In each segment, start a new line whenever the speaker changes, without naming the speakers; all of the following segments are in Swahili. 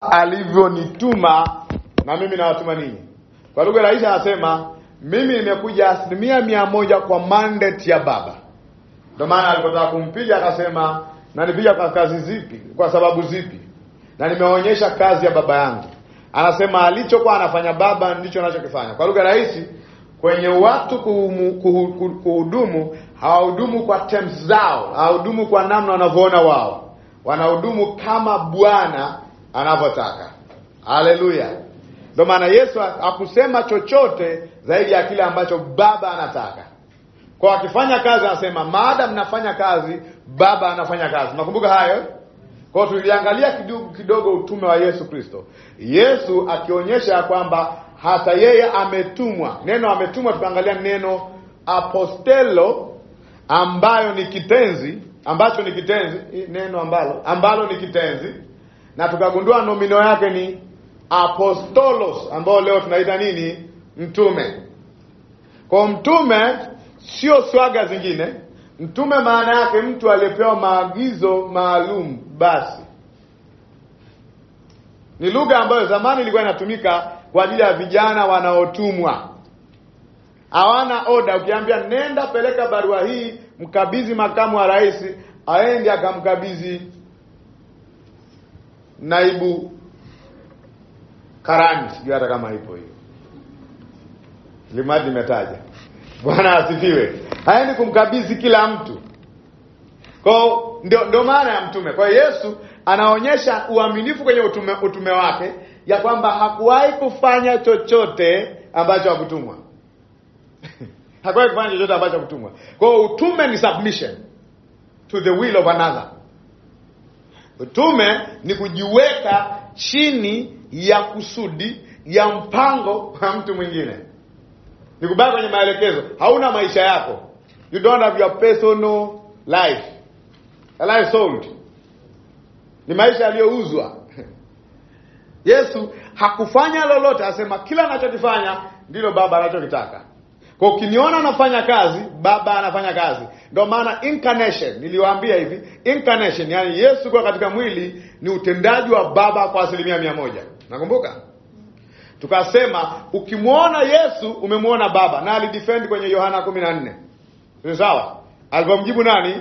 alivyonituma na mimi nawatuma ninyi. Kwa lugha rahisi anasema mimi nimekuja asilimia mia moja kwa mandate ya Baba. Ndio maana alipotaka kumpiga akasema, nanipiga kwa kazi zipi? Kwa sababu zipi? na nimeonyesha kazi ya baba yangu. Anasema alichokuwa anafanya baba ndicho anachokifanya. Kwa lugha rahisi, kwenye watu kuhudumu, kuhudumu hawahudumu kwa terms zao, hawahudumu kwa namna wanavyoona wao, wanahudumu kama Bwana anavyotaka. Haleluya! Ndio maana Yesu hakusema chochote zaidi ya kile ambacho Baba anataka. Kwa akifanya kazi anasema maada mnafanya kazi, Baba anafanya kazi. Nakumbuka hayo kwao, tuliangalia kidogo, kidogo utume wa Yesu Kristo, Yesu akionyesha ya kwamba hata yeye ametumwa. Neno ametumwa, tukaangalia neno apostelo ambayo ni kitenzi ambacho ni kitenzi neno ambalo ambalo ni kitenzi na tukagundua nomino yake ni apostolos, ambao leo tunaita nini? Mtume. Kwa mtume sio swaga zingine. Mtume maana yake mtu aliyepewa maagizo maalum. Basi ni lugha ambayo zamani ilikuwa inatumika kwa ajili ya vijana wanaotumwa, hawana oda. Ukiambia nenda peleka barua hii mkabizi makamu wa rais, aende akamkabizi naibu karani, sijui hata kama ipo hiyo, limadi imetaja Bwana asifiwe. Haendi kumkabidhi kila mtu kwa ndio, ndio maana ya mtume. Kwa hiyo Yesu anaonyesha uaminifu kwenye utume, utume wake ya kwamba hakuwahi kufanya chochote ambacho hakutumwa hakuwahi kufanya chochote ambacho hakutumwa. Kwa hiyo utume ni submission to the will of another. Utume ni kujiweka chini ya kusudi ya mpango wa mtu mwingine, ni kubaki kwenye maelekezo. Hauna maisha yako, you don't have your personal life, a life sold, ni maisha yaliyouzwa. Yesu hakufanya lolote, asema kila anachokifanya ndilo Baba anachokitaka. Kwa ukiniona anafanya kazi, baba anafanya kazi. Ndio maana incarnation niliwaambia hivi, incarnation yani Yesu kwa katika mwili ni utendaji wa baba kwa asilimia mia moja. Nakumbuka tukasema ukimwona Yesu umemwona baba, na alidefend kwenye Yohana 14 ni sawa, alipomjibu nani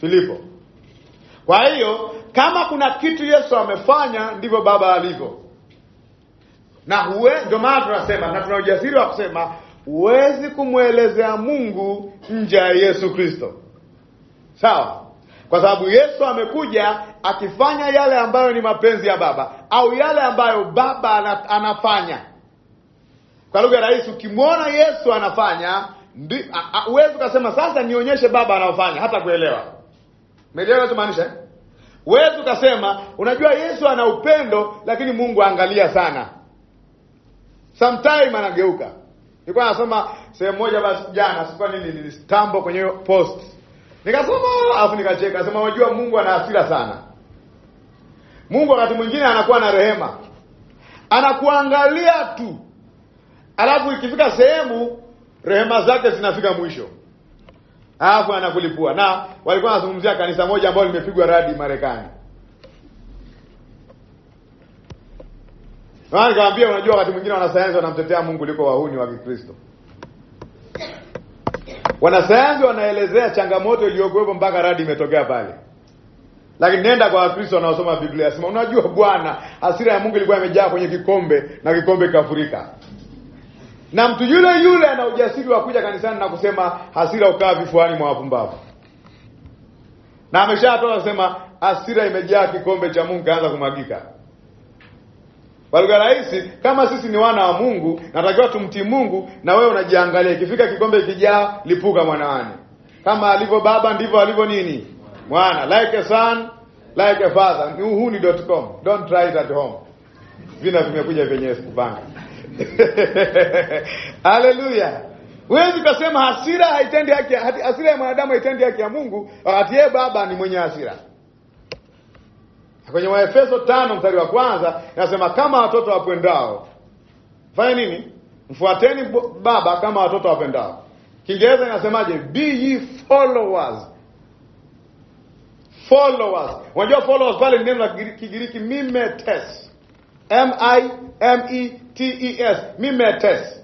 Filipo. Kwa hiyo kama kuna kitu Yesu amefanya, ndivyo baba alivyo na huwe, ndio maana tunasema na tuna ujasiri wa kusema huwezi kumwelezea Mungu nje ya Yesu Kristo, sawa? Kwa sababu Yesu amekuja akifanya yale ambayo ni mapenzi ya Baba au yale ambayo Baba anafanya. Kwa lugha rahisi, ukimwona Yesu anafanya huwezi ukasema sasa nionyeshe Baba anafanya, hata kuelewa meelewacomaanisha eh? huwezi ukasema unajua Yesu ana upendo, lakini Mungu aangalia sana, sometime anageuka Nilikuwa nasoma sehemu moja basi jana, sikuwa nini nilistambo kwenye hiyo post. Nikasoma alafu nikacheka, sema unajua Mungu ana hasira sana. Mungu wakati mwingine anakuwa na rehema. Anakuangalia tu. Alafu ikifika sehemu rehema zake zinafika mwisho. Alafu anakulipua. Na walikuwa wanazungumzia kanisa moja ambalo limepigwa radi Marekani. Maana nikamwambia unajua, wakati mwingine wanasayansi wanamtetea Mungu liko wahuni wa Kikristo. Wanasayansi wanaelezea changamoto iliyokuwepo mpaka radi imetokea pale, lakini nenda kwa Wakristo wanaosoma Biblia, sema unajua, Bwana hasira ya Mungu ilikuwa imejaa kwenye kikombe na kikombe kikafurika, na mtu yule yule ana ujasiri wa kuja kanisani na kusema hasira ukaa vifuani mwa wapumbavu, na ameshatoa sema hasira imejaa kikombe cha Mungu kaanza kumwagika kwa lugha rahisi, kama sisi ni wana wa Mungu, natakiwa tumtii Mungu na wewe unajiangalia. Ikifika kikombe kijaa, lipuka mwanawani. Kama alivyo baba ndivyo alivyo nini? Mwana, like a son, like a father. Ni dot com, Don't try it at home. Vina vimekuja vyenyewe sikupanga. Haleluya. Wewe ukasema hasira haitendi haki, hasira ya mwanadamu haitendi haki ya Mungu, wakati yeye baba ni mwenye hasira. Kwenye Waefeso tano mstari wa kwanza inasema kama watoto wapendao fanya nini? Mfuateni baba kama watoto wapendao. Kiingereza inasemaje? Be ye followers. Followers. Unajua followers pale ni neno la Kigiriki mimetes. M I M E T E S. Mimetes.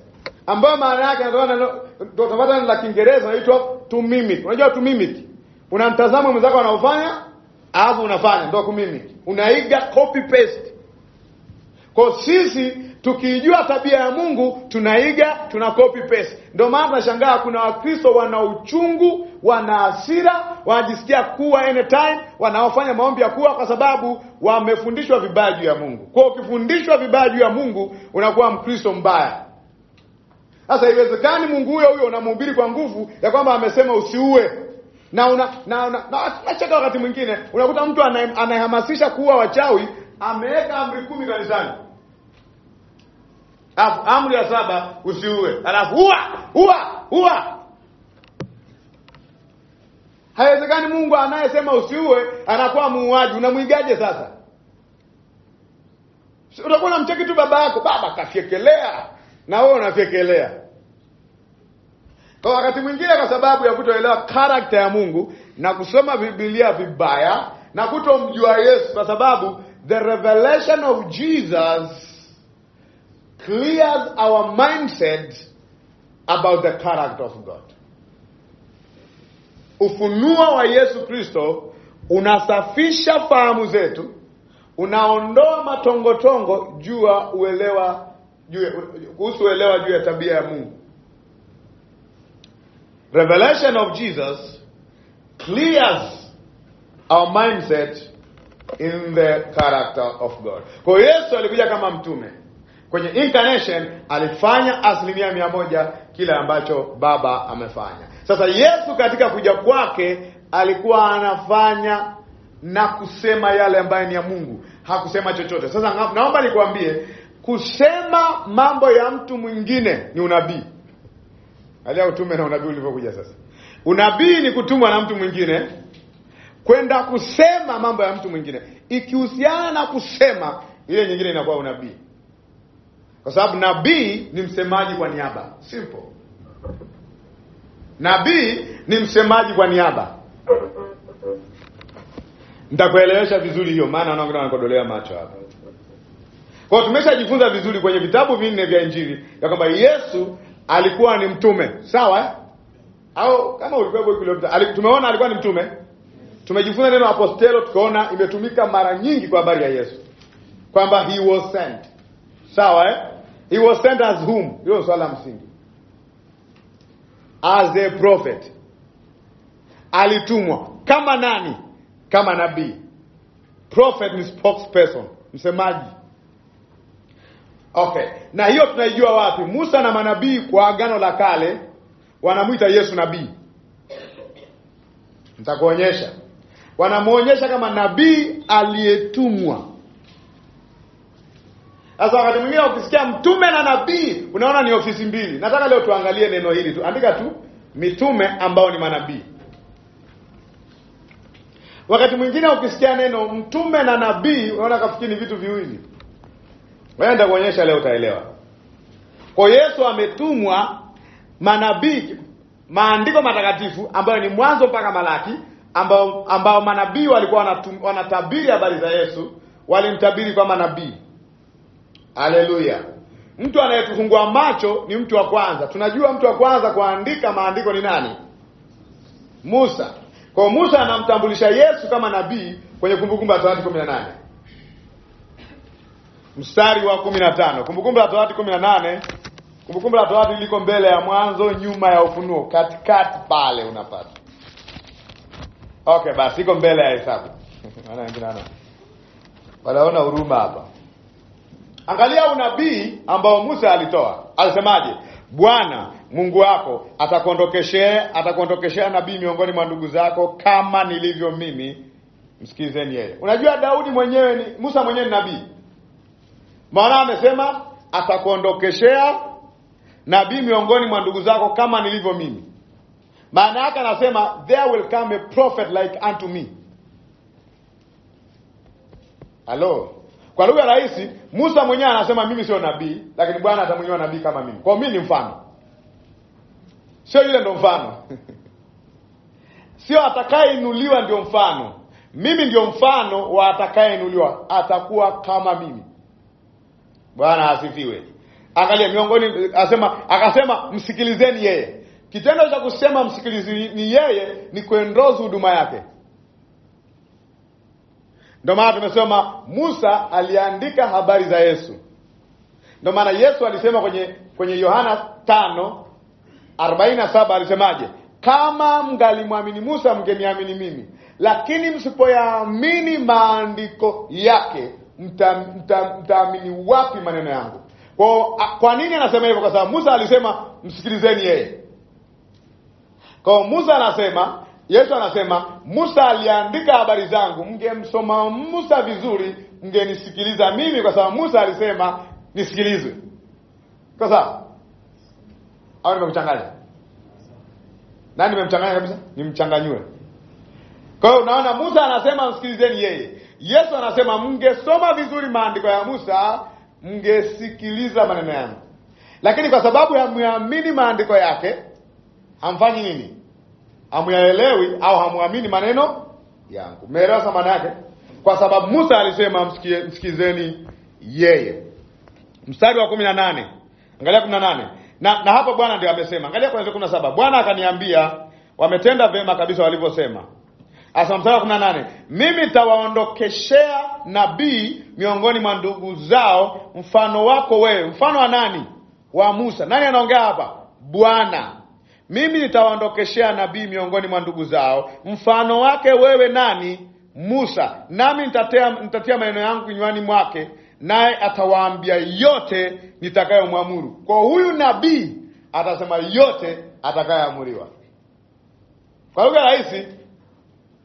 Ambayo maana yake ndio tutapata la Kiingereza inaitwa to mimic. Unajua to mimic. Unamtazama mwenzako anaofanya alafu unafanya ndo mimi unaiga copy paste. Kwa sisi tukiijua tabia ya Mungu tunaiga, tuna copy paste. Ndio maana tunashangaa kuna Wakristo wana uchungu, wana asira wanajisikia kuwa anytime, wanaofanya maombi ya kuwa, kwa sababu wamefundishwa vibaya juu ya Mungu. Kwa ukifundishwa vibaya juu ya Mungu unakuwa Mkristo mbaya. Sasa haiwezekani Mungu huyo huyo unamhubiri kwa nguvu ya kwamba amesema usiue na una na una na cheka. Wakati mwingine unakuta mtu anayehamasisha kuwa wachawi ameweka amri kumi kanisani, alafu amri ya saba usiue, alafu huwa huwa huwa Haiwezekani. Mungu anayesema usiue anakuwa muuaji, unamwigaje sasa? Utakuwa unamcheki tu baba yako, baba kafyekelea na wewe unafyekelea kwa wakati mwingine, kwa sababu ya kutoelewa karakta ya Mungu na kusoma Biblia vibaya na kutomjua Yesu, kwa sababu the revelation of Jesus clears our mindset about the character of God. Ufunuo wa Yesu Kristo unasafisha fahamu zetu, unaondoa matongotongo juu ya uelewa juu kuhusu uelewa juu ya tabia ya Mungu. Revelation of Jesus clears our mindset in the character of God. Kwa hiyo Yesu alikuja kama mtume kwenye incarnation, alifanya asilimia mia moja kile ambacho Baba amefanya. Sasa Yesu katika kuja kwake alikuwa anafanya na kusema yale ambayo ni ya Mungu, hakusema chochote. Sasa naomba nikuambie, kusema mambo ya mtu mwingine ni unabii alia utume na unabii ulivyokuja sasa. Unabii ni kutumwa na mtu mwingine kwenda kusema mambo ya mtu mwingine. Ikihusiana na kusema, ile nyingine inakuwa unabii, kwa sababu nabii ni msemaji kwa niaba. Simple. Nabii ni msemaji kwa niaba. Nitakuelewesha vizuri hiyo, maana naona wanakodolea macho hapa. Kwa tumeshajifunza vizuri kwenye vitabu vinne vya Injili ya kwamba Yesu alikuwa ni mtume sawa eh? au kama ulikuwa kilomita tumeona alikuwa ni mtume tumejifunza neno apostelo tukaona imetumika mara nyingi kwa habari ya Yesu kwamba he was sent sawa eh? he was sent as whom hilo swala msingi as a prophet alitumwa kama nani kama nabii prophet ni spokesperson msemaji Okay, na hiyo tunaijua wapi? Musa na manabii kwa agano la kale wanamwita Yesu nabii. Nitakuonyesha, wanamuonyesha kama nabii aliyetumwa. Sasa wakati mwingine ukisikia mtume na nabii unaona ni ofisi mbili. Nataka leo tuangalie neno hili tu, andika tu mitume ambao ni manabii. Wakati mwingine ukisikia neno mtume na nabii unaona kafikiri ni vitu viwili. Wewe nitakuonyesha leo utaelewa. Kwa Yesu ametumwa manabii maandiko matakatifu ambayo ni mwanzo mpaka Malaki ambao ambao manabii walikuwa wanatabiri habari za Yesu, walimtabiri kwa manabii. Haleluya. Mtu anayetufungua macho ni mtu wa kwanza. Tunajua mtu wa kwanza kuandika maandiko ni nani? Musa. Kwa Musa anamtambulisha Yesu kama nabii kwenye Kumbukumbu la Torati 18 mstari wa 15. Kumbukumbu la Torati 18. Kumbukumbu la Torati liko mbele ya Mwanzo, nyuma ya Ufunuo, katikati pale unapata. Okay, basi iko mbele ya Hesabu. Maana wengine ana wanaona huruma hapa. Angalia unabii ambao Musa alitoa. Alisemaje? Bwana Mungu wako atakuondokeshea atakuondokeshea nabii miongoni mwa ndugu zako kama nilivyo mimi. Msikizeni yeye. Unajua Daudi mwenyewe ni Musa mwenyewe ni nabii. Maana amesema atakuondokeshea nabii miongoni mwa ndugu zako kama nilivyo mimi. Maana yake anasema there will come a prophet like unto me. Halo. Kwa lugha rahisi, Musa mwenyewe anasema mimi sio nabii, lakini Bwana atamwinua nabii kama mimi. Kwa mimi ni mfano. Sio yule ndo mfano. Sio atakayeinuliwa ndio mfano. Mimi ndio mfano wa atakayeinuliwa, atakuwa kama mimi. Bwana asifiwe. Angalia miongoni asema akasema msikilizeni yeye. Kitendo cha kusema msikilizeni yeye ni kuendoza huduma yake. Ndio maana tumesema Musa aliandika habari za Yesu. Ndio maana Yesu alisema kwenye kwenye Yohana 5:47 alisemaje? Kama mngalimwamini Musa mngeniamini mimi, lakini msipoyaamini maandiko yake mtaamini mta, mta wapi maneno yangu? Kwa, kwa nini anasema hivyo? Kwa sababu Musa alisema msikilizeni yeye. Kwa Musa anasema Yesu anasema Musa aliandika habari zangu, mngemsoma Musa vizuri mngenisikiliza mimi, kwa sababu Musa alisema nisikilizwe. Kwa sababu au nimekuchanganya? Nani nimemchanganya kabisa? Nimchanganywe. Kwa hiyo unaona Musa anasema msikilizeni yeye. Yesu anasema mngesoma vizuri maandiko ya Musa, mngesikiliza maneno yangu, lakini kwa sababu hamwamini maandiko yake, hamfanyi nini? hamuyaelewi au hamwamini maneno yangu. Mmeelewa sa maana yake? Kwa sababu Musa alisema msikie, msikizeni yeye. Mstari wa kumi na nane angalia kumi na nane na, na hapo Bwana ndio amesema. Angalia kwanza kumi na saba Bwana akaniambia wametenda vema kabisa walivyosema Asa mstari kumi na nane, mimi nitawaondokeshea nabii miongoni mwa ndugu zao mfano wako wewe. Mfano wa nani? Wa Musa. Nani anaongea hapa? Bwana. Mimi nitawaondokeshea nabii miongoni mwa ndugu zao mfano wake wewe nani? Musa. Nami nitatia, nitatia maneno yangu kinywani mwake, naye atawaambia yote nitakayomwamuru. Kwa huyu nabii atasema yote atakayoamuriwa. Kwa lugha rahisi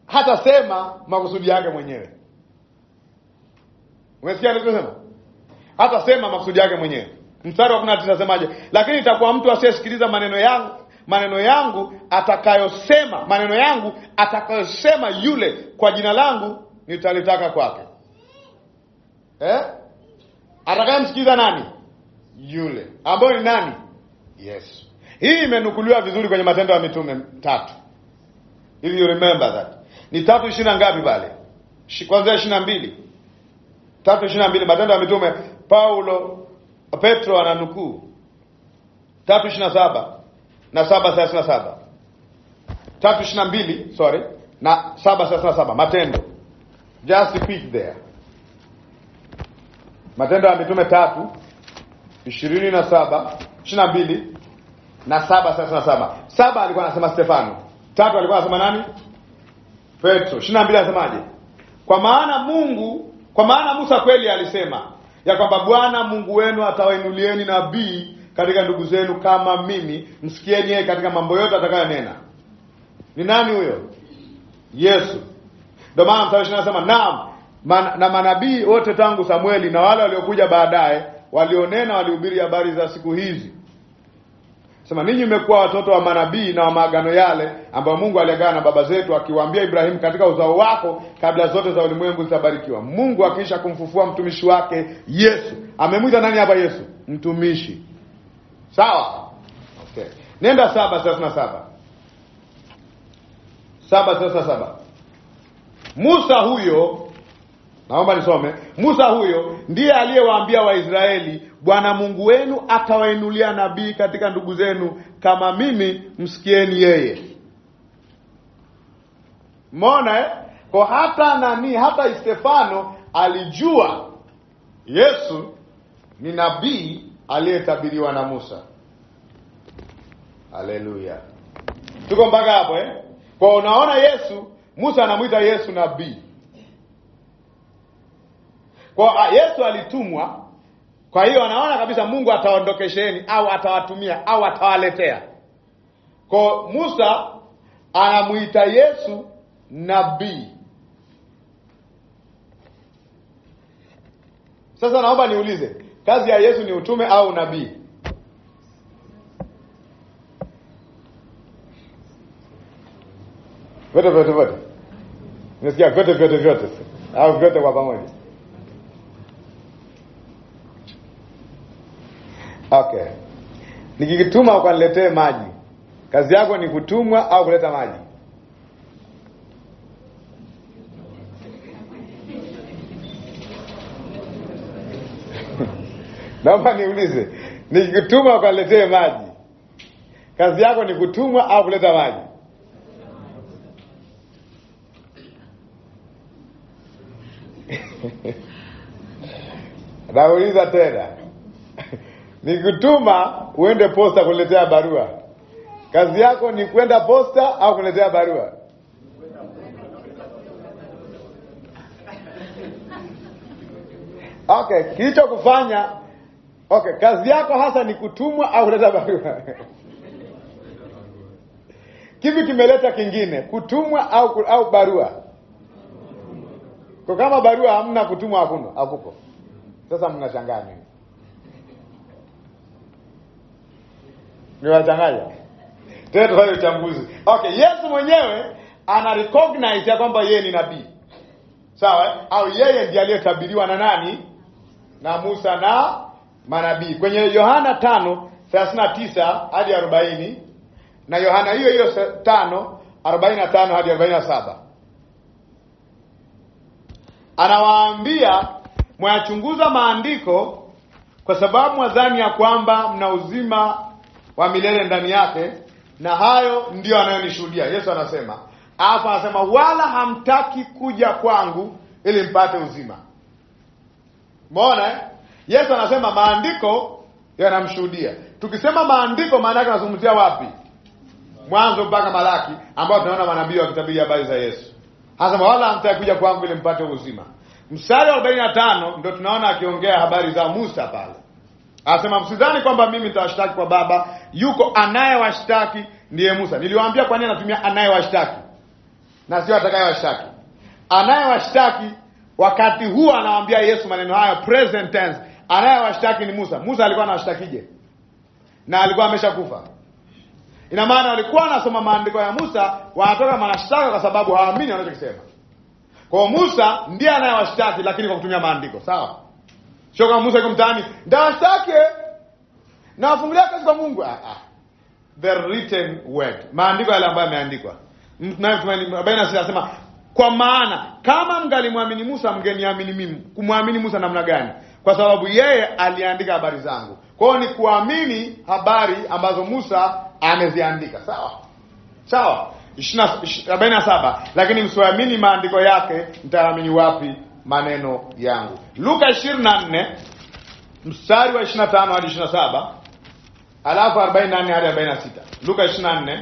hatasema makusudi yake mwenyewe. Umesikia anachosema? Hatasema makusudi yake mwenyewe. Mstari wa 19 nasemaje? Lakini itakuwa mtu asiyesikiliza maneno yangu maneno yangu atakayosema maneno yangu atakayosema yule kwa jina langu nitalitaka kwake. Eh? Atakayemsikiliza nani? Yule Ambaye ni nani? Yesu. Hii imenukuliwa vizuri kwenye Matendo ya Mitume tatu. If you remember that ni tatu ishirini na ngapi pale? Kwanzia ishirini na mbili tatu ishirini na mbili Matendo ya Mitume, Paulo Petro ananukuu tatu ishirini na saba na saba thelathini na saba tatu ishirini na mbili sorry na saba thelathini na saba Matendo just pick there, Matendo ya Mitume tatu ishirini na saba ishirini na mbili na saba thelathini na saba Saba alikuwa anasema Stefano, tatu alikuwa anasema nani? Petro 22 anasemaje? Kwa maana Mungu, kwa maana Musa kweli alisema ya kwamba Bwana Mungu wenu atawainulieni nabii katika ndugu zenu kama mimi, msikieni yeye katika mambo yote atakayonena. Ni nani huyo? Yesu. Ndio maana mstari anasema naam, man, na manabii wote tangu Samueli na wale waliokuja baadaye walionena, walihubiri habari za siku hizi. Sema ninyi mmekuwa watoto wa manabii na wa maagano yale ambayo Mungu aliagana na baba zetu akiwaambia Ibrahimu, katika uzao wako kabla zote za ulimwengu zitabarikiwa. Mungu akiisha kumfufua mtumishi wake Yesu. Amemwita nani hapa Yesu? Mtumishi. Sawa? Okay. Nenda saba thelathini saba. Saba saba. Musa huyo Naomba nisome. Musa huyo ndiye aliyewaambia Waisraeli, Bwana Mungu wenu atawainulia nabii katika ndugu zenu kama mimi, msikieni yeye. Mona eh? Kwa hata nani, hata Stefano alijua Yesu ni nabii aliyetabiriwa na Musa. Haleluya, tuko mpaka hapo eh? Kwa unaona Yesu, Musa anamwita Yesu nabii kwa ah, Yesu alitumwa, kwa hiyo anaona kabisa Mungu ataondokesheni au atawatumia au atawaletea. Kwa Musa anamuita Yesu nabii. Sasa naomba niulize, kazi ya Yesu ni utume au nabii? Vyote vyote vyote, nisikia vyote vyote vyote, au vyote kwa pamoja? Okay, nikikituma ukaniletee maji, kazi yako ni kutumwa au kuleta maji? Naomba niulize, nikikutuma ukaniletee maji, kazi yako ni kutumwa au kuleta maji? Nauliza tena nikutuma uende posta kuletea barua. Kazi yako ni kwenda posta au kuletea barua? Okay, kilicho kufanya okay, kazi yako hasa ni kutumwa au kuleta barua? Kipi kimeleta kingine, kutumwa au au barua? Kwa kama barua hamna, kutumwa hakuna, hakupo. Sasa mnachanganya nimewachanganya tena tufanye uchambuzi. Okay, Yesu mwenyewe ana recognize ya kwamba yeye ni nabii, sawa eh? au yeye ndiye aliyetabiriwa na nani? Na Musa na manabii kwenye Yohana 5:39 hadi 40 na Yohana hiyo hiyo 5:45 hadi 47. anawaambia mwayachunguza maandiko kwa sababu mwadhani ya kwamba mna uzima wa milele ndani yake, na hayo ndiyo anayonishuhudia. Yesu anasema hapa, anasema wala hamtaki kuja kwangu ili mpate uzima. Umeona, eh? Yesu anasema maandiko yanamshuhudia. Tukisema maandiko, maana yake anazungumzia wapi? Mwanzo mpaka Malaki, ambao tunaona manabii wakitabiri habari za Yesu. Anasema wala hamtaki kuja kwangu ili mpate uzima. Mstari wa arobaini na tano ndo tunaona akiongea habari za Musa pale Anasema msidhani kwamba mimi nitawashtaki kwa Baba, yuko anayewashtaki ndiye Musa. Niliwaambia kwa nini anatumia anayewashtaki na sio atakayewashtaki. Anayewashtaki wakati huo anawaambia Yesu maneno hayo present tense. Anayewashtaki ni Musa. Musa alikuwa anawashtakije? Na alikuwa ameshakufa. Ina maana walikuwa wanasoma maandiko ya Musa, wanatoka manashtaka kwa sababu hawaamini wanachokisema. Kwa Musa ndiye anayewashtaki lakini kwa kutumia maandiko. Sawa? Sio kama Musa yuko mtaani, ndashtake na afungulia kazi kwa Mungu. Ah, ah. The written word. Maandiko yale ambayo yameandikwa. Arobaini anasema kwa maana kama mngalimwamini Musa mngeniamini mimi. Kumwamini Musa namna gani? Kwa sababu yeye aliandika habari zangu. Kwa hiyo ni kuamini habari ambazo Musa ameziandika. Sawa sawa. arobaini lakini msiamini maandiko yake, mtaamini wapi maneno yangu. Luka 24 mstari wa 25 hadi 27, alafu 48 hadi 46. Luka 24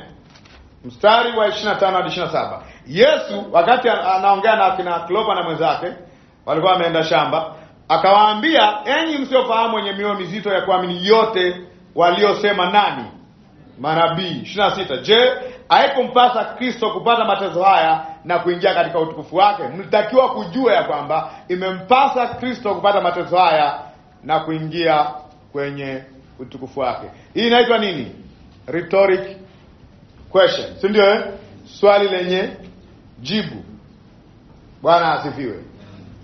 mstari wa 25 hadi 27. Yesu wakati anaongea na akina Klopa na mwenzake walikuwa wameenda shamba, akawaambia enyi msiofahamu wenye mioyo mizito ya kuamini yote waliosema nani manabii. 26. Je, haikumpasa Kristo kupata mateso haya na kuingia katika utukufu wake, mlitakiwa kujua ya kwamba imempasa Kristo kupata mateso haya na kuingia kwenye utukufu wake. Hii inaitwa nini? Rhetoric question, si ndio? Eh, swali lenye jibu. Bwana asifiwe.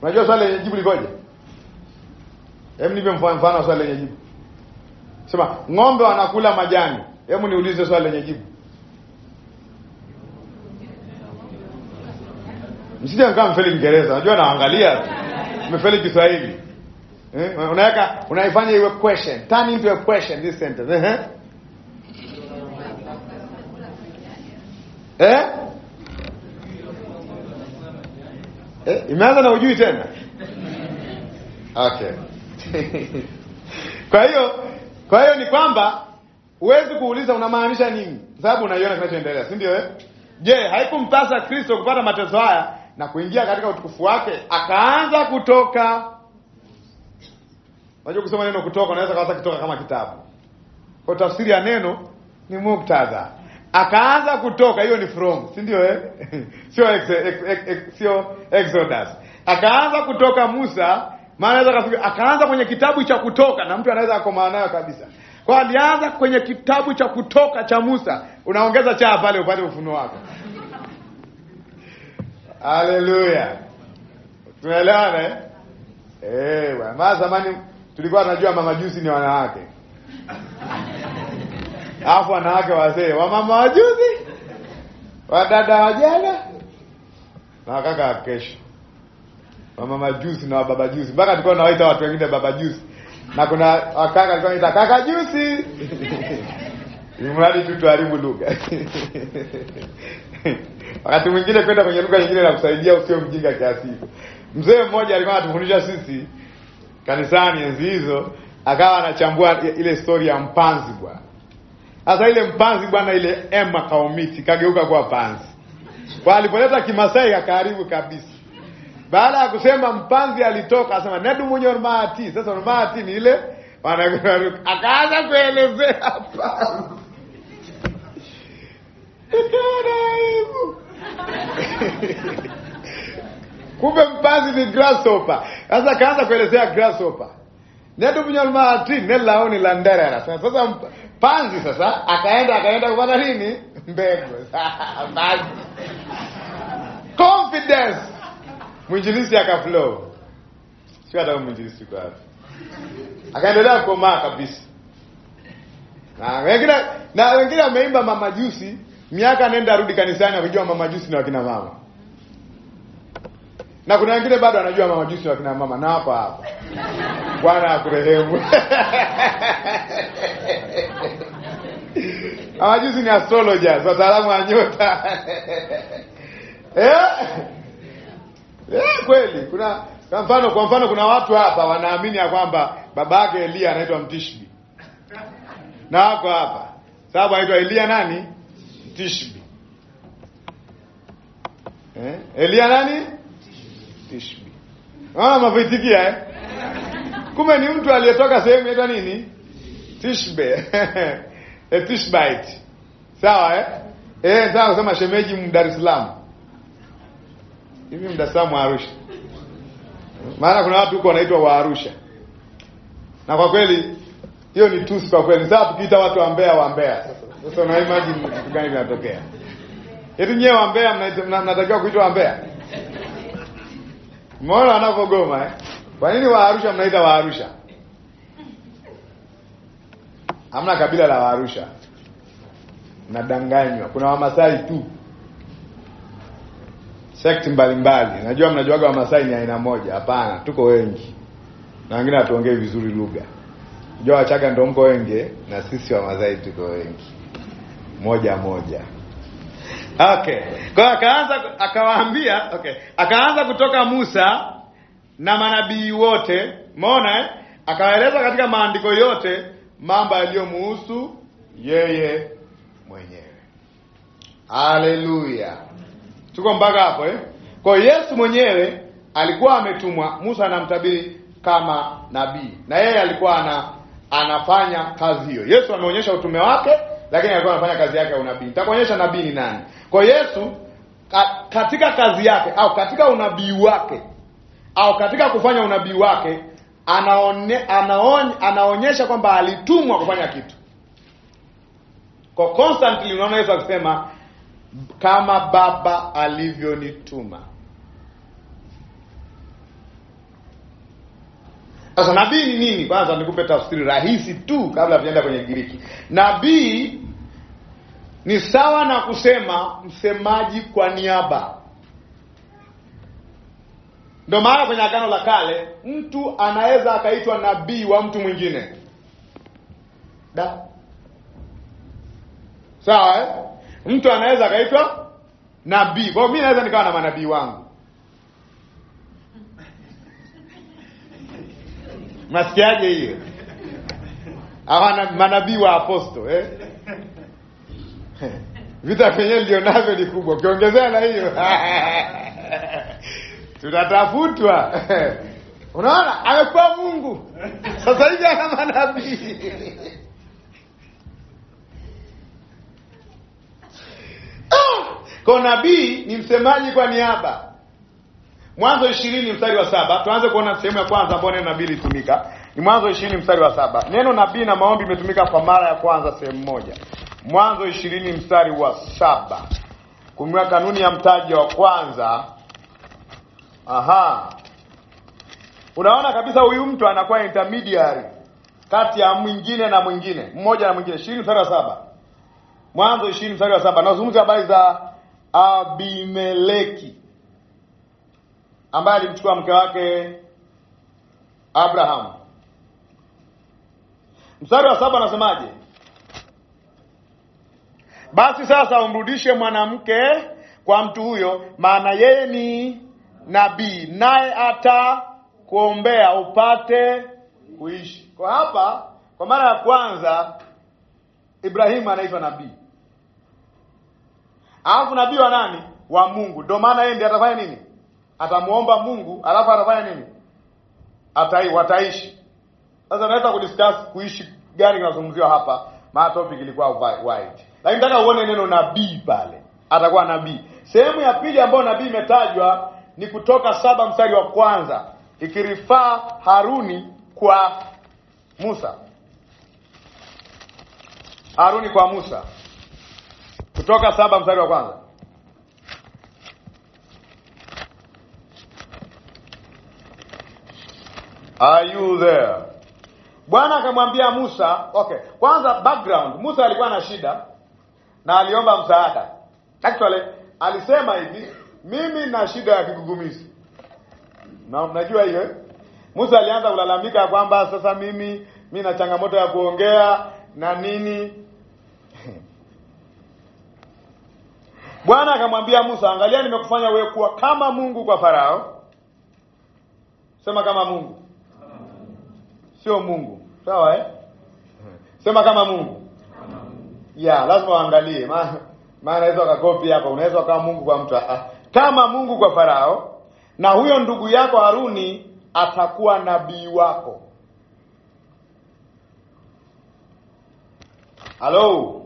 Unajua swali lenye jibu likoje? Hebu nipe mfano swali lenye jibu. Sema ng'ombe wanakula majani. Hebu niulize swali lenye jibu. msije mkawa mfeli Kiingereza, najua naangalia tu mefeli Kiswahili eh, unaweka unaifanya iwe question, turn into a question this sentence eh eh, eh? eh imeanza na ujui tena okay kwa hiyo kwa hiyo ni kwamba huwezi kuuliza unamaanisha nini, sababu unaiona kinachoendelea, si ndio eh? Je, haikumpasa Kristo kupata mateso haya na kuingia katika utukufu wake, akaanza kutoka. Unajua kusema neno kutoka, unaweza kawaza kitoka kama kitabu, kwa tafsiri ya neno ni muktadha. Akaanza kutoka, hiyo ni from, si ndio eh? sio ex, ex, ex, ex, sio Exodus. Akaanza kutoka Musa, maana anaweza kafika, akaanza kwenye kitabu cha Kutoka, na mtu anaweza akomaa nayo kabisa kwa alianza kwenye kitabu cha Kutoka cha Musa, unaongeza cha pale upate ufunuo wako. Haleluya, tunaelewana ewa eh? eh, maa zamani tulikuwa tunajua mamajusi ni wanawake alafu wanawake wazee, wamama wajuzi, wadada wajana na wakaka wa kesho, na wababa jusi, mpaka tulikuwa nawaita watu wengine baba jusi na kuna wakaka alikuwa anaita kaka jusi, imradi tu tuharibu lugha wakati mwingine kwenda kwenye lugha nyingine kusaidia usio mjinga kiasi hivyo. Mzee mmoja alikuwa anatufundisha sisi kanisani enzi hizo, akawa anachambua ile story ya mpanzi bwana. Sasa ile mpanzi bwana, ile ema kaomiti kageuka kuwa panzi, kwa alipoleta Kimasai akaharibu kabisa. Baada ya kusema mpanzi alitoka, asema nedu mwenye ormaati. Sasa ormaati ni ile akaanza kuelezea panzi
nikaona
kumbe mpanzi ni grasshopper. Sasa kaanza kuelezea grasshopper netupunyalmaati nelaoni la nderera. Sasa mpanzi sasa akaenda akaenda kupata nini mbegu confidence mwinjilisi akaflow, sio hata mwinjilisi kwa hapo, akaendelea kukomaa kabisa, na wengine na wengine wameimba mamajusi miaka nenda arudi kanisani akijua mamajusi na wakina mama, na kuna wengine bado anajua mamajusi na wakina mama, na hapa hapa
Bwana akurehemu
mamajusi ni astrologers, wataalamu wa nyota
eh?
eh, kweli kuna kwa mfano, kwa mfano kuna watu hapa wanaamini ya kwamba baba yake Elia anaitwa Mtishbi, na wako hapa sababu anaitwa Elia nani Tishbi eh? Elia nani? Tishbi. Ah, mafitikia eh? Kume ni mtu aliyetoka sehemu inaitwa nini? Tishbe. e Tishbite. Sawa eh? Eh, sawa kusema shemeji Dar es Salaam. Hivi Dar es Salaam Arusha. Maana kuna watu huko wanaitwa wa Arusha. Na kwa kweli hiyo ni tusi kwa kweli. Sasa tukiita watu wa Mbeya wa Mbeya. Sasa na imagine kitu gani kinatokea? Eti nyewe wa Mbeya mnatakiwa kuitwa wa Mbeya? Mmeona wanapogoma eh? Kwa nini Waarusha mnaita Waarusha? Hamna kabila la Waarusha. Nadanganywa. Kuna Wamasai tu. Sekti mbalimbali. Najua mnajuaga Wamasai ni aina moja. Hapana, tuko wengi. Na wengine hatuongei vizuri lugha. Jua Wachaga ndio mko wengi eh? na sisi Wamasai tuko wengi moja moja. Okay, kwa hiyo akaanza akawaambia, okay, akaanza kutoka Musa na manabii wote, maona eh? katika maandiko yote mambo yaliyomuhusu yeye mwenyewe. Haleluya, tuko mpaka hapo eh? Kwa Yesu mwenyewe alikuwa ametumwa, Musa anamtabiri kama nabii, na yeye alikuwa ana- anafanya kazi hiyo. Yesu ameonyesha utume wake lakini alikuwa anafanya kazi yake ya unabii. Nitakuonyesha nabii ni nani. Kwa Yesu katika kazi yake au katika unabii wake au katika kufanya unabii wake anaone, anaone, anaonyesha kwamba alitumwa kufanya kitu. Kwa constantly unaona Yesu akisema kama Baba alivyonituma. Sasa nabii ni nini? Kwanza nikupe tafsiri rahisi tu kabla tujaenda kwenye Giriki. Nabii ni sawa na kusema msemaji kwa niaba. Ndio maana kwenye Agano la Kale mtu anaweza akaitwa nabii wa mtu mwingine da, sawa eh? Mtu anaweza akaitwa nabii. Kwa hiyo mimi naweza nikawa na manabii wangu Mnasikiaje hiyo? Hawana manabii wa aposto eh? Vita vyenyewe lionavyo ni kubwa, ukiongezea na hiyo tunatafutwa. Unaona, amekuwa Mungu sasa hivi ana manabii ah! Kwa nabii ni msemaji kwa niaba Mwanzo ishirini mstari wa saba tuanze kuona sehemu ya kwanza ambayo neno nabii ilitumika ni Mwanzo ishirini mstari wa saba Neno nabii na maombi imetumika kwa mara ya kwanza sehemu moja, Mwanzo ishirini mstari wa saba kumiwa kanuni ya mtaji wa kwanza. Aha, unaona kabisa huyu mtu anakuwa intermediary kati ya mwingine na mwingine, mmoja na mwingine. ishirini mstari wa saba Mwanzo ishirini mstari wa saba nazungumza habari za Abimeleki ambaye alimchukua mke wake Abraham. Mstari wa saba anasemaje? Basi sasa umrudishe mwanamke kwa mtu huyo, maana yeye ni nabii, naye atakuombea upate kuishi. Kwa hapa, kwa mara ya kwanza Ibrahimu anaitwa nabii, alafu nabii wa nani? Wa Mungu. Ndio maana yeye ndiye atafanya nini? atamuomba Mungu alafu atafanya nini? Atai wataishi. Sasa naweza kudiscuss kuishi gani kinazungumziwa hapa, maana topic ilikuwa wide. Lakini nataka uone neno nabii pale. Atakuwa nabii. Sehemu ya pili ambayo nabii imetajwa ni Kutoka saba mstari wa kwanza ikirifaa Haruni kwa Musa. Haruni kwa Musa. Kutoka saba mstari wa kwanza. Are you there? Bwana akamwambia Musa, okay, kwanza background, Musa alikuwa na shida na aliomba msaada. Actually, alisema hivi, mimi na shida ya kigugumizi. Na mnajua hiyo? Eh? Musa alianza kulalamika kwamba sasa mimi mi na changamoto ya kuongea na nini. Bwana akamwambia Musa, angalia nimekufanya wewe kuwa kama Mungu kwa Farao. Sema kama Mungu sio Mungu, sawa eh? Sema kama Mungu ya yeah, lazima waangalie maana naweza wakakopi hapa, unaweza kama Mungu kwa mtu ah, kama Mungu kwa Farao, na huyo ndugu yako Haruni atakuwa nabii wako. Halo,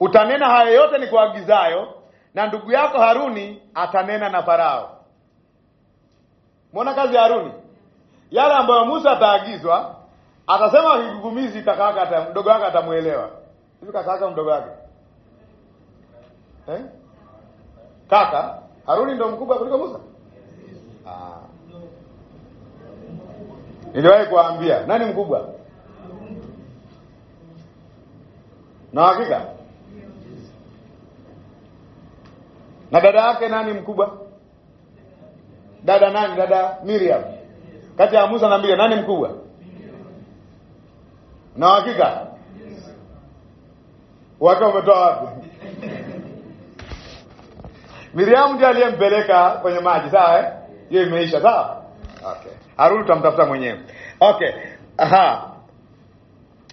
utanena hayo yote ni kuagizayo, na ndugu yako Haruni atanena na Farao. mwona kazi ya Haruni yale ambayo Musa ataagizwa, atasema kigugumizi, kaka yake mdogo wake atamuelewa. Hivi kaka yake mdogo wake eh? Kaka Haruni ndo mkubwa kuliko Musa? Ah. Niliwahi kuambia nani mkubwa? Na hakika na dada yake nani mkubwa? Dada nani? Dada Miriam kati ya Musa na Biblia nani mkubwa? Na hakika wake wametoa wapi? Miriamu ndiye aliyempeleka kwenye maji, sawa eh? Hiyo imeisha, sawa? Okay. Haruni tutamtafuta mwenyewe. Okay. Aha.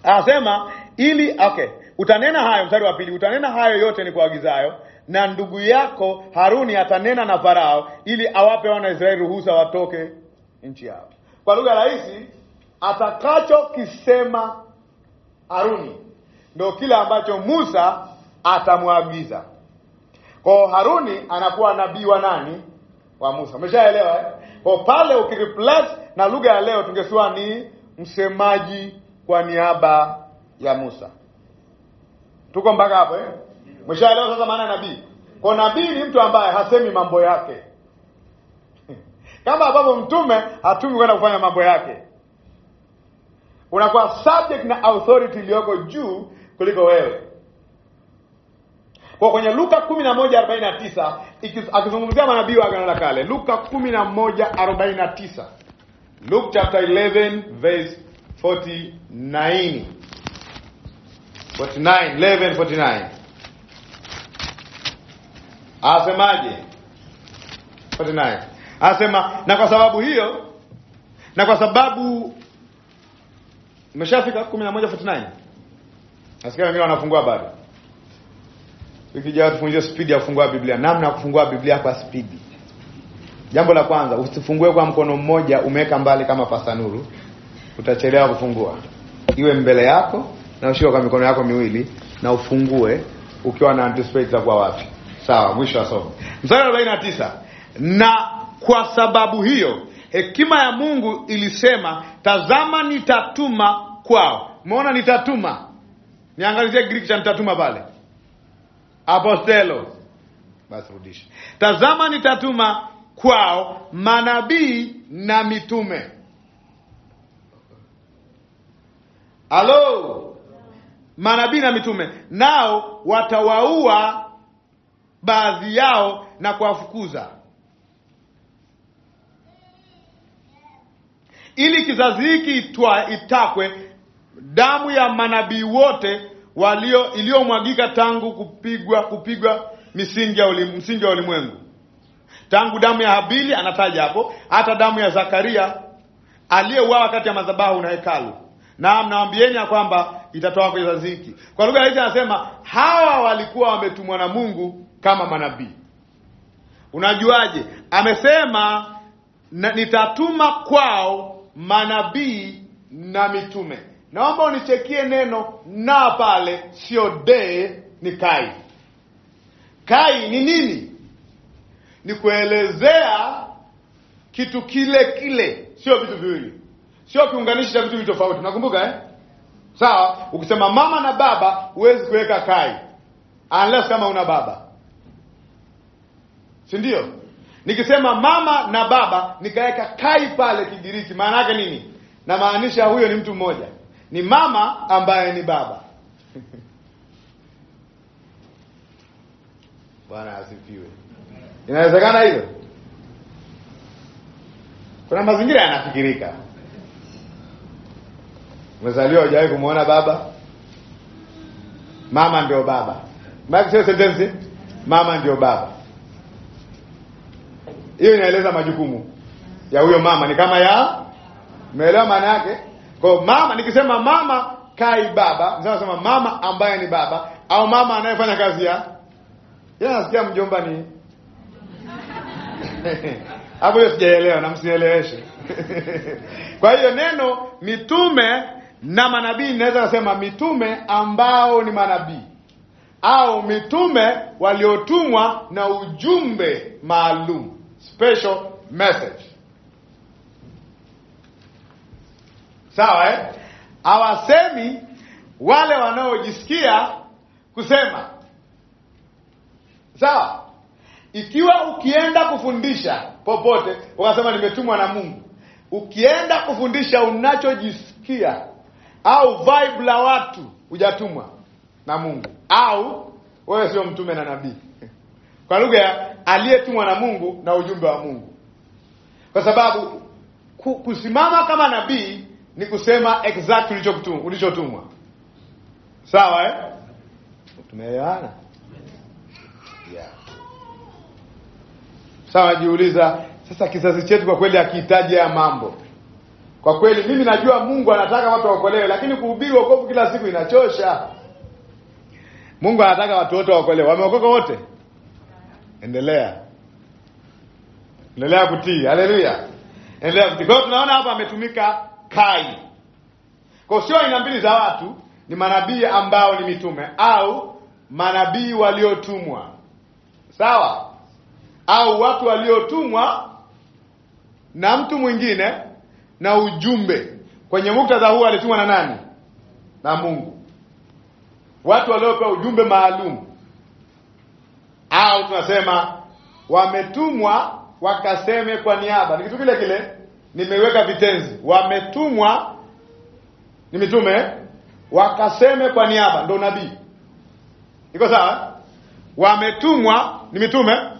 Anasema ili okay, utanena hayo, mstari wa pili, utanena hayo yote ni kuagizayo na ndugu yako Haruni atanena na Farao ili awape wana Israeli ruhusa watoke nchi yao. Kwa lugha rahisi, atakachokisema Haruni ndio kile ambacho Musa atamwagiza. Kwa Haruni anakuwa nabii wa nani? Wa Musa. Umeshaelewa eh? Kwa pale ukireplace na lugha ya leo tungesema ni msemaji kwa niaba ya Musa. Tuko mpaka hapo eh? Umeshaelewa sasa maana ya nabii. Kwa nabii ni mtu ambaye hasemi mambo yake kama ambavyo mtume hatumi kwenda kufanya mambo yake. Unakuwa subject na authority iliyoko juu kuliko wewe. Kwa kwenye Luka 11:49 akizungumzia manabii wa Agano la Kale, Luka 11:49. Luke chapter 11 verse 49. 49 11 49. Asemaje? 49 Anasema na kwa sababu hiyo na kwa sababu imeshafika 11:49. Nasikia mimi wanafungua bado. Wiki ijayo spidi ya kufungua Biblia. Namna ya kufungua Biblia kwa spidi. Jambo la kwanza, usifungue kwa mkono mmoja umeweka mbali kama nuru, Utachelewa kufungua. Iwe mbele yako na ushike kwa mikono yako miwili na ufungue ukiwa na anticipate za kwa wapi. Sawa, mwisho wa somo. Mstari 49. Na kwa sababu hiyo hekima ya Mungu ilisema, tazama nitatuma kwao. Umeona, nitatuma. Niangalizie Greek cha nitatuma pale, apostelo. Basi rudisha, tazama nitatuma kwao manabii na mitume. Halo, manabii na mitume, nao watawaua baadhi yao na kuwafukuza ili kizazi hiki itwa itakwe damu ya manabii wote walio iliyomwagika tangu kupigwa kupigwa misingi ya ulim, msingi wa ulimwengu tangu damu ya Habili anataja hapo, hata damu ya Zakaria aliyeuawa kati ya madhabahu na hekalu, na mnawaambieni ya kwamba itatoa kwa kizazi hiki. Kwa lugha hizi anasema hawa walikuwa wametumwa na Mungu kama manabii. Unajuaje? Amesema nitatuma kwao manabii na mitume. Naomba unichekie neno na pale, sio de. Ni kai. Kai ni nini? Ni kuelezea kitu kile kile, sio vitu viwili, sio kiunganishi cha vitu tofauti Nakumbuka eh? Sawa, ukisema mama na baba huwezi kuweka kai unless kama una baba, si ndio? Nikisema mama na baba nikaweka kai pale Kigiriki, maana yake nini? Namaanisha huyo ni mtu mmoja, ni mama ambaye ni baba Bwana asifiwe. Inawezekana hiyo? Kuna mazingira yanafikirika. Umezaliwa hujawahi kumwona baba, mama ndio baba. Maki sio sentensi, mama ndio baba hiyo inaeleza majukumu ya huyo mama ni kama ya umeelewa maana yake. Kwa mama, nikisema mama kai baba, nasema mama ambaye ni baba au mama anayefanya kazi ya yeye, nasikia mjomba ni hapo hiyo sijaelewa na msieleweshe. Kwa hiyo neno mitume na manabii inaweza kusema mitume ambao ni manabii au mitume waliotumwa na ujumbe maalum special message. Sawa eh? Hawasemi wale wanaojisikia kusema. Sawa? Ikiwa ukienda kufundisha popote ukasema nimetumwa na Mungu, ukienda kufundisha unachojisikia au vibe la watu, hujatumwa na Mungu, au wewe sio mtume na nabii kwa lugha aliyetumwa na Mungu na ujumbe wa Mungu, kwa sababu kusimama kama nabii ni kusema exact ulichotumwa. Sawa eh? Tumeelewana? Yeah. Sawa. Jiuliza sasa, kizazi chetu kwa kweli hakihitaji haya mambo. Kwa kweli mimi najua Mungu anataka watu waokolewe, lakini kuhubiri wokovu kila siku inachosha. Mungu anataka watu wote waokolewe. Wameokoka wote? endelea endelea kutii. Haleluya, endelea kutii. Kwa tunaona hapa ametumika Kai, kwa sio aina mbili za watu, ni manabii ambao ni mitume au manabii waliotumwa, sawa, au watu waliotumwa na mtu mwingine na ujumbe. Kwenye muktadha huu alitumwa na nani? Na Mungu, watu waliopewa ujumbe maalum au tunasema wametumwa wakaseme kwa niaba, ni kitu kile kile, nimeweka vitenzi. Wametumwa ni mitume, wakaseme kwa niaba, ndo nabii. Iko sawa? Wametumwa ni mitume,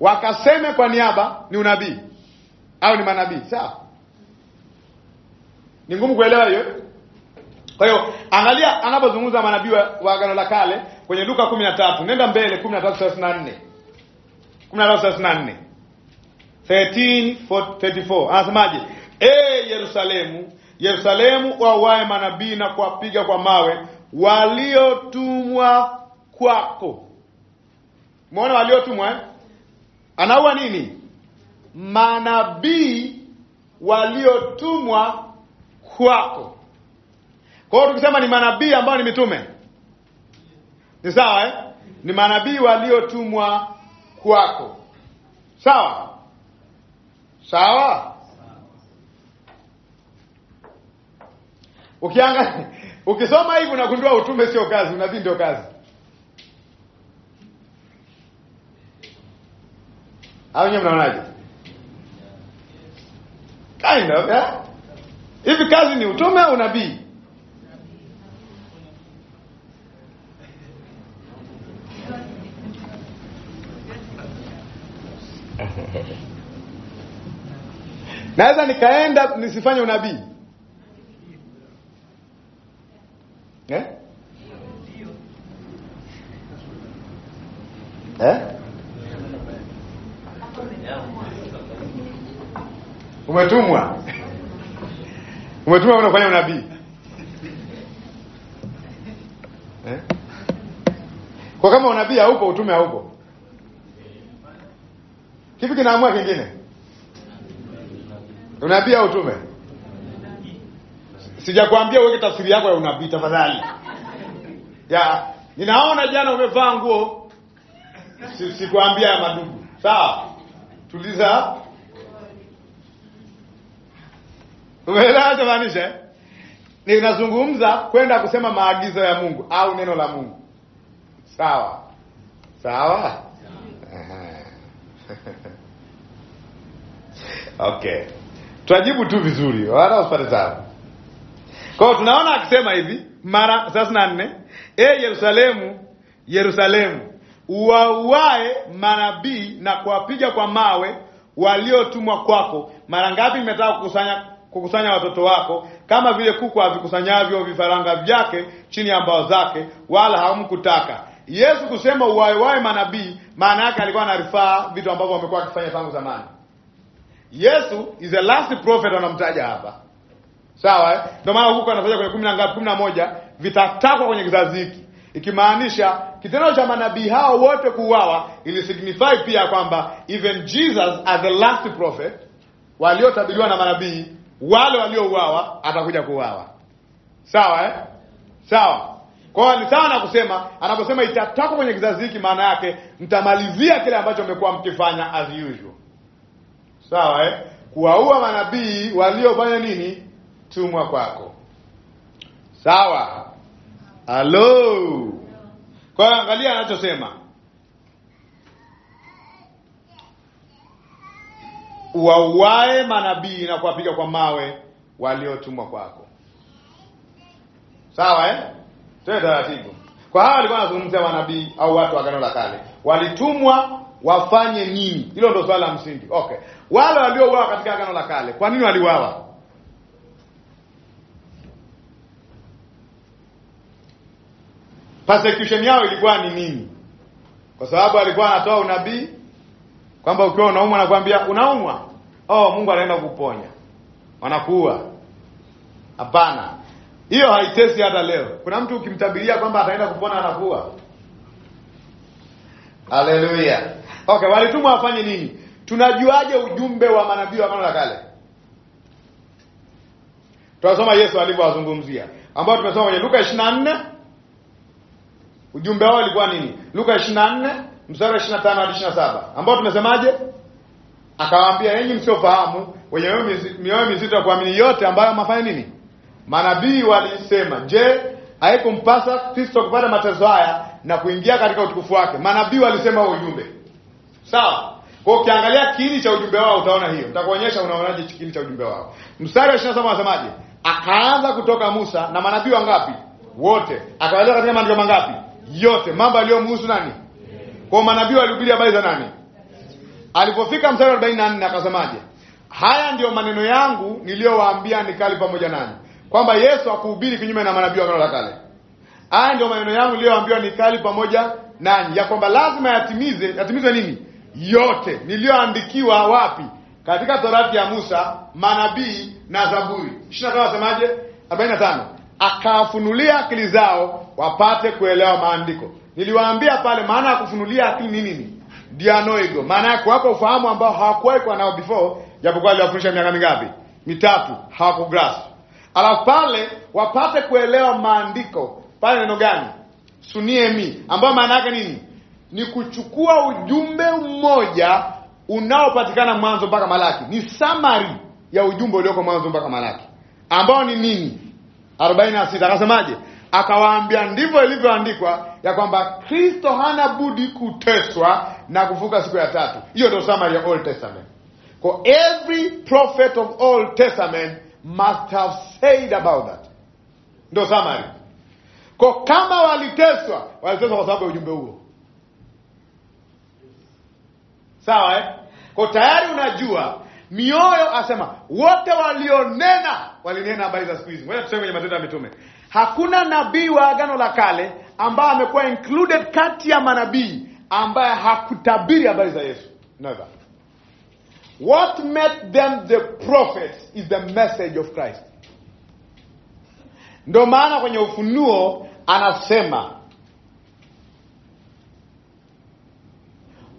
wakaseme kwa niaba ni unabii au ni manabii. Sawa, ni ngumu kuelewa hiyo kwa hiyo angalia anapozungumza manabii wa Agano la Kale kwenye Luka 13, nenda mbele 13:34. 13:34. 13:34. Anasemaje? Ee Yerusalemu, Yerusalemu wawae manabii na kuwapiga kwa mawe waliotumwa kwako. Muona waliotumwa eh? Anaua nini? Manabii waliotumwa kwako. Kwa hiyo tukisema ni manabii ambao ni mitume ni sawa eh? Ni manabii waliotumwa kwako, sawa sawa. Ukianga ukisoma hivi unagundua utume sio kazi, unabii ndio kazi, au nyewe mnaonaje? Kind of, eh? Hivi kazi ni utume au unabii? naweza nikaenda nisifanye unabii eh? Eh? Umetumwa, umetumwa kwenda kufanya unabii eh? Kwa kama unabii haupo, utume haupo, kipi kinaamua kingine? unabii au utume? Sijakwambia uweke tafsiri yako ya unabii tafadhali. Ya, ninaona jana umevaa nguo sikuambia ya madugu. Sawa? Tuliza. Umeelewa jamaanisha? Eh? Ninazungumza kwenda kusema maagizo ya Mungu au neno la Mungu. Sawa. Sawa? Sawa. Okay tutajibu tu vizuri, wala usipate taabu. Kwa hiyo tunaona akisema hivi mara thelathini na nne e Yerusalemu, Yerusalemu, uwauae manabii na kuwapiga kwa mawe waliotumwa kwako. Mara ngapi imetaka kukusanya kukusanya watoto wako kama vile kuku avikusanyavyo vifaranga vyake chini ya mbao zake, wala hamkutaka. Yesu kusema uwaewae manabii, maana yake alikuwa anarifaa vitu ambavyo wamekuwa wakifanya tangu zamani. Yesu is the last prophet anamtaja hapa, sawa? Eh? Ndio maana huko anafanya kwenye 10 na ngapi, 11 vitatakwa kwenye kizazi hiki, ikimaanisha kitendo cha manabii hao wote kuuawa signify pia kwamba even Jesus as the last prophet, waliotabiriwa na manabii wale waliouawa, atakuja kuuawa, sawa eh? Sawa. Kwa hiyo ni sawa na kusema, anaposema itatakwa kwenye kizazi hiki, maana yake mtamalizia kile ambacho mmekuwa mkifanya as usual sawa eh? kuwaua manabii waliofanya nini tumwa kwako sawa halo kwa hiyo angalia anachosema wauae manabii na kuwapiga kwa mawe waliotumwa kwako sawa eh? tuwe taratibu kwa hawa walikuwa wanazungumzia manabii au watu wa la kale walitumwa wafanye nini? Hilo ndio swala la msingi. Okay, wale waliouawa katika agano la kale, kwa nini waliuawa? Persecution yao ilikuwa ni nini? Kwa sababu alikuwa anatoa unabii kwamba ukiwa unaumwa, nakwambia unaumwa, oh, Mungu anaenda kuponya wanakuua. Hapana, hiyo haitesi hata leo. Kuna mtu ukimtabiria kwamba ataenda kupona, anakuua. Haleluya! Okay, walitumwa wafanye nini? Tunajuaje ujumbe wa manabii wa Agano la Kale? Tunasoma Yesu alivyowazungumzia, ambao tumesoma kwenye Luka 24. Ujumbe wao ulikuwa nini? Luka 24 mstari wa 25 hadi 27, ambao tumesemaje? Akawaambia, enyi msiofahamu, wenye mioyo mizito ya kuamini yote ambayo mafanya nini? Manabii walisema, je, haikumpasa Kristo kupata mateso haya na kuingia katika utukufu wake? Manabii walisema huo ujumbe Sawa? Kwa ukiangalia kiini cha ujumbe wao utaona hiyo. Nitakuonyesha unaonaje kiini cha ujumbe wao. Mstari wa 27 unasemaje? Akaanza kutoka Musa na manabii wangapi? Wote. Akaeleza katika maandiko mangapi? Yote. Mambo aliyomhusu nani? Kwa manabii walihubiri habari za nani? Alipofika mstari wa 44 akasemaje? Haya ndiyo maneno yangu niliyowaambia nikali pamoja nanyi. Kwamba Yesu akuhubiri kinyume na manabii wa Agano la Kale. Haya ndiyo maneno yangu niliyowaambia nikali pamoja nanyi ya kwamba lazima yatimize, yatimizwe nini? yote niliyoandikiwa wapi? Katika Torati ya Musa, manabii na Zaburi. Ishirini na tano asemaje? akawafunulia akili zao wapate kuelewa maandiko. Niliwaambia pale maana ya kufunulia akili ni nini? Dianoigo, maana ya kuwapa ufahamu ambao hawakuwahi kuwa nao before, japokuwa aliwafundisha miaka mingapi? Mitatu, hawakugrasp. Alafu pale wapate kuelewa maandiko, pale neno gani? Suniemi, ambayo maana yake nini? ni kuchukua ujumbe mmoja unaopatikana mwanzo mpaka Malaki, ni summary ya ujumbe ulioko mwanzo mpaka Malaki ambao ni nini? 46. Akasemaje? Akawaambia, ndivyo ilivyoandikwa ya kwamba Kristo hana budi kuteswa na kufuka siku ya tatu. Hiyo ndio summary ya Old Testament. Kwa every prophet of Old Testament must have said about that. Ndio summary. Kwa kama waliteswa, waliteswa kwa sababu ya ujumbe huo sawa eh? Kwa tayari unajua mioyo asema wote walionena walinena habari za siku hizi. Ngoja tuseme kwenye Matendo ya Mitume, hakuna nabii wa Agano la Kale ambaye amekuwa included kati ya manabii ambaye hakutabiri habari za Yesu. Never. What made them the prophets is the message of Christ. Ndio maana kwenye Ufunuo anasema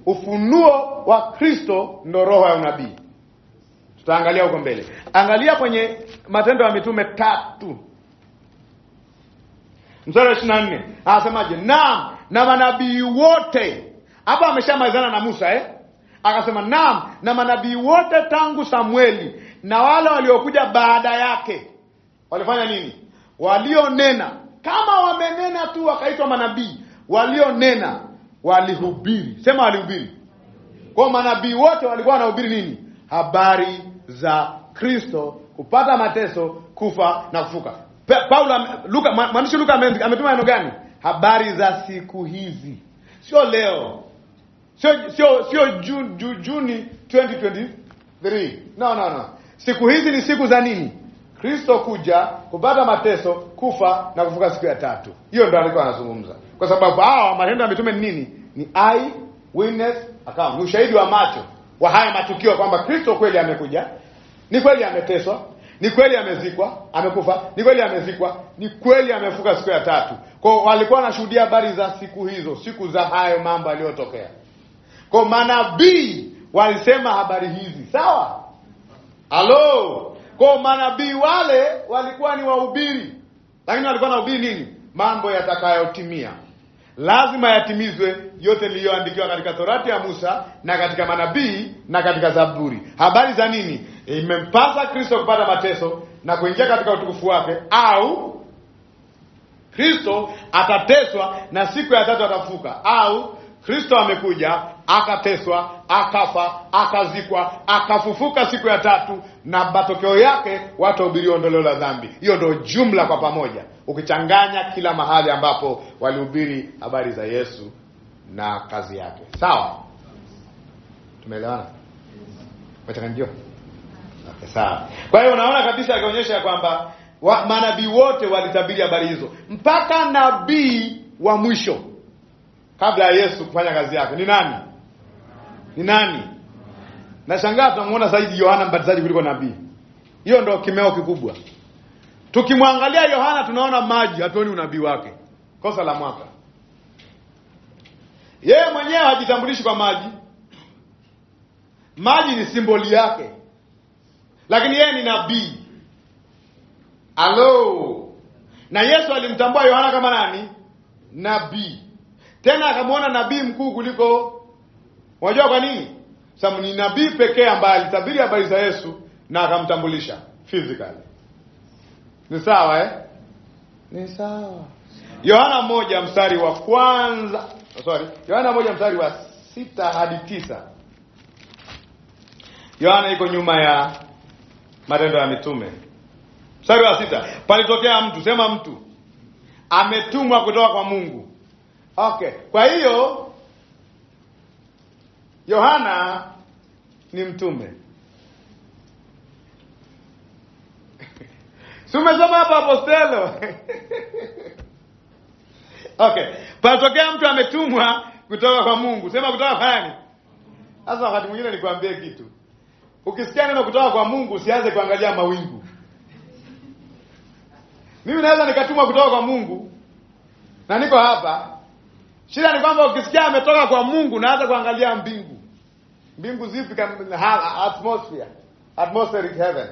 Ufunuo wa Kristo ndo roho ya unabii. Tutaangalia huko mbele. Angalia kwenye Matendo ya Mitume tatu mstari wa ishirini na nne anasemaje? Naam, na manabii wote. Hapa ameshamalizana na Musa eh? Akasema naam, na manabii wote tangu Samueli na wale waliokuja baada yake walifanya nini? Walionena kama wamenena tu wakaitwa manabii, walionena walihubiri, sema walihubiri. Kwa manabii wote walikuwa wanahubiri nini? Habari za Kristo kupata mateso, kufa na kufuka. Paulo Luka, mwandishi Luka ametuma neno gani? Habari za siku hizi, sio leo, sio sio sio Juni, Juni 2023. No, no, no. Siku hizi ni siku za nini? Kristo kuja kupata mateso, kufa na kufuka siku ya tatu. Hiyo ndio alikuwa anazungumza kwa sababu hawa ah, matendo ya mitume ni nini? Ni eye witness account, ni ushahidi wa macho wa haya matukio kwamba Kristo kweli amekuja, ni kweli ameteswa, ni kweli amezikwa, amekufa, ni kweli amezikwa, ni kweli amefuka siku ya tatu. Kwa walikuwa wanashuhudia habari za siku hizo, siku za hayo mambo yaliyotokea. Kwa manabii walisema habari hizi, sawa? Halo, kwa manabii wale walikuwa ni wahubiri, lakini walikuwa wanahubiri nini? Mambo yatakayotimia lazima yatimizwe yote niliyoandikiwa katika Torati ya Musa na katika manabii na katika Zaburi. Habari za nini? Imempasa Kristo kupata mateso na kuingia katika utukufu wake, au Kristo atateswa na siku ya tatu atafuka au Kristo amekuja akateswa, akafa, akazikwa, akafufuka siku ya tatu, na matokeo yake watahubiriwa ondoleo la dhambi. Hiyo ndio jumla kwa pamoja, ukichanganya kila mahali ambapo walihubiri habari za Yesu na kazi yake. Sawa, tumeelewana? Umechanganyikiwa? Okay, sawa. Kwa hiyo unaona kabisa akionyesha ya kwamba manabii wote walitabiri habari hizo mpaka nabii wa mwisho kabla ya Yesu kufanya kazi yake ni nani? Ni nani? Nashangaa tunamuona zaidi Yohana Mbatizaji kuliko nabii. Hiyo ndio kimeo kikubwa. Tukimwangalia Yohana tunaona maji, hatuoni unabii wake. Kosa la mwaka. Yeye mwenyewe hajitambulishi kwa maji. Maji ni simboli yake, lakini yeye ni nabii. Alo, na Yesu alimtambua Yohana kama nani? Nabii. Tena akamwona nabii mkuu kuliko. Unajua kwa nini? Sababu ni nabii pekee ambaye alitabiri habari za Yesu na akamtambulisha physically. Ni sawa eh? Ni sawa. Yohana moja mstari wa kwanza sorry, Yohana moja mstari wa sita hadi tisa. Yohana iko nyuma ya Matendo ya Mitume. Mstari wa sita, palitokea mtu, sema mtu ametumwa kutoka kwa Mungu Okay, kwa hiyo Yohana ni mtume. si umesoma hapa apostelo? Okay, patokea mtu ametumwa kutoka kwa Mungu, sema kutoka kwa nani? Sasa wakati mwingine nikwambie kitu, ukisikia neno kutoka kwa Mungu usianze kuangalia mawingu. Mimi naweza nikatumwa kutoka kwa Mungu na niko hapa Shida ni kwamba ukisikia ametoka kwa Mungu, naanza kuangalia mbingu. Mbingu zipi? Atmosphere, atmospheric heaven.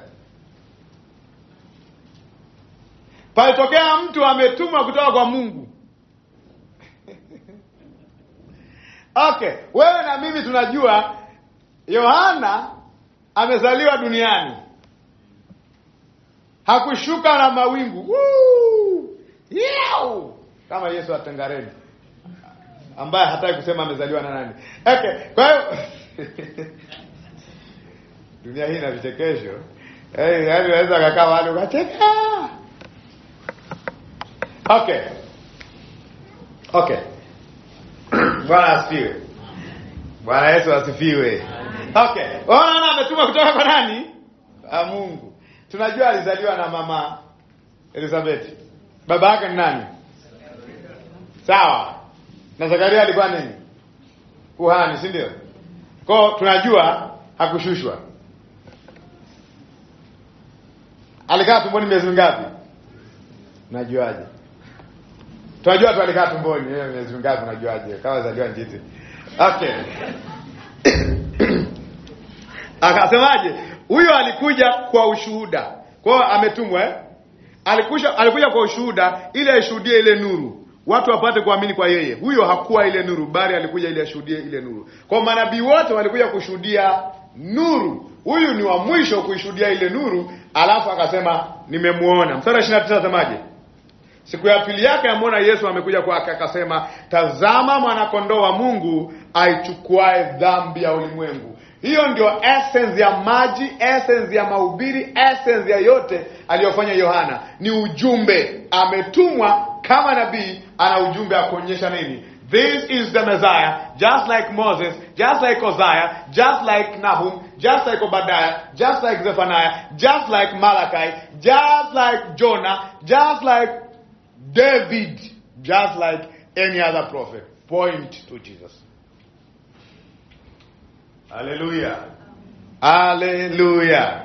Palitokea mtu ametumwa kutoka kwa Mungu. Okay, wewe na mimi tunajua Yohana amezaliwa duniani, hakushuka na mawingu Woo! kama Yesu atengareni ambaye hataki kusema amezaliwa na nani. Okay, kwa hiyo dunia hii na vichekesho. Eh, yaani unaweza kakaa wale ukacheka. Okay. Okay. Bwana asifiwe. Bwana Yesu asifiwe. Okay. Ona ametuma kutoka kwa nani? A Mungu. Tunajua alizaliwa na mama Elizabeth. Baba yake ni nani? Sawa na Zakaria alikuwa nini? Kuhani, si ndio? Kwa tunajua hakushushwa. Alikaa tumboni miezi mingapi? Najuaje? Tunajua tu alikaa tumboni miezi mingapi unajuaje? Kama zaliwa njiti. Okay. Akasemaje? Huyo alikuja kwa ushuhuda. Kwa ametumwa eh? Alikuja alikuja kwa ushuhuda ili aishuhudie ile nuru watu wapate kuamini kwa yeye. Huyo hakuwa ile nuru, bali alikuja ili ashuhudie ile nuru. Kwa manabii wote walikuja kushuhudia nuru, huyu ni wa mwisho kuishuhudia ile nuru. Alafu akasema nimemuona. Mstari wa 29 nasemaje? Siku ya pili yake amwona Yesu amekuja kwake, akasema tazama, mwanakondoo wa Mungu aichukuae dhambi ya ulimwengu. Hiyo ndio essence ya maji, essence ya mahubiri, essence ya yote aliyofanya Yohana. Ni ujumbe, ametumwa kama nabii ana ujumbe wa kuonyesha nini? This is the Messiah, just like Moses, just like Hosea, just like Nahum, just like obadaya just like Zephaniah, just like Malachi, just like Jonah, just like David, just like any other prophet. Point to Jesus. Haleluya. Haleluya.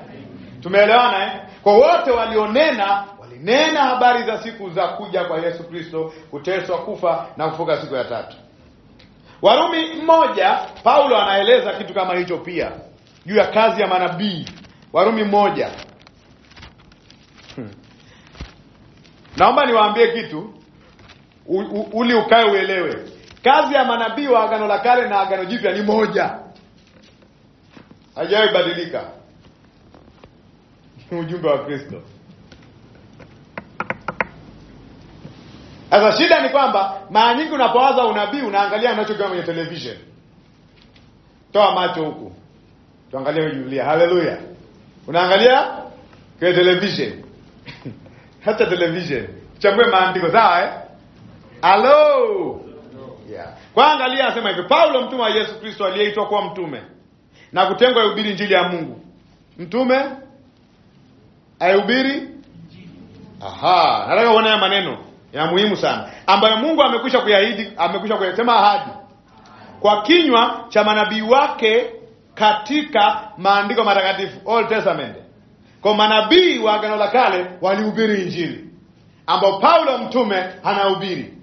Tumeelewana eh? Kwa wote walionena Nena habari za siku za kuja kwa Yesu Kristo, kuteswa, kufa na kufuka siku ya tatu. Warumi mmoja, Paulo anaeleza kitu kama hicho pia juu ya kazi ya manabii. Warumi mmoja. Hmm. Naomba niwaambie kitu uli ukae uelewe. Kazi ya manabii wa Agano la Kale na Agano Jipya ni moja, haijawahi badilika. Ni ujumbe wa Kristo. Sasa shida ni kwamba mara nyingi unapowaza unabii unaangalia unachokiona kwenye television. Toa macho huku, tuangalie wewe Biblia. Haleluya! unaangalia kwenye television hata television chambue maandiko sawa, eh? Hello. Yeah. Kwa angalia anasema hivi Paulo mtume wa Yesu Kristo aliyeitwa kuwa mtume na kutengwa ahubiri Injili ya Mungu. Mtume ahubiri? Aha, nataka uone maneno ya muhimu sana ambayo Mungu amekwisha kuyaahidi, amekwisha kuyasema ahadi kwa kinywa cha manabii wake katika maandiko matakatifu Old Testament. Kwa manabii wa Agano la Kale walihubiri Injili ambao Paulo mtume anahubiri,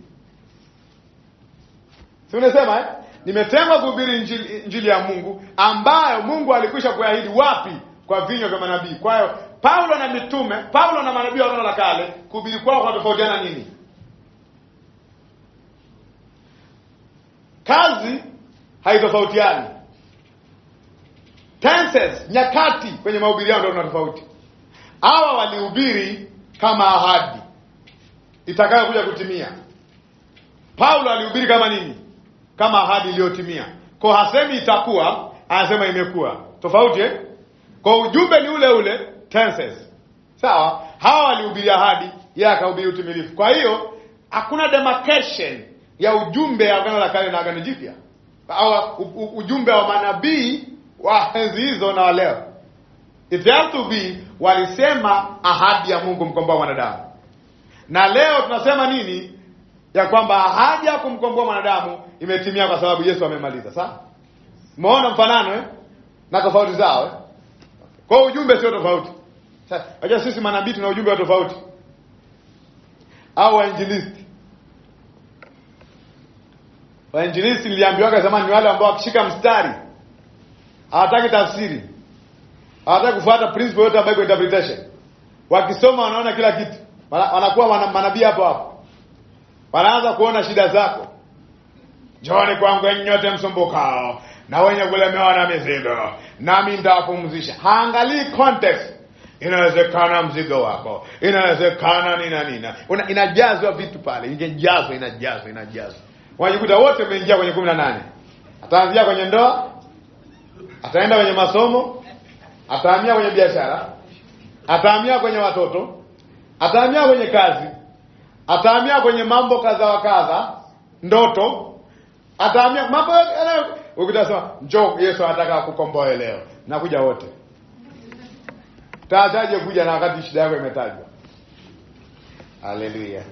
si unasema eh? Nimetengwa kuhubiri injili, injili ya Mungu ambayo Mungu alikwisha kuahidi wapi? Kwa vinywa vya manabii. Kwa hiyo Paulo na mitume, Paulo na manabii wa Agano la Kale kuhubiri kwao tofautiana nini? kazi haitofautiani. Tenses, nyakati kwenye mahubiri yao ndio tofauti. Hawa walihubiri kama ahadi itakayokuja kutimia. Paulo alihubiri kama nini? Kama ahadi iliyotimia. Kwa hasemi itakuwa, anasema imekuwa. Tofauti eh? Kwa ujumbe ni ule ule, tenses. Sawa? Hawa walihubiri ahadi, yeye akahubiri utimilifu. Kwa hiyo hakuna demarcation ya ujumbe ya Agano la Kale na Agano Jipya au ujumbe wa manabii wa enzi hizo na waleo. It has to be walisema ahadi ya Mungu mkomboa mwanadamu, na leo tunasema nini? Ya kwamba ahadi ya kumkomboa mwanadamu imetimia kwa sababu Yesu amemaliza. Sawa, umeona mfanano eh? na tofauti zao eh? Kwa ujumbe sio tofauti. Sasa sisi manabii tuna ujumbe wa tofauti, au wainjilisti Wainjilisti niliambiwaga zamani ni wale ambao wakishika mstari hawataki tafsiri, hawataki kufuata principle yote ya Bible interpretation. Wakisoma wanaona kila kitu, wanakuwa wana, manabii hapo hapo, wanaanza kuona shida zako. Njooni kwangu enyi nyote msumbukao na wenye kulemewa na mizigo, nami nitawapumzisha. Haangalii context inawezekana mzigo wako, inawezekana nina nina, inajazwa vitu pale, ingejazwa inajazwa inajazwa Wajikuta wote wameingia kwenye kumi na nane. Ataanzia kwenye ndoa, ataenda kwenye masomo, atahamia kwenye biashara, atahamia kwenye watoto, atahamia kwenye kazi, atahamia kwenye mambo kadha wa kadha, ndoto, atahamia mambo yanayo. Ukisema njoo, Yesu anataka kukomboa leo, nakuja wote. Taachaje kuja na wakati shida yako imetajwa? Haleluya.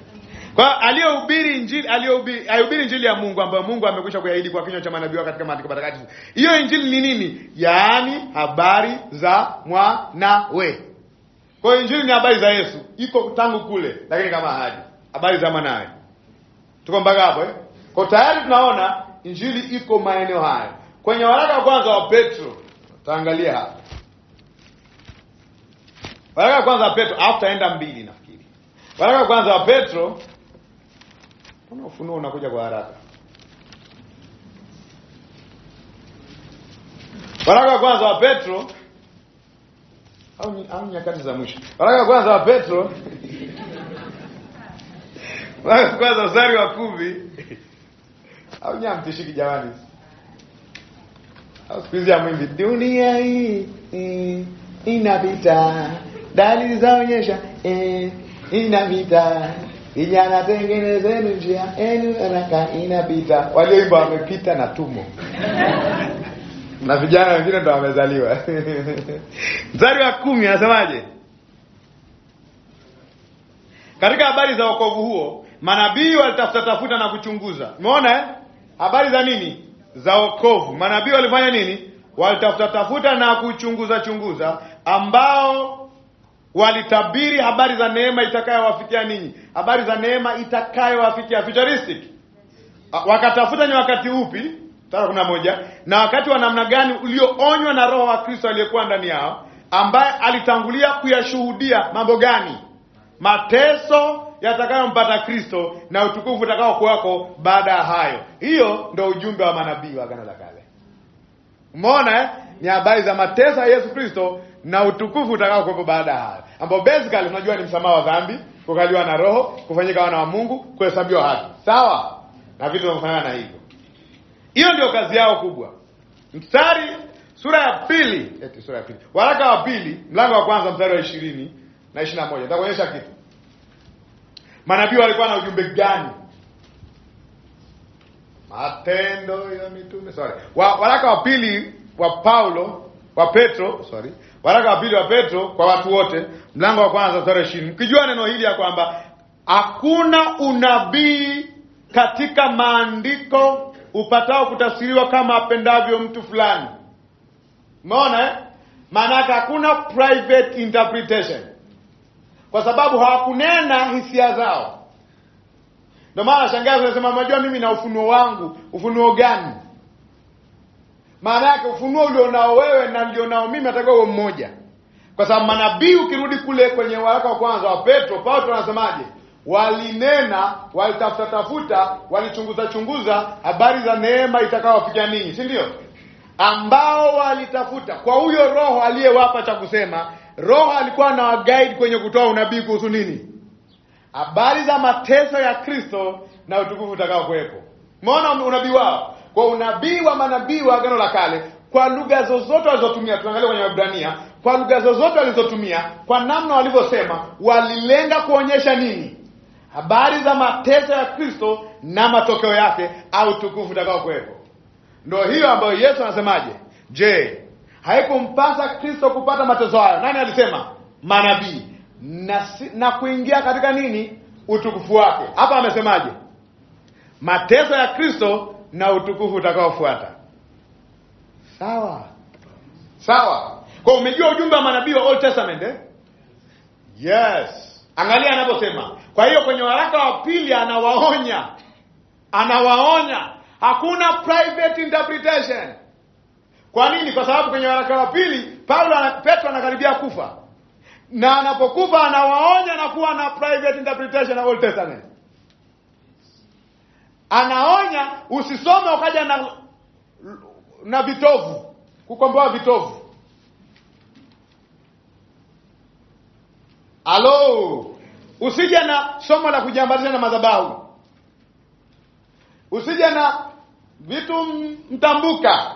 Kwa aliyehubiri injili aliyehubiri alihubiri injili ya Mungu ambayo Mungu amekwisha kuiahidi kwa kinywa cha manabii wake katika maandiko matakatifu. Hiyo injili ni nini? Yaani habari za mwanawe. Kwa hiyo injili ni habari za Yesu, iko tangu kule, lakini kama ahadi, habari za mwanawe. Tuko mpaka hapo eh? Kwa tayari tunaona injili iko maeneo haya. Kwenye waraka wa kwanza wa Petro taangalia hapa. Waraka wa kwanza wa Petro, alafu taenda mbili nafikiri. Waraka wa kwanza wa Petro kuna ufunuo unakuja kwa haraka. Waraka wa kwanza wa Petro au au nyakati za mwisho. Waraka wa kwanza wa Petro Waraka wa kwanza mstari wa kumi au nyamtishiki jamani. Au sikuizi amwimbi dunia hii eh, inapita dalili zaonyesha eh, inapita Vijana tengenezeni njia enu anakaa inapita. Walioimba wamepita na tumo na vijana wengine ndo wamezaliwa. Mstari wa kumi anasemaje? Katika habari za wokovu huo manabii walitafuta tafuta na kuchunguza. Umeona eh? habari za nini? Za wokovu. Manabii walifanya nini? Walitafuta tafuta na kuchunguza chunguza, ambao walitabiri habari za neema itakayowafikia ninyi, habari za neema itakayowafikia futuristic. Wakatafuta ni wakati upi? kuna moja na wakati wa namna gani ulioonywa na Roho wa Kristo aliyekuwa ndani yao, ambaye alitangulia kuyashuhudia mambo gani? Mateso yatakayompata Kristo na utukufu utakao kuwako baada ya hayo. Hiyo ndo ujumbe wa manabii wa gana la Kale. Umeona eh? Ni habari za mateso ya Yesu Kristo na utukufu utakao kuwepo baada ya hayo, ambao basically unajua ni msamaha wa dhambi, kukaliwa na Roho, kufanyika wana wa Mungu, kuhesabiwa haki sawa na vitu vinafanana na hivyo. Hiyo ndio kazi yao kubwa. Mstari sura ya pili, eti sura ya pili, waraka wa pili mlango wa kwanza mstari wa ishirini na ishirini moja nitakuonyesha kitu manabii walikuwa na ujumbe gani? Matendo ya Mitume, sorry, waraka wa pili wa Paulo wa Petro, sorry, Waraka wa pili wa Petro kwa watu wote, mlango wa kwanza mstari ishirini, mkijua neno hili ya kwamba hakuna unabii katika maandiko upatao kutafsiriwa kama apendavyo mtu fulani. Umeona eh? yake hakuna private interpretation, kwa sababu hawakunena hisia zao. Ndio maana shangazi anasema, unajua mimi na ufunuo wangu. Ufunuo gani? Maana yake ufunuo ulionao wewe na ndionao mimi atakuwa huo mmoja, kwa sababu manabii, ukirudi kule kwenye waraka wa kwanza wa Petro, Paulo anasemaje? Walinena, walitafuta tafuta, walichunguza chunguza habari za neema itakayowafikia ninyi, si ndio? Ambao walitafuta kwa huyo Roho aliyewapa cha kusema. Roho alikuwa na waguide kwenye kutoa unabii kuhusu nini? Habari za mateso ya Kristo na utukufu utakao kuwepo. unabii wao kwa unabii wa manabii wa Agano la Kale kwa lugha zozote walizotumia, tunaangalia kwenye Waebrania, kwa lugha zozote walizotumia, kwa namna walivyosema, walilenga kuonyesha nini? Habari za mateso ya Kristo na matokeo yake au tukufu utakao kuwepo. Ndio hiyo ambayo Yesu anasemaje? Je, haikumpasa Kristo kupata mateso hayo? Nani alisema? Manabii na, na kuingia katika nini? Utukufu wake. Hapa amesemaje? Mateso ya Kristo na utukufu utakaofuata. Sawa sawa, kwa umejua ujumbe wa manabii wa Old Testament eh? Yes, angalia anaposema. Kwa hiyo kwenye waraka wa pili anawaonya, anawaonya, hakuna private interpretation. Kwa nini? Kwa sababu kwenye waraka wa pili Paulo, Petro anakaribia kufa na anapokufa anawaonya na kuwa na private interpretation of Old Testament anaonya usisome ukaja na na vitovu kukomboa vitovu halo usije na somo la kujambalisha na madhabahu usije na vitu mtambuka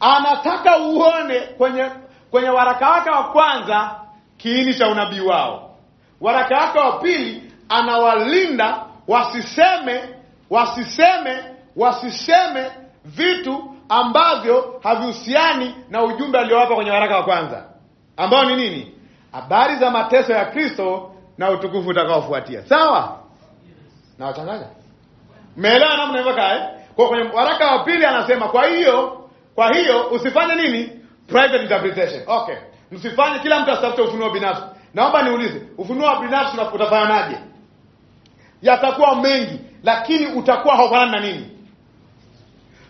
anataka uone kwenye kwenye waraka wake wa kwanza kiini cha unabii wao waraka wake wa pili anawalinda wasiseme wasiseme wasiseme vitu ambavyo havihusiani na ujumbe aliowapa kwenye waraka wa kwanza ambao ni nini? Habari za mateso ya Kristo na utukufu utakaofuatia. Sawa nawachanganya meelewa namna ilivyokaa eh? Kwa kwenye waraka wa pili anasema, kwa hiyo kwa hiyo usifanye nini, private interpretation. Okay, msifanye, kila mtu asitafute ufunuo binafsi. Naomba niulize, ufunuo wa binafsi utafananaje? Yatakuwa mengi lakini utakuwa haufanani na nini?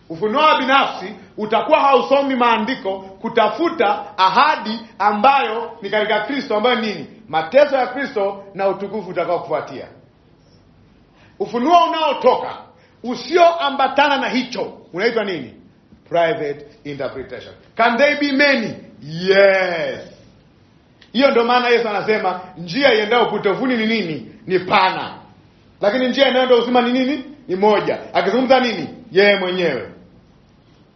Ufunuo wa binafsi utakuwa hausomi maandiko kutafuta ahadi ambayo ni katika Kristo, ambayo nini? Mateso ya Kristo na utukufu utakao kufuatia. Ufunuo unaotoka usioambatana na hicho unaitwa nini? Private interpretation. Can they be many? Yes. Hiyo ndio maana Yesu anasema njia iendayo potevuni ni nini? Ni pana lakini njia inayoenda uzima ni nini? Ni moja. Akizungumza nini? Yeye mwenyewe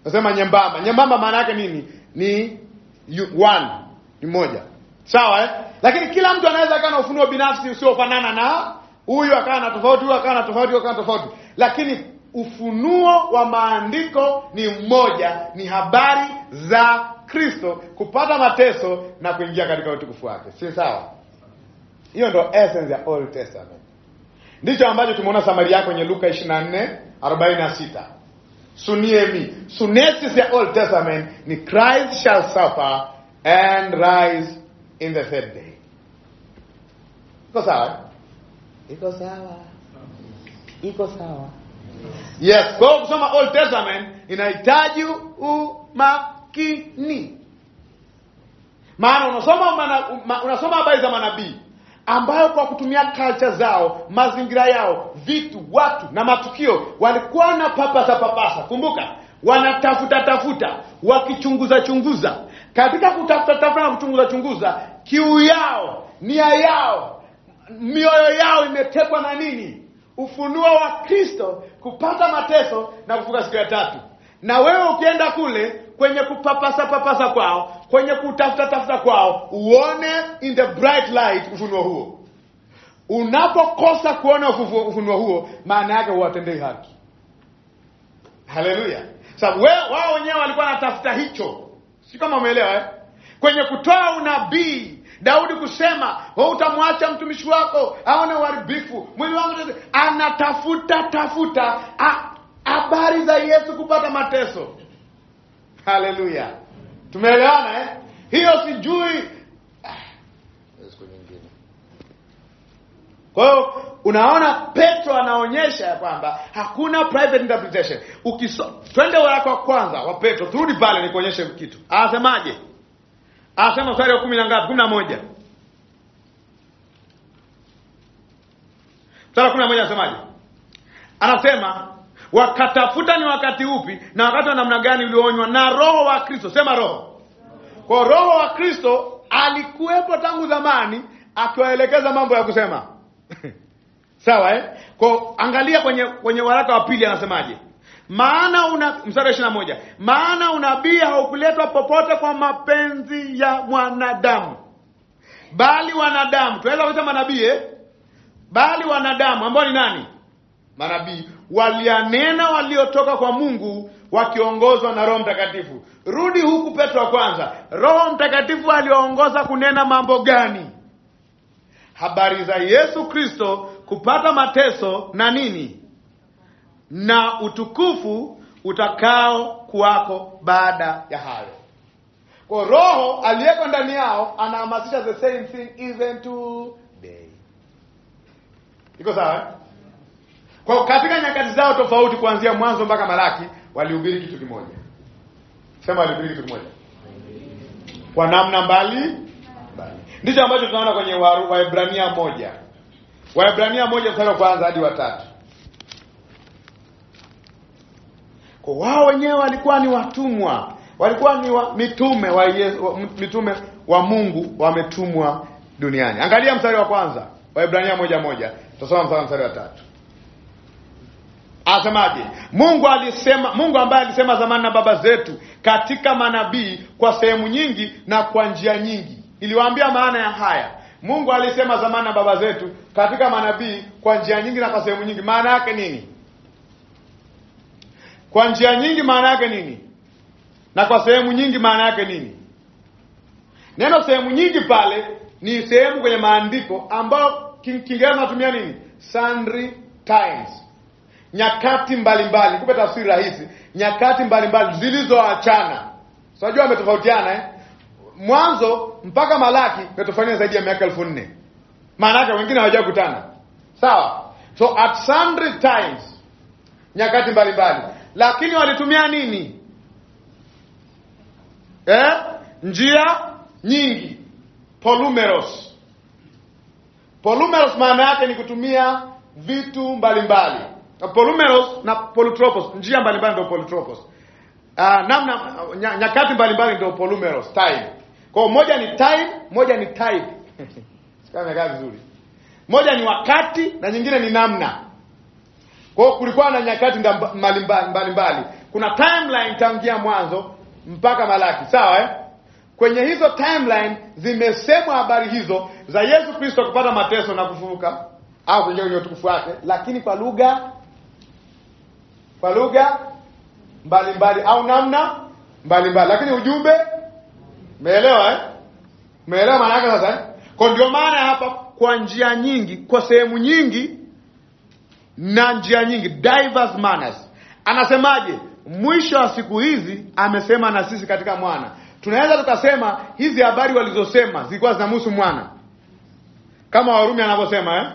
nasema nyembamba. Nyembamba maana yake nini? Ni one, ni moja, sawa eh? Lakini kila mtu anaweza akawa na ufunuo binafsi usiofanana na huyu, akawa na tofauti, huyu akawa na tofauti, huyu akawa na tofauti, lakini ufunuo wa maandiko ni mmoja, ni habari za Kristo kupata mateso na kuingia katika utukufu wake, si sawa? Hiyo ndo essence ya Old Testament. Ndicho ambacho tumeona Samaria yako kwenye Luka 24:46. Sunie mi. Sunesis ya Old Testament ni Christ shall suffer and rise in the third day. Iko sawa? Iko sawa. Iko sawa. Yes, kwa kusoma Old Testament inahitaji umakini, maana unasoma habari za manabii ambayo kwa kutumia kalcha zao, mazingira yao, vitu, watu na matukio walikuwa na papasa papasa. Kumbuka, wanatafuta tafuta, wakichunguza chunguza. Katika kutafuta tafuta na kuchunguza chunguza, kiu yao, nia yao, mioyo yao imetekwa na nini? Ufunuo wa Kristo, kupata mateso na kufuka siku ya tatu. Na wewe ukienda kule kwenye kupapasa papasa kwao, kwenye kutafuta tafuta kwao, uone in the bright light ufunuo huo. Unapokosa kuona ufunuo huo, maana yake huwatendei haki. Haleluya! Sababu wao wenyewe walikuwa wanatafuta hicho, si kama umeelewa eh? Kwenye kutoa unabii Daudi kusema wewe utamwacha mtumishi wako aone uharibifu mwili wangu, anatafuta tafuta habari za Yesu kupata mateso Haleluya, tumeelewana eh? Hiyo sijui ah, Kwa hiyo unaona Petro anaonyesha ya kwamba hakuna private interpretation. Ukiso, twende waraka wa kwanza wa Petro, turudi pale nikuonyeshe kitu. Anasemaje? Anasema sari wa kumi na ngapi? kumi na moja mstari kumi na moja anasemaje? Anasema wakatafuta ni wakati upi na wakati wa namna gani ulioonywa na roho wa Kristo. Sema roho. Kwa roho wa Kristo alikuwepo tangu zamani akiwaelekeza mambo ya kusema sawa eh? Kwa angalia kwenye kwenye waraka wa pili anasemaje? Maana una mstari ishirini na moja maana unabii haukuletwa popote kwa mapenzi ya mwanadamu, bali wanadamu, tunaweza kusema nabii eh? bali wanadamu ambao ni nani? Manabii walianena waliotoka kwa Mungu wakiongozwa na Roho Mtakatifu. Rudi huku Petro wa kwanza. Roho Mtakatifu aliwaongoza kunena mambo gani? Habari za Yesu Kristo kupata mateso na nini? Na utukufu utakao kuwako baada ya hayo. Kwa Roho aliyeko ndani yao anahamasisha the same thing even today. Iko sawa? Eh? Kwa katika nyakati zao tofauti kuanzia mwanzo mpaka Malaki walihubiri kitu kimoja. Sema walihubiri kitu kimoja. Kwa namna mbali mbali. Ndicho ambacho tunaona kwenye Waebrania moja. Waebrania moja mstari wa kwanza hadi wa tatu. Kwa wao wenyewe walikuwa ni watumwa, walikuwa ni wa, mitume wa Yesu, mitume wa Mungu wametumwa duniani. Angalia mstari wa kwanza, Waebrania moja moja. Tutasoma mstari wa tatu. Asemaje? Mungu alisema, Mungu ambaye alisema zamani na baba zetu katika manabii kwa sehemu nyingi na kwa njia nyingi. Iliwaambia maana ya haya. Mungu alisema zamani na baba zetu katika manabii kwa njia nyingi na kwa sehemu nyingi. Maana yake nini? Kwa njia nyingi maana yake nini? Na kwa sehemu nyingi maana yake nini? Neno sehemu nyingi pale ni sehemu kwenye maandiko ambao Kiingereza natumia nini? Sundry times nyakati mbalimbali. Nikupe tafsiri rahisi, nyakati mbalimbali zilizoachana. Unajua ametofautiana eh? Mwanzo mpaka Malaki metofania zaidi ya miaka elfu nne maana yake wengine hawajakutana, sawa? So at sundry times, nyakati mbalimbali mbali. Lakini walitumia nini eh? njia nyingi polumeros. Polumeros maana yake ni kutumia vitu mbalimbali mbali. Uh, polumeros na Polytropos, njia mbalimbali ndio Polytropos. Uh, namna uh, nyakati mbalimbali ndio polumeros time. Kwa moja ni time, moja ni type. Sikama kazi nzuri. Moja ni wakati na nyingine ni namna. Kwa hiyo kulikuwa na nyakati mbalimbali mbali. Kuna timeline tangia mwanzo mpaka Malaki, sawa eh? Kwenye hizo timeline zimesemwa habari hizo za Yesu Kristo kupata mateso na kufufuka au kuingia kwenye utukufu wake, lakini kwa lugha kwa lugha mbalimbali au namna mbalimbali, lakini ujumbe umeelewa eh? Umeelewa maana yake sasa eh? Kwa ndio maana hapa kwa njia nyingi, kwa sehemu nyingi na njia nyingi, diverse manners. Anasemaje? Mwisho wa siku hizi amesema na sisi katika mwana. Tunaweza tukasema hizi habari walizosema zilikuwa zinamhusu mwana, kama Warumi anavyosema eh?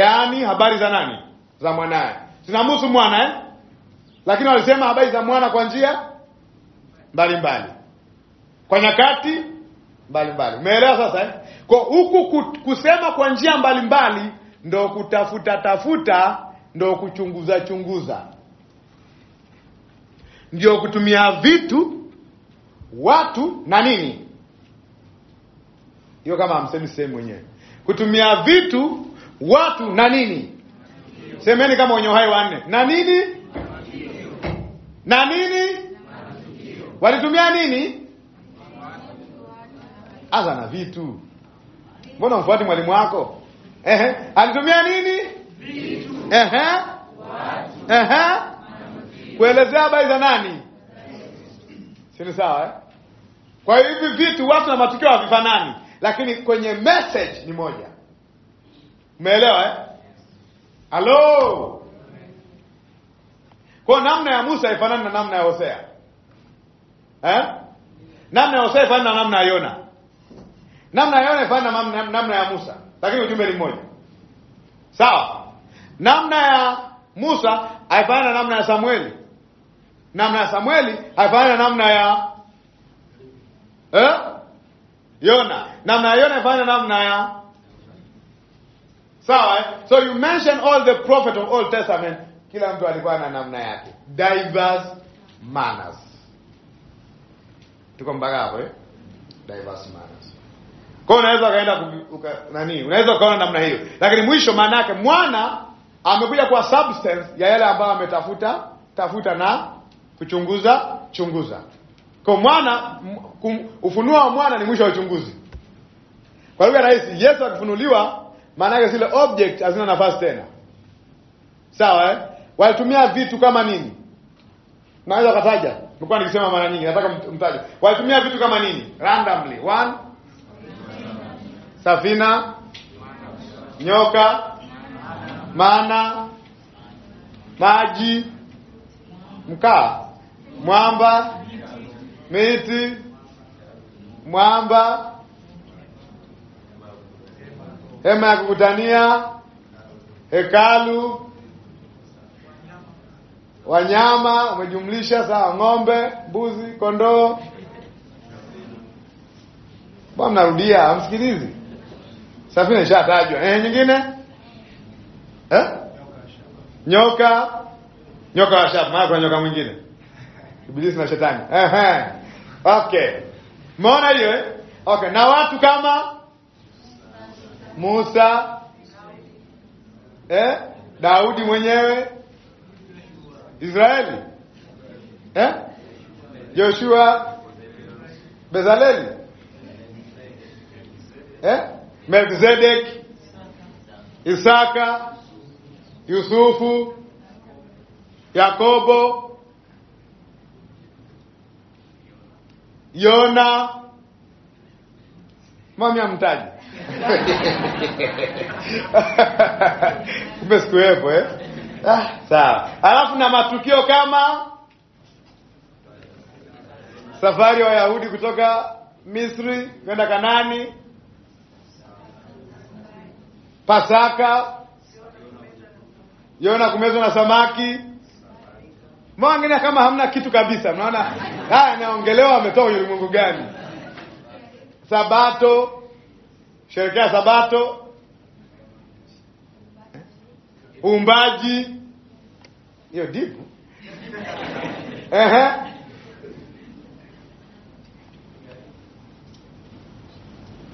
Yaani habari za nani? Za mwanaye zinamhusu mwana eh? lakini walisema habari za mwana kwa njia mbalimbali kwa nyakati mbalimbali. Umeelewa sasa eh? Kwa huku kusema kwa njia mbalimbali ndo kutafuta tafuta, ndo kuchunguza chunguza, ndio kutumia vitu watu na nini. Hiyo kama amsemi sehemu mwenyewe, kutumia vitu watu na nini. Semeni kama wenye uhai wanne na nini na nini walitumia nini aza na vitu. Mbona mfuati mwalimu wako? Ehe, alitumia nini Ehe, Ehe, kuelezea habari za nani? Sio sawa eh? Kwa hiyo hivi vitu, watu na matukio havifanani, lakini kwenye message ni moja. Umeelewa eh? Hello. Kwa namna ya Musa haifanani na namna ya Hosea eh? Namna ya Hosea haifanani na namna ya Yona, namna ya Yona haifanani na namna ya Musa, lakini ujumbe ni mmoja, sawa. Namna ya Musa haifanani na namna ya Samueli, namna ya Samueli haifanani na namna ya eh? Yona, namna ya Yona haifanani na namna ya sawa eh? So you mention all the prophet of Old Testament kila mtu alikuwa na namna yake, diverse manners. Tuko mpaka hapo eh?
Diverse manners.
Kwa hiyo unaweza kaenda nani, unaweza ukaona namna hiyo, lakini mwisho maana yake mwana amekuja kwa substance ya yale ambayo ametafuta tafuta na kuchunguza chunguza. Kwa mwana kum, ufunuo wa mwana ni mwisho wa uchunguzi. Kwa lugha rahisi, Yesu akifunuliwa maana yake zile object hazina nafasi tena, sawa eh? walitumia vitu kama nini? Naweza kataja. Nilikuwa nikisema mara nyingi nataka mtaje. Walitumia vitu kama nini? Randomly. One. Safina. Nyoka. Mana. Maji. Mkaa. Mwamba. Miti. Mwamba. Hema ya kukutania. Hekalu wanyama umejumlisha, sawa, ng'ombe, mbuzi, kondoo. Bwana, amsikilizi hamsikilizi. Safina ishatajwa, eh, nyingine eh? Nyoka, nyoka wa shaba, maana kuna nyoka mwingine, Ibilisi na Shetani. Eh, eh. Okay, umeona hiyo eh? Okay, na watu kama Musa eh? Daudi mwenyewe Israeli eh? Joshua Bezaleli eh? Melkizedek, Isaka, Yusufu, Yakobo, Yona, mami amtaji kumbe sikuwepo eh? Ah, sawa. Alafu na matukio kama safari ya wa Wayahudi kutoka Misri kwenda Kanani, Pasaka, Yona kumezwa na samaki. Mwangine kama hamna kitu kabisa, mnaona haya naongelewa, ametoa ulimwengu gani? Sabato, sherekea Sabato uumbaji, hiyo dibu ehe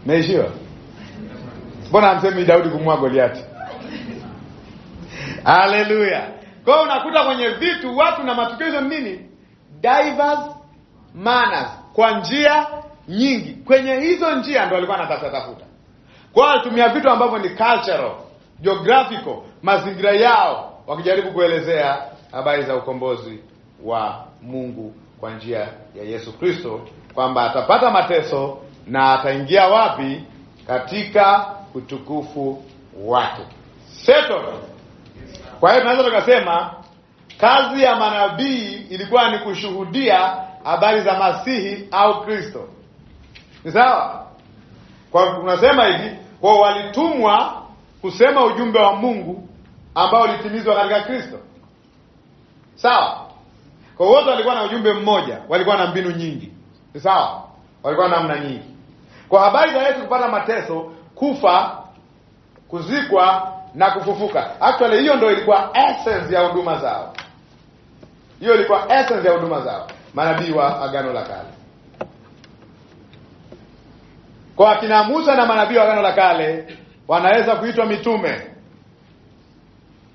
meishiwa. Mbona amsemi Daudi kumua Goliati? Haleluya! Kwa hiyo unakuta kwenye vitu watu na matukio hizo nini, divers manners, kwa njia nyingi. Kwenye hizo njia ndo alikuwa anatafuta tafuta, kwa alitumia vitu ambavyo ni cultural jiografiko mazingira yao, wakijaribu kuelezea habari za ukombozi wa Mungu kwa njia ya Yesu Kristo, kwamba atapata mateso na ataingia wapi? Katika utukufu wake. Seto. Kwa hiyo tunaweza tukasema kazi ya manabii ilikuwa ni kushuhudia habari za Masihi au Kristo, ni sawa? Kwa unasema hivi, kwa walitumwa kusema ujumbe wa Mungu ambao ulitimizwa katika Kristo. Sawa? Kwa wote walikuwa na ujumbe mmoja, walikuwa na mbinu nyingi. Sawa? Walikuwa na namna nyingi. Kwa habari za Yesu kupata mateso, kufa, kuzikwa na kufufuka. Actually hiyo ndio ilikuwa essence ya huduma zao. Hiyo ilikuwa essence ya huduma zao, manabii wa Agano la Kale. Kwa akina Musa na manabii wa Agano la Kale wanaweza kuitwa mitume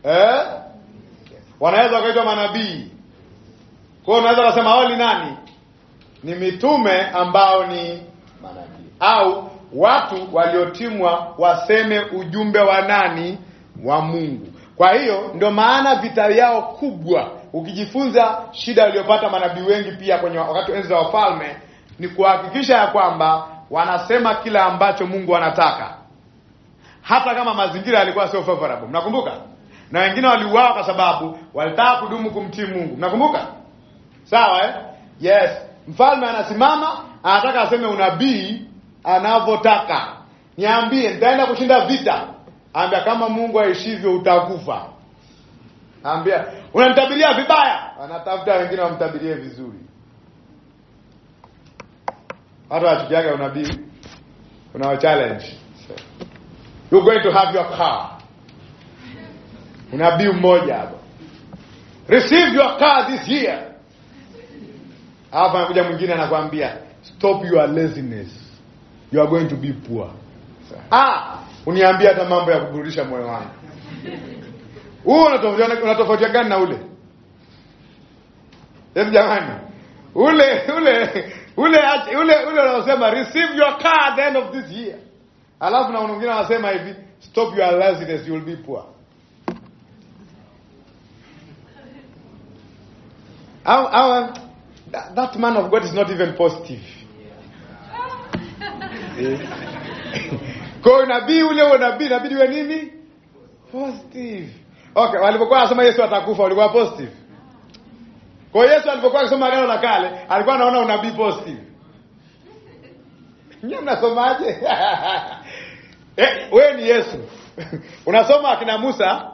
eh? wanaweza wakaitwa manabii. Kwa hiyo unaweza kusema wao ni nani? Ni mitume ambao ni manabii au watu waliotimwa waseme ujumbe wa nani? Wa Mungu. Kwa hiyo ndio maana vita yao kubwa, ukijifunza shida waliopata manabii wengi pia kwenye wakati enzi za wafalme, ni kuhakikisha ya kwamba wanasema kila ambacho Mungu anataka hata kama mazingira yalikuwa sio favorable. Mnakumbuka? Na wengine waliuawa kwa sababu walitaka kudumu kumtii Mungu. Mnakumbuka? Sawa eh? Yes. Mfalme anasimama anataka aseme unabii anavyotaka. Niambie nitaenda kushinda vita. Ambia kama Mungu aishivyo utakufa. Ambia unanitabiria vibaya. Anatafuta wengine wamtabirie vizuri. Watu wachukiaga unabii. Unao challenge you're going to have your car. Unabii mmoja hapo, receive your car this year. Hapa anakuja mwingine anakuambia stop your laziness, you are going to be poor. Ah, uniambia hata mambo ya kuburudisha moyo wangu huo unatofautia gani na ule? Yes, jamani, ule ule ule ule unaosema receive your car at the end of this year Alafu na mwingine anasema hivi, stop your laziness you will be poor. Our, our, that man of God is not even positive. Eh. Kwa unabii ule unabii inabidi uwe nini? Positive. Okay, walipokuwa anasema Yesu atakufa walikuwa positive. Kwa Yesu alipokuwa akisoma agano la kale, alikuwa anaona unabii positive. Nyinyi mnasomaje? Eh, wewe ni Yesu. unasoma akina Musa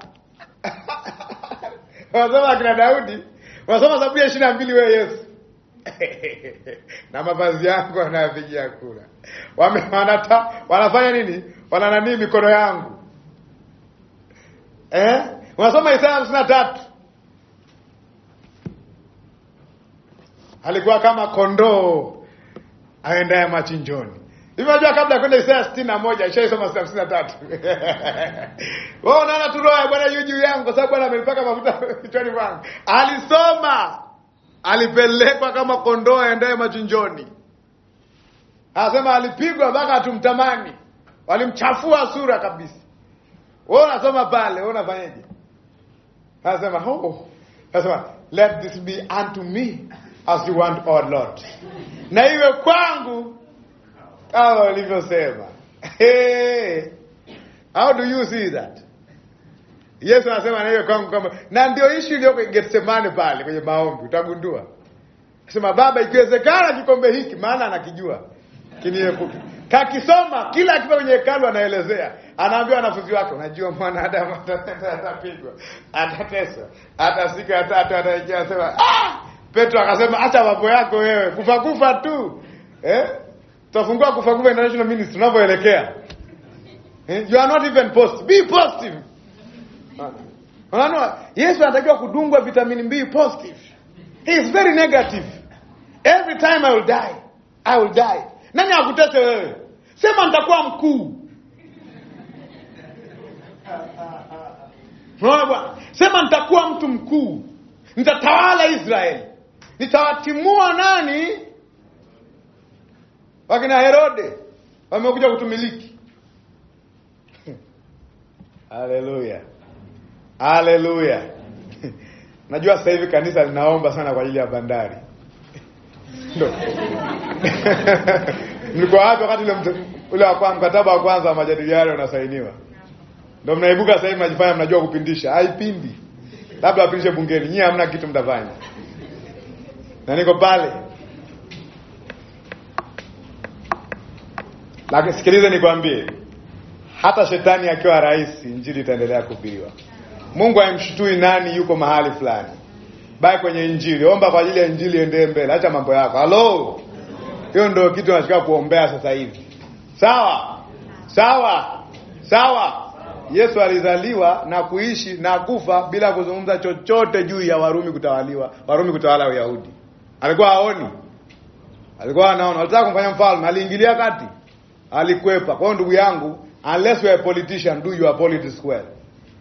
unasoma akina Daudi unasoma Zaburi ya ishirini na mbili wewe Yesu. na mavazi yangu wanayapigia kura, wanata wanafanya nini? Wanananii mikono yangu eh? Unasoma Isaya hamsini na tatu alikuwa kama kondoo aendaye machinjoni. Hivi unajua kabla kwenda Isaya 61 ishaisoma 63. Wewe unaona tu roho ya Bwana yu juu yangu kwa sababu Bwana amenipaka mafuta kichwani mwangu. Alisoma. Alipelekwa kama kondoo aendaye machinjoni. Anasema alipigwa mpaka atumtamani. Walimchafua sura kabisa. Wewe unasoma pale, wewe unafanyaje? Anasema, "Oh." Anasema, "Let this be unto me as you want, O Lord." Na iwe kwangu kama ulivyosema. Hey, how do you see that? Yesu anasema na hiyo kwangu kwamba na ndio ishu iliyoko Getsemani pale kwenye maombi, utagundua sema Baba, ikiwezekana kikombe hiki, maana anakijua kiniepuke. Kakisoma kila akipa kwenye hekalu, anaelezea anaambia wanafunzi wake, unajua mwanadamu atapigwa, atateswa, atasika ya tatu ataingia. Sema ah! Petro akasema acha mambo yako wewe, kufa kufa tu eh? tutafungua kufagua International Ministry tunavyoelekea. Eh, you are not even positive. Be positive. Unaona? Yesu anatakiwa kudungwa vitamini B positive. He is very negative. Every time I will die. I will die. Nani akutete wewe? Sema nitakuwa mkuu. Unaona bwana? Sema nitakuwa mtu mkuu. Nitatawala Israeli. Nitawatimua nani? wakina Herode wamekuja kutumiliki. Haleluya, haleluya! Najua sasa hivi kanisa linaomba sana kwa ajili ya bandari mlikuwa wapi wakati ule ule wa mkataba wa kwanza wa majadiliano unasainiwa? Ndo mnaibuka sasa hivi mnajifanya mnajua kupindisha. Haipindi, labda wapindishe bungeni, nyie hamna kitu mtafanya, na niko pale Lakini sikilize nikwambie, hata shetani akiwa rais, injili itaendelea kuhubiriwa. Mungu haimshutui nani yuko mahali fulani. Baki kwenye injili, omba kwa ajili ya injili endee mbele, acha mambo yako. Halo, hiyo ndio kitu nashika kuombea sasa hivi. Sawa sawa sawa. Yesu alizaliwa na kuishi na kufa bila kuzungumza chochote juu ya Warumi kutawaliwa, Warumi kutawala Wayahudi. Alikuwa haoni, alikuwa anaona. Alitaka kumfanya mfalme, aliingilia kati alikwepa. Kwa hiyo ndugu yangu, unless you are a politician do your politics well.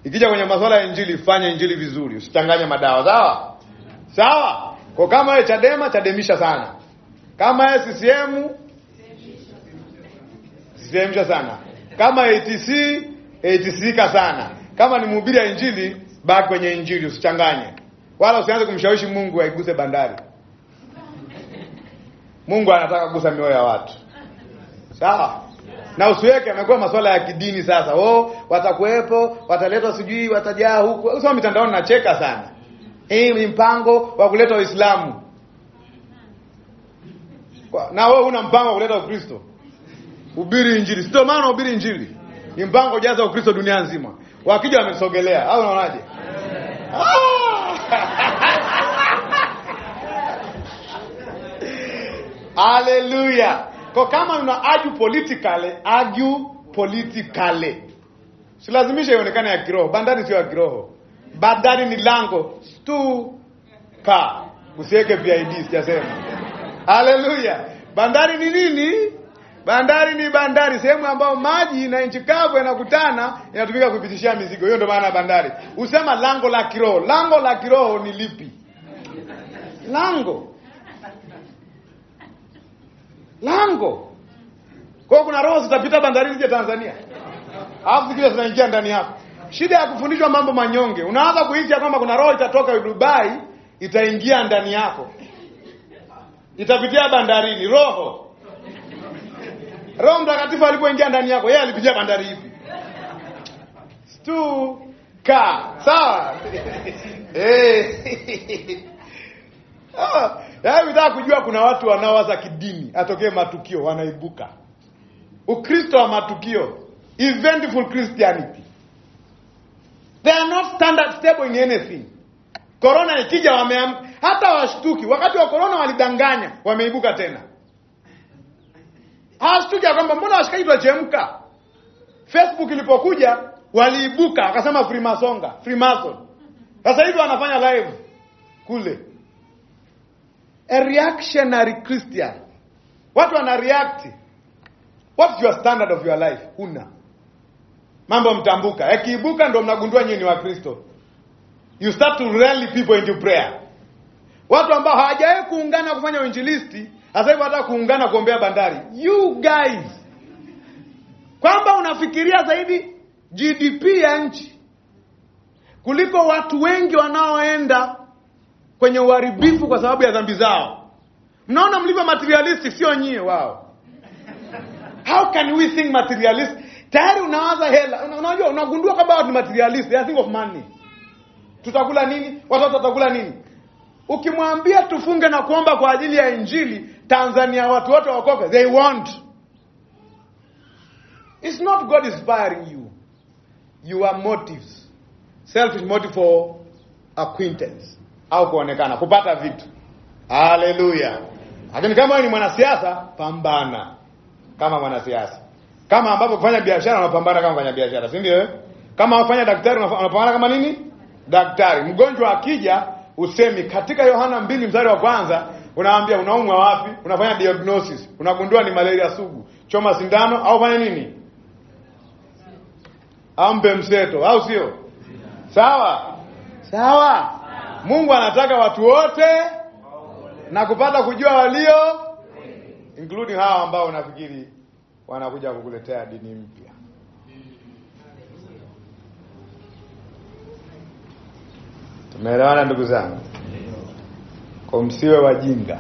Ikija kwenye masuala ya injili, fanya injili vizuri, usichanganye madawa. Sawa sawa. Kwa kama wewe Chadema, chademisha sana. Kama wewe CCM, sisehemsha sana. Kama ATC, ATC ka sana. Kama ni mhubiri wa injili, baki kwenye injili, usichanganye, wala usianze kumshawishi Mungu aiguse bandari. Mungu anataka kugusa mioyo ya watu sawa na usiweke amekuwa masuala ya kidini sasa. Oh, watakuwepo, wataletwa sijui watajaa huko Sasa mitandaoni nacheka sana. Hii ni mpango wa kuleta Uislamu. Na wewe una mpango wa kuleta Ukristo. Ubiri Injili. Sio maana ubiri Injili. Ni mpango jaza Ukristo dunia nzima. Wakija wamesogelea. Au unaonaje? Ah! Haleluya. Kwa kama una argue politically, argue politically. Silazimisha ionekane ya kiroho. Bandari sio ya kiroho. Bandari ni lango tu pa. Usiweke id sijasema. Haleluya. Bandari ni nini? Bandari ni bandari, sehemu ambayo maji na nchi kavu yanakutana, inatumika kupitishia mizigo. Hiyo ndio maana bandari. Usema lango la kiroho. Lango la kiroho ni lipi?
Lango
lango. kwao kuna roho zitapita bandarini je Tanzania, alafu zingine zinaingia ndani yako. Shida ya kufundishwa mambo manyonge, unaanza kuishi kwamba kuna roho itatoka Dubai itaingia ndani yako, itapitia bandarini. Roho Roho Mtakatifu alipoingia ndani yako, yeye alipitia bandari hivi stuka sawa. Eh. Ah, yaani kujua kuna watu wanaowaza kidini, atokee matukio wanaibuka. Ukristo wa matukio, eventful Christianity. They are not standard stable in anything. Corona ikija wameam hata washtuki. Wakati wa corona walidanganya, wameibuka tena. Hawashtuki kwamba mbona washikaji tuachemka. Facebook ilipokuja waliibuka akasema Freemasonga, Freemason. Sasa hivi wanafanya live kule a reactionary Christian. Watu wana react. What's your standard of your life? Huna. Mambo mtambuka. Ekiibuka ndo mnagundua nyinyi ni Wakristo. You start to rally people into prayer. Watu ambao hawajawahi kuungana kufanya uinjilisti, sasa hivi hata kuungana kuombea bandari. You guys. Kwamba unafikiria zaidi GDP ya nchi kuliko watu wengi wanaoenda kwenye uharibifu kwa sababu ya dhambi zao. Mnaona mlivyo materialistic, sio nyie wao. How can we think materialist? Tayari unawaza hela, unajua unagundua kwamba ni materialist, they think of money. Tutakula nini? Watoto watakula nini? Ukimwambia tufunge na kuomba kwa ajili ya Injili Tanzania, watu wote waokoke, they want. It's not God inspiring you. Your motives, selfish motive for acquaintance au kuonekana kupata vitu. Haleluya! Lakini kama wewe ni mwanasiasa, pambana kama mwanasiasa, kama ambapo kufanya biashara unapambana kama mfanya biashara, si ndio? Kama wafanya daktari unapambana kama nini? Daktari. Mgonjwa akija usemi katika Yohana mbili mstari wa kwanza unaambia unaumwa wapi, unafanya diagnosis, unagundua ni malaria sugu, choma sindano au fanya nini, ampe mseto, au sio? Sawa sawa. Mungu anataka watu wote na kupata kujua walio including hawa ambao unafikiri wanakuja kukuletea dini mpya. Tumeelewana ndugu zangu? Kwa msiwe wajinga.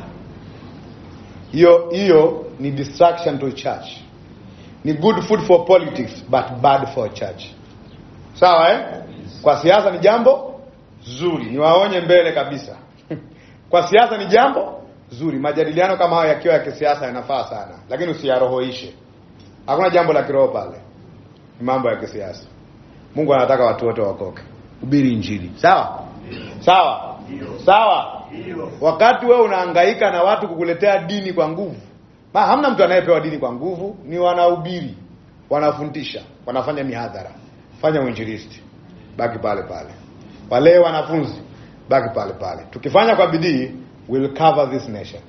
Hiyo hiyo ni distraction to church. Ni good food for politics but bad for church. Sawa eh? Kwa siasa ni jambo zuri, niwaonye mbele kabisa kwa siasa ni jambo zuri. Majadiliano kama hayo yakiwa ya kisiasa yanafaa sana, lakini usiyarohoishe. Hakuna jambo la kiroho pale, ni mambo ya kisiasa. Mungu anataka watu wote wakoke. Hubiri Injili, sawa sawa sawa. Wakati wewe unahangaika na watu kukuletea dini kwa nguvu, ma hamna mtu anayepewa dini kwa nguvu, ni wanahubiri, wanafundisha, wanafanya mihadhara. Fanya uinjilisti, baki pale pale wale wanafunzi baki pale pale, tukifanya kwa bidii we'll cover this nation.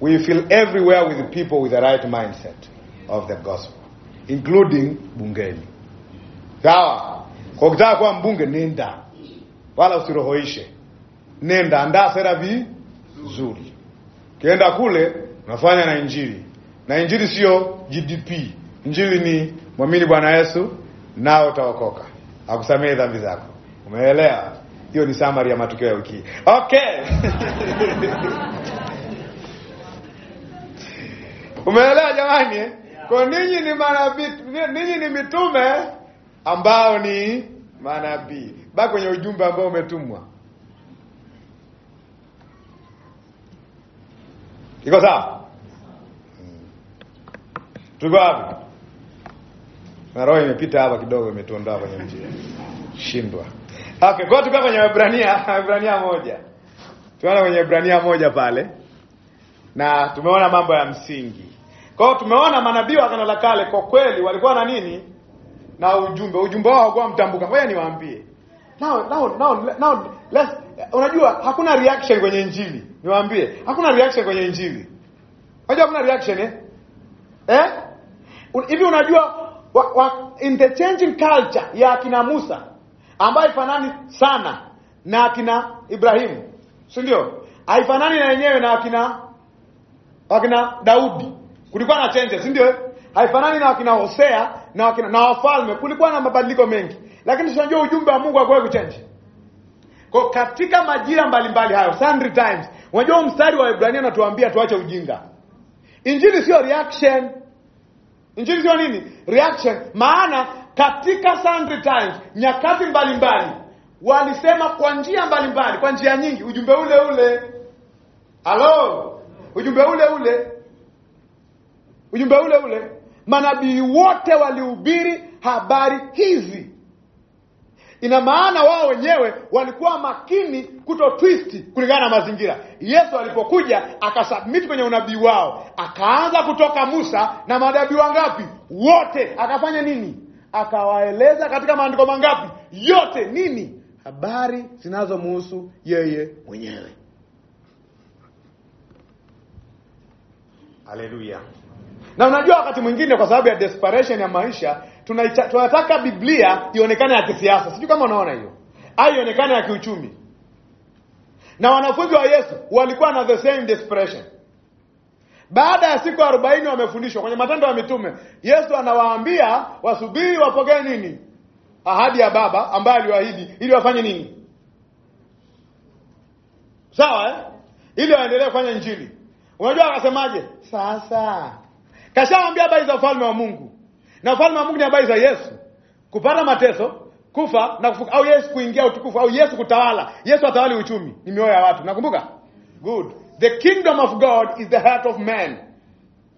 We fill everywhere with people with the right mindset of the gospel including bungeni. Sawa, kwa ukitaka kuwa mbunge nenda, wala usirohoishe, nenda, andaa sera vizuri, kienda kule unafanya na injili. Na injili sio GDP, injili ni mwamini Bwana Yesu nao utaokoka, akusamehe dhambi zako. Umeelewa? Hiyo ni summary ya matukio ya wiki. Okay. Umeelewa jamani? Yeah. Kwa ninyi ni manabii, ninyi ni mitume ambao ni manabii. Baki kwenye ujumbe ambao umetumwa. Iko sawa? Hmm. Tuko wapi? Na roho imepita hapa kidogo, imetuondoa kwenye njia. shindwa Okay, kwa tukaa kwenye Waebrania, Waebrania moja. Tunaona kwenye Waebrania moja pale. Na tumeona mambo ya msingi. Kwa hiyo tumeona manabii wa Agano la Kale kwa kweli walikuwa na nini? Na ujumbe. Ujumbe wao haukuwa mtambuka. Ngoja niwaambie. Now, now, now, now, let's, unajua hakuna reaction kwenye Injili. Niwaambie, hakuna reaction kwenye Injili. Unajua hakuna reaction eh? Eh? Hivi unajua wa, wa, in the changing culture ya kina Musa ambayo ifanani sana na akina Ibrahimu, si ndio? Haifanani na yenyewe na akina akina Daudi, kulikuwa na changes, si ndio? Haifanani na akina Hosea na akina na wafalme, kulikuwa na mabadiliko mengi, lakini unajua ujumbe wa Mungu hakuwahi kuchange. Kwa katika majira mbalimbali hayo, sundry times, unajua mstari wa Ibrania unatuambia tuache ujinga. Injili sio reaction, injili sio nini reaction, maana katika sundry times, nyakati mbalimbali mbali, walisema kwa njia mbalimbali, kwa njia nyingi, ujumbe ule ule. Halo, ujumbe ule ule, ujumbe ule ule. Manabii wote walihubiri habari hizi. Ina maana wao wenyewe walikuwa makini kuto twist kulingana na mazingira. Yesu alipokuja akasubmit kwenye unabii wao, akaanza kutoka Musa na manabii wangapi? Wote. Akafanya nini? akawaeleza katika maandiko mangapi? Yote. Nini? Habari zinazomuhusu yeye mwenyewe. Haleluya! Na unajua wakati mwingine kwa sababu ya desperation ya maisha tunataka Biblia ionekane ya kisiasa, sijui kama unaona hiyo, au ionekane ya kiuchumi. Na wanafunzi wa Yesu walikuwa na the same desperation baada ya siku arobaini wamefundishwa. Kwenye Matendo ya Mitume, Yesu anawaambia wasubiri wapokee nini? Ahadi ya Baba ambaye aliwaahidi ili wafanye nini? Sawa eh? Ili waendelee kufanya njili Unajua akasemaje? Sasa kashawaambia habari za ufalme wa Mungu, na ufalme wa Mungu ni habari za Yesu kupata mateso, kufa na kufuka, au Yesu kuingia utukufu, au Yesu kutawala. Yesu atawali uchumi, ni mioyo ya watu. Nakumbuka good The kingdom of God is the heart of man.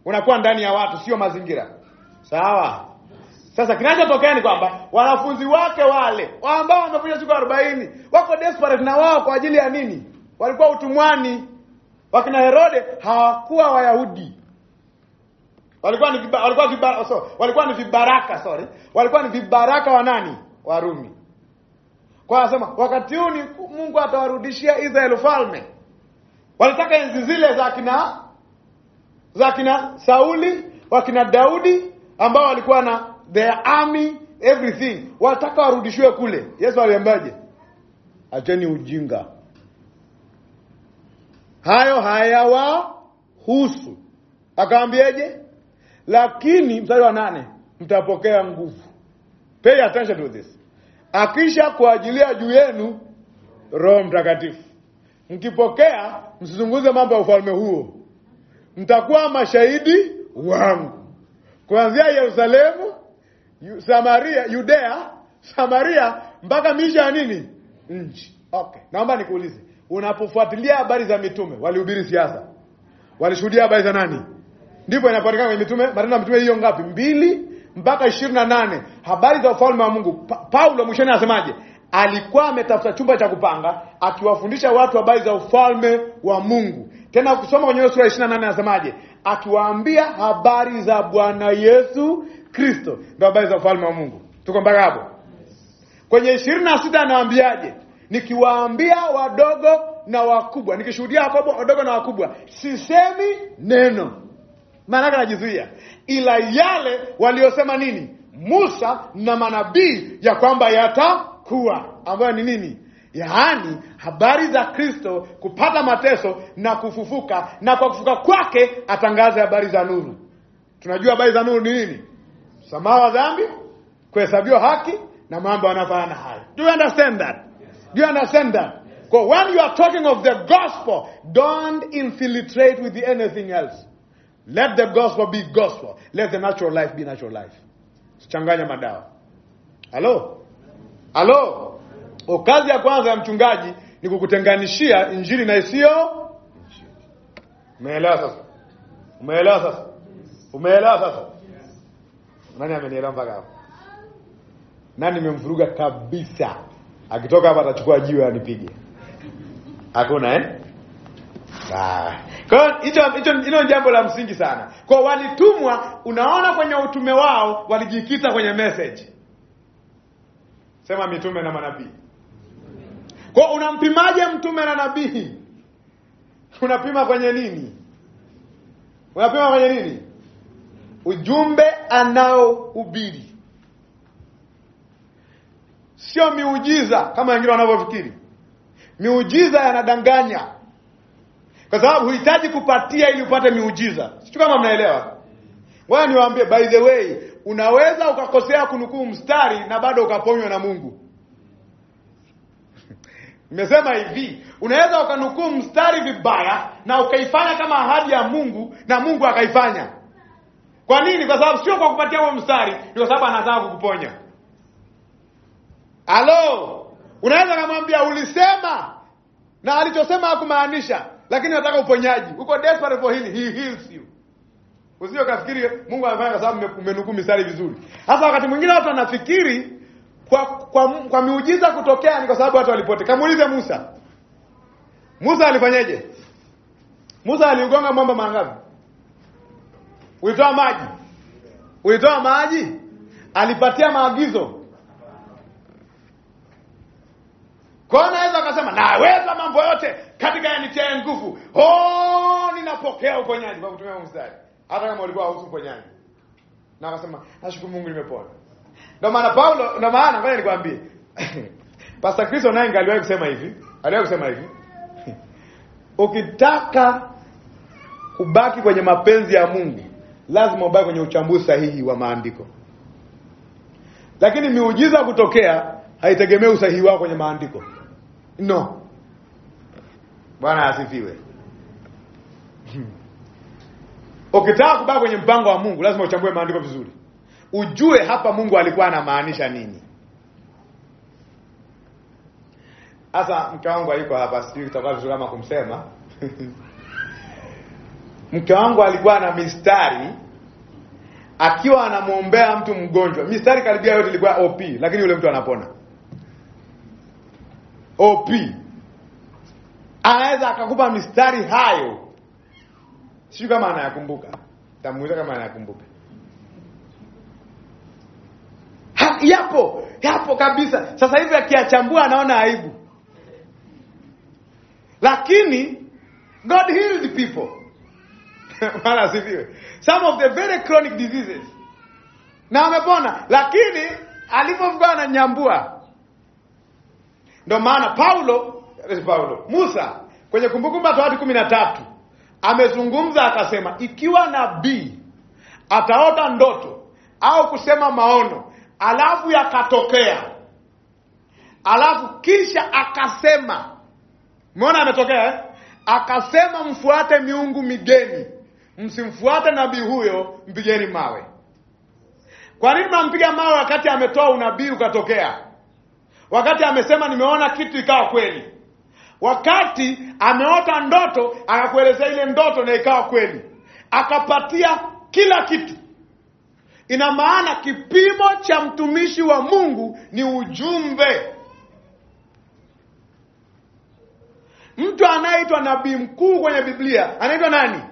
Unakuwa ndani ya watu, sio mazingira. Sawa? Sasa kinachotokea ni kwamba wanafunzi wake wale ambao wamefanya siku arobaini wako desperate na wao kwa ajili ya nini? Walikuwa utumwani. Wakina Herode hawakuwa Wayahudi. Walikuwa ni viba, walikuwa viba, oh, so, walikuwa ni vibaraka sorry. Walikuwa ni vibaraka wa nani? Warumi. Kwa anasema wakati huu ni Mungu atawarudishia israel ufalme Walitaka enzi zile za kina za kina Sauli, wakina Daudi ambao walikuwa na the army everything. Walitaka warudishwe kule. Yesu aliambaje? Acheni ujinga. Hayo hayawahusu. Akawaambiaje? Lakini mstari wa nane, mtapokea nguvu. Pay attention to this. Akisha kuajilia juu yenu Roho Mtakatifu mkipokea msizunguze mambo ya ufalme huo, mtakuwa mashahidi wangu kuanzia Yerusalemu, Samaria, Yudea, Samaria mpaka miisha ya nini nchi. Okay, naomba nikuulize, unapofuatilia habari za mitume, walihubiri siasa, walishuhudia habari za nani? Ndipo inapatikana kwenye mitume, Matendo ya Mitume hiyo ngapi? Mbili mpaka ishirini na nane habari za ufalme wa Mungu. Pa Paulo mwishoni anasemaje? Alikuwa ametafuta chumba cha kupanga akiwafundisha watu habari za ufalme wa Mungu. Tena ukisoma kwenye sura 28 anasemaje? Akiwaambia habari za Bwana Yesu Kristo, ndio habari za ufalme wa Mungu. Tuko mpaka hapo? Kwenye 26 anawaambiaje? Nikiwaambia wadogo na wakubwa, nikishuhudia wadogo na wakubwa, sisemi neno, maanake anajizuia ila yale waliosema nini Musa na manabii ya kwamba yatakuwa, ambayo ni nini yaani habari za Kristo kupata mateso na kufufuka, na kwa kufufuka kwake atangaze habari za nuru. Tunajua habari za nuru ni nini? Msamaha wa dhambi, kuhesabiwa haki na mambo yanayofanana hayo. Do you understand that? Do you understand that? Because when you are talking of the gospel, don't infiltrate with anything else. Let the gospel be gospel. Let the natural life be natural life. Changanya madawa. Hello? Hello? O, kazi ya kwanza ya mchungaji ni kukutenganishia injili na isiyo. Umeelewa sasa? Umeelewa sasa? Umeelewa sasa? Nani amenielewa mpaka hapo? Nani nimemvuruga kabisa? Akitoka hapa atachukua jiwe anipige. Hakuna eh? Ah. Kwa hiyo hicho hilo jambo la msingi sana. Kwa walitumwa, unaona kwenye utume wao walijikita kwenye message. Sema mitume na manabii. Kwa unampimaje mtume na nabii? Unapima kwenye nini? Unapima kwenye nini? Ujumbe anaohubiri. Sio miujiza kama wengine wanavyofikiri. Miujiza yanadanganya. Kwa sababu huhitaji kupatia ili upate miujiza. Sio kama mnaelewa. Wewe niwaambie by the way, unaweza ukakosea kunukuu mstari na bado ukaponywa na Mungu. Nimesema hivi, unaweza ukanukuu mstari vibaya na ukaifanya kama ahadi ya Mungu na Mungu akaifanya. Kwa nini? Kwa sababu sio kwa kupatia huo mstari, ndio sababu anataka kukuponya. Halo, unaweza kumwambia ulisema na alichosema hakumaanisha, lakini nataka uponyaji. Uko desperate for healing, he heals you. Usije kafikiri Mungu anafanya kwa sababu umenukuu mstari vizuri. Sasa wakati mwingine watu wanafikiri kwa, kwa, kwa miujiza kutokea ni kwa sababu watu walipote. Kamuulize Musa. Musa alifanyeje? Musa aliugonga mwamba mara ngapi? Ulitoa maji. Ulitoa maji? Alipatia maagizo. Kwa naweza akasema naweza mambo yote katika yanitia nguvu. Oh, ninapokea uponyaji kwa kutumia mstari. Hata kama ulikuwa hausu uponyaji. Na akasema nashukuru Mungu nimepona. Ndio maana Paulo, ndio maana ngoja nikwambie. Pastor Kristo naye ngaliwahi kusema hivi, aliwahi kusema hivi. Ukitaka kubaki kwenye mapenzi ya Mungu, lazima ubaki kwenye uchambuzi sahihi wa maandiko. Lakini miujiza kutokea haitegemei usahihi wako kwenye maandiko. No. Bwana asifiwe. Ukitaka kubaki kwenye mpango wa Mungu, lazima uchambue maandiko vizuri ujue hapa Mungu alikuwa anamaanisha nini. Sasa mke wangu aliko hapa, sijui itakuwa vizuri kama kumsema mke wangu alikuwa na mistari akiwa anamwombea mtu mgonjwa, mistari karibia yote ilikuwa OP, lakini yule mtu anapona. OP anaweza akakupa mistari hayo, sijui kama anayakumbuka, tamuuliza kama anayakumbuka yapo yapo kabisa. Sasa hivi akiachambua anaona aibu, lakini God healed people mara sivyo, some of the very chronic diseases na amepona, lakini alipofika ananyambua. Ndio maana Paulo eh, Paulo Musa kwenye Kumbukumbu la Torati kumi na tatu amezungumza akasema, ikiwa nabii ataota ndoto au kusema maono alafu yakatokea, alafu kisha akasema, umeona ametokea eh? Akasema, mfuate miungu migeni, msimfuate nabii huyo, mpigeni mawe. Kwa nini mnampiga mawe wakati ametoa unabii ukatokea, wakati amesema nimeona kitu ikawa kweli, wakati ameota ndoto akakuelezea ile ndoto na ikawa kweli, akapatia kila kitu Ina maana kipimo cha mtumishi wa Mungu ni ujumbe. Mtu anayeitwa nabii mkuu kwenye Biblia anaitwa nani?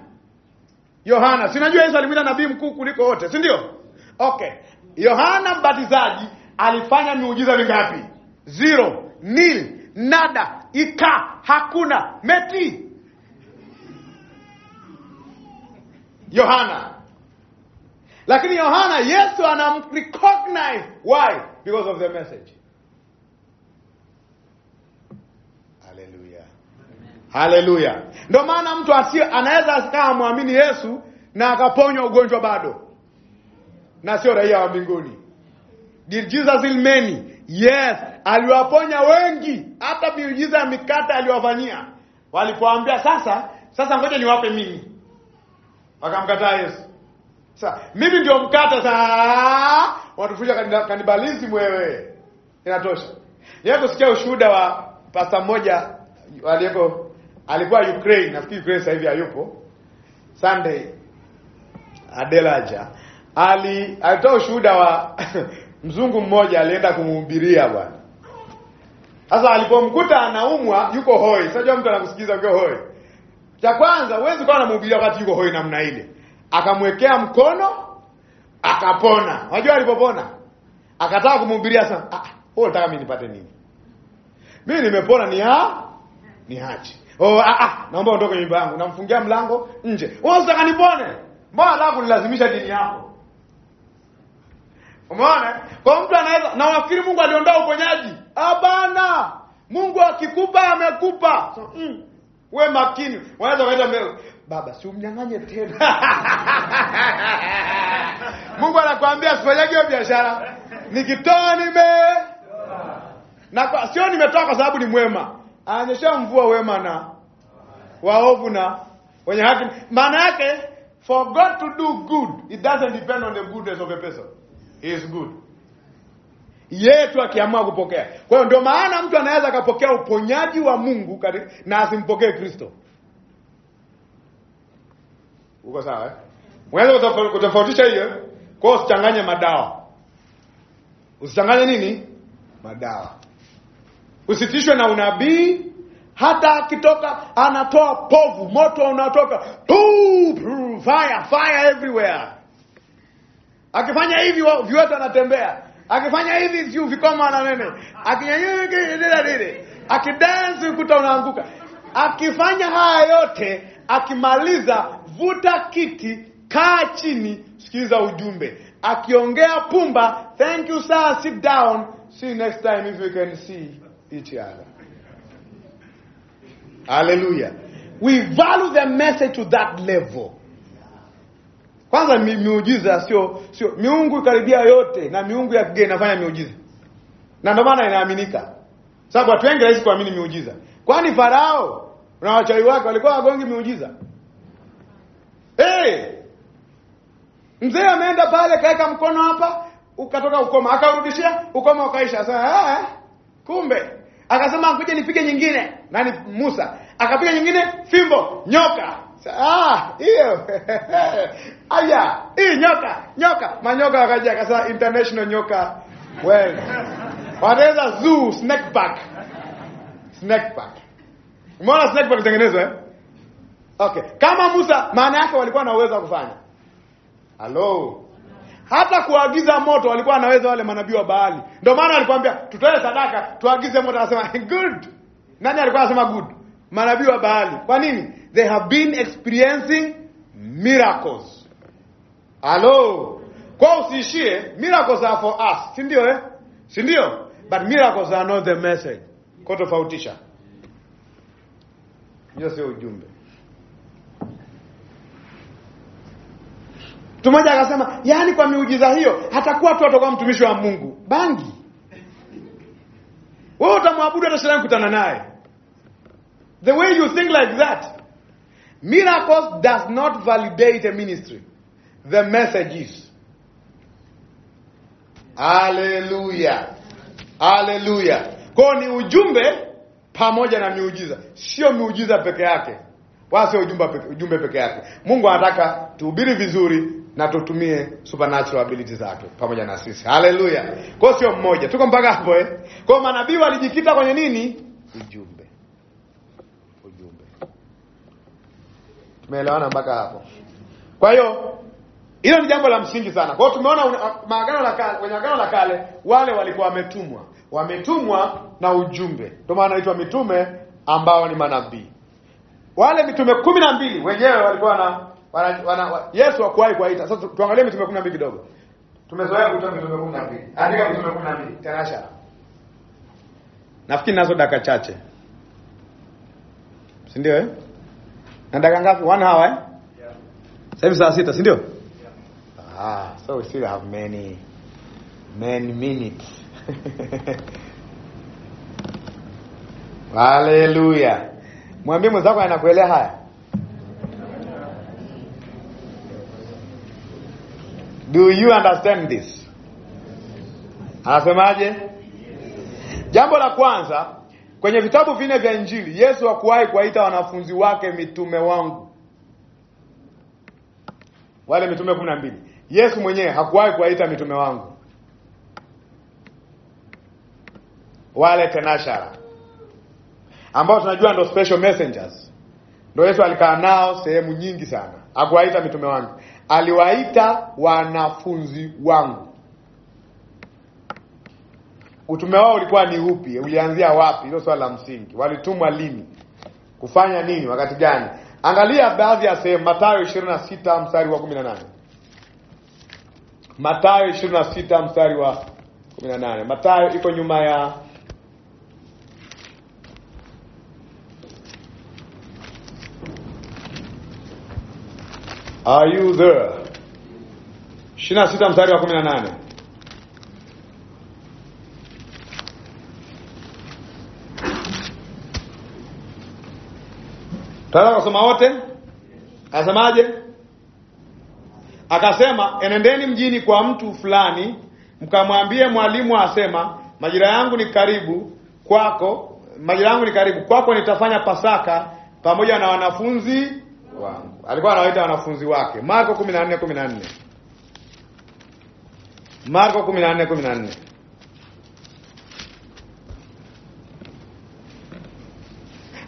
Yohana. Sinajua Yesu alimwita nabii mkuu kuliko wote, si ndio? Okay, Yohana Mbatizaji alifanya miujiza mingapi? Zero, nil, nada, ika, hakuna, meti. Yohana lakini Yohana Yesu anamrecognize. Why? Because of the message. Haleluya, Ndio maana mtu anaweza asikaa amwamini Yesu na akaponywa ugonjwa bado, na sio raia wa mbinguni. Did Jesus heal many? Yes, aliwaponya wengi, hata miujiza ya mikate aliwafanyia. Walipoambia sasa, sasa ngoja niwape mimi, wakamkataa Yesu. Sasa mimi ndio mkata saa watufuja kanibalizi wewe. Inatosha. Niweza kusikia ushuhuda wa pasta mmoja aliyeko alikuwa Ukraine, nafikiri Ukraine sasa hivi hayupo. Sunday Adelaja ali alitoa ushuhuda wa mzungu mmoja alienda kumhubiria bwana. Sasa alipomkuta anaumwa yuko hoi. Sasa mtu anakusikiza ukiwa hoi. Cha kwanza huwezi kuwa namhubiria wakati yuko hoi namna ile akamwekea mkono akapona. Unajua alipopona akataka kumhubiria sana. Ah, wewe unataka mimi nipate nini? Mimi nimepona ni ha ni haji. Oh, ah ah, naomba ondoke nyumba yangu. Namfungia mlango nje. Wewe unataka nipone? Mbona unataka kunilazimisha dini yako? Umeona? Kwa mtu anaweza na wafikiri Mungu aliondoa uponyaji? Hapana. Mungu akikupa amekupa. So, mm, we makini. Wanaweza mbele baba, si umnyang'anye tena Mungu anakuambia sifanyage biashara, nikitoa nime na kwa, sio nimetoa kwa sababu ni mwema, anyesha mvua wema na waovu na wenye haki. Maana yake for God to do good it doesn't depend on the goodness of a person, he is good yetu akiamua kupokea. Kwa hiyo ndio maana mtu anaweza akapokea uponyaji wa Mungu na asimpokee Kristo uko sawa eh? Unaweza kutofautisha hiyo. Kwa usichanganye madawa, usichanganye nini madawa, usitishwe na unabii. Hata akitoka anatoa povu, moto unatoka fire fire everywhere. Akifanya hivi viwete anatembea, akifanya hivi siu vikoma na nene, akinyanyua ukuta unaanguka, akifanya haya yote, akimaliza vuta kiti, kaa chini, sikiliza ujumbe. Akiongea pumba, thank you sir, sit down, see you next time if you can see each other. Hallelujah. We value the message to that level. Kwanza mi, miujiza sio sio miungu karibia yote na miungu ya kigeni inafanya miujiza. Na ndio maana inaaminika. Sababu watu wengi hawezi kuamini miujiza. Kwani Farao na wachawi wake walikuwa wagongi miujiza? hey! mzee ameenda pale kaweka mkono hapa ukatoka ukoma akarudishia ukoma ukaisha sasa ah, ah kumbe akasema kuja nipige nyingine nani Musa akapiga nyingine fimbo nyoka ah hiyo aya hii nyoka nyoka manyoka akaja akasema international nyoka well wanaweza zoo snack pack snack pack umeona snack pack tengenezwa eh Okay, kama Musa maana yake walikuwa na uwezo wa kufanya. Halo. Hata kuagiza moto walikuwa wanaweza wale manabii wa Baali. Ndio maana alikwambia tutoe sadaka, tuagize moto akasema good. Nani alikuwa anasema good? Manabii wa Baali. Kwa nini? They have been experiencing miracles. Halo. Kwa usiishie miracles are for us, si ndio eh? Si ndio? But miracles are not the message. Kwa tofautisha. Hiyo sio ujumbe. Mtu mmoja akasema, yaani kwa miujiza hiyo hatakuwa tu atakuwa mtumishi wa Mungu. Bangi wewe utamwabudu hata shetani kutana naye. The way you think like that, miracles does not validate a ministry. The message is Hallelujah. Hallelujah. Kwa ni ujumbe pamoja na miujiza, sio miujiza peke yake, wala sio ujumbe peke yake. Mungu anataka tuhubiri vizuri, na tutumie supernatural ability zake pamoja na sisi. Haleluya! Kwa sio mmoja, tuko mpaka hapo eh. Kwa manabii walijikita kwenye nini? Ujumbe, ujumbe. Tumeelewana mpaka hapo? Kwa hiyo hilo ni jambo la msingi sana. Kwa hiyo tumeona maagano la kale, kwenye agano la kale wale walikuwa wametumwa, wametumwa na ujumbe, ndio maana wanaitwa mitume ambao ni manabii. Wale mitume kumi na mbili wenyewe walikuwa na wana, wana, Yesu hakuwahi kuwaita. Sasa tuangalie mitume 12 kidogo. Tumezoea kutoa mitume 12. Andika mitume 12 tanasha. Nafikiri nazo dakika chache. Si ndio eh? Na dakika ngapi? 1 hour eh? Yeah. Sasa hivi saa sita, si ndio? Yeah. Ah, so we still have many many minutes. Hallelujah. Mwambie mwenzako anakuelewa haya. Do you understand this? Anasemaje? Jambo la kwanza kwenye vitabu vine vya Injili Yesu hakuwahi kuwaita wanafunzi wake mitume wangu. Wale mitume kumi na mbili. Yesu mwenyewe hakuwahi kuwaita mitume wangu. Wale tenashara ambao tunajua ndo special messengers. Ndo Yesu alikaa nao sehemu nyingi sana. Hakuwaita mitume wangu aliwaita wanafunzi wangu. Utume wao ulikuwa ni upi? Ulianzia wapi? Hilo swala la msingi. Walitumwa lini? Kufanya nini? Wakati gani? Angalia baadhi ya sehemu, Mathayo 26 mstari wa 18. Mathayo 26 mstari wa 18. Mathayo iko nyuma ya Are you there? 26 mstari wa 18. Taweza kusoma wote? Asemaje? Akasema, enendeni mjini kwa mtu fulani, mkamwambie mwalimu asema, majira yangu ni karibu kwako, majira yangu ni karibu kwako, nitafanya Pasaka pamoja na wanafunzi wangu. Alikuwa anawaita wanafunzi wake. Marko 14:14. Marko 14:14.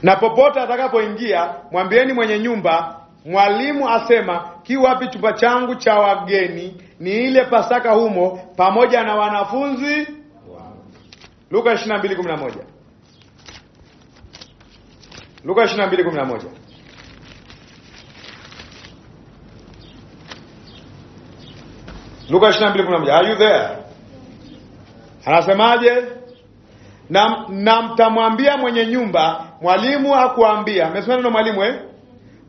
Na popote atakapoingia mwambieni mwenye nyumba, mwalimu asema, ki wapi chumba changu cha wageni, ni ile Pasaka humo pamoja na wanafunzi wangu. Luka 22:11. Luka 22:11. Luka 22:1. Are you there? Anasemaje? Na, na mtamwambia mwenye nyumba, mwalimu akuambia Amesema neno mwalimu eh?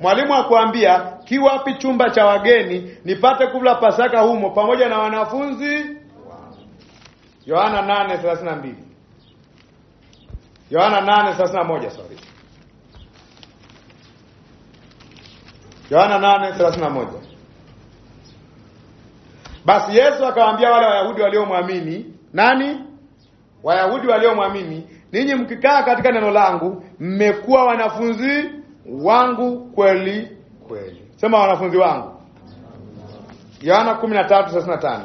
Mwalimu akuambia kiwapi chumba cha wageni nipate kula Pasaka humo pamoja na wanafunzi? Yohana 8:32. Yohana 8:31, sorry. Yohana 8:31. Basi Yesu akawaambia wale Wayahudi waliomwamini, nani? Wayahudi waliomwamini, ninyi mkikaa katika neno langu mmekuwa wanafunzi wangu kweli kweli. Sema wanafunzi wangu. Yohana 13:35.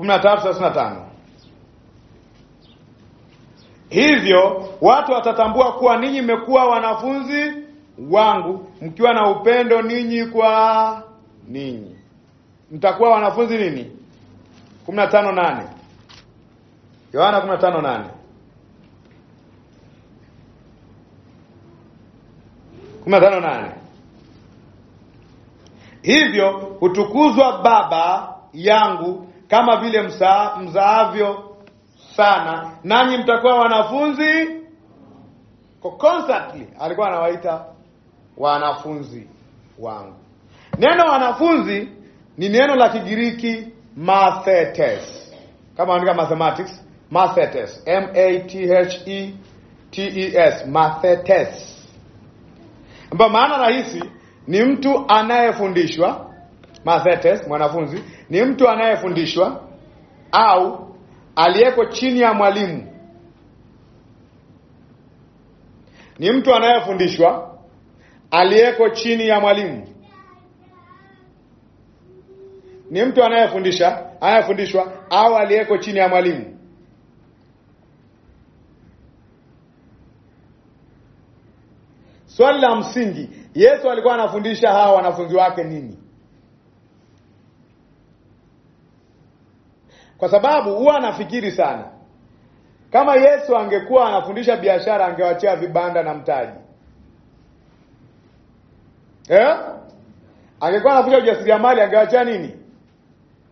13:35. Hivyo watu watatambua kuwa ninyi mmekuwa wanafunzi wangu mkiwa na upendo ninyi kwa ninyi mtakuwa wanafunzi nini 15 nane Yohana 15 nane 15 nane hivyo hutukuzwa Baba yangu kama vile msa, mzaavyo sana, nanyi mtakuwa wanafunzi constantly. Alikuwa anawaita wanafunzi wangu. Neno wanafunzi ni neno la Kigiriki mathetes, kama andika mathematics mathetes, m a t h e t e s, mathetes, ambayo maana rahisi ni mtu anayefundishwa. Mathetes, mwanafunzi, ni mtu anayefundishwa au aliyeko chini ya mwalimu, ni mtu anayefundishwa aliyeko chini ya mwalimu ni mtu anayefundisha anayefundishwa au aliyeko chini ya mwalimu swali la msingi Yesu alikuwa anafundisha hawa wanafunzi wake nini kwa sababu huwa anafikiri sana kama Yesu angekuwa anafundisha biashara angewachia vibanda na mtaji eh? angekuwa anafundisha ujasiriamali angewachia nini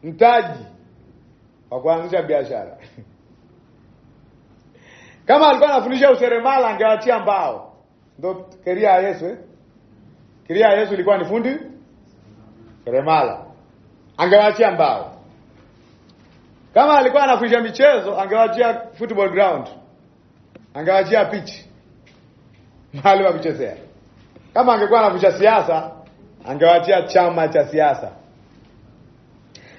mtaji wa kuanzisha biashara kama alikuwa anafundisha useremala angewachia mbao. Ndo keria ya Yesu eh? keria ya Yesu ilikuwa ni fundi seremala, angewachia mbao. Kama alikuwa anafundisha michezo angewachia football ground, angewachia pitch, mahali pa kuchezea. Kama angekuwa anafundisha siasa angewachia chama cha siasa.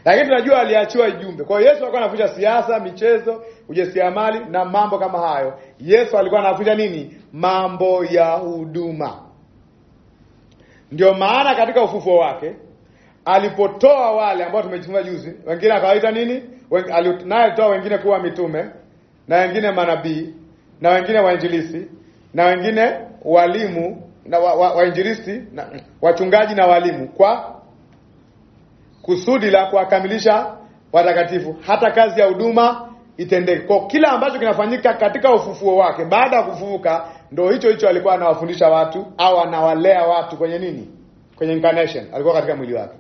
Lakini tunajua aliachiwa ujumbe. Kwa hiyo Yesu alikuwa anafundisha siasa, michezo, ujasiriamali na mambo kama hayo. Yesu alikuwa anafundisha nini? Mambo ya huduma. Ndio maana katika ufufuo wake alipotoa wale ambao tumejifunza juzi, wengine akawaita nini? Naye alitoa wengine kuwa mitume na wengine manabii na wengine wainjilisi na wengine walimu na wainjilisi wa, wa na wachungaji na walimu kwa kusudi la kuwakamilisha watakatifu hata kazi ya huduma itendeke. Kwa kila ambacho kinafanyika katika ufufuo wake baada ya kufufuka, ndio hicho hicho alikuwa anawafundisha watu au anawalea watu kwenye nini? Kwenye incarnation, alikuwa katika mwili wake.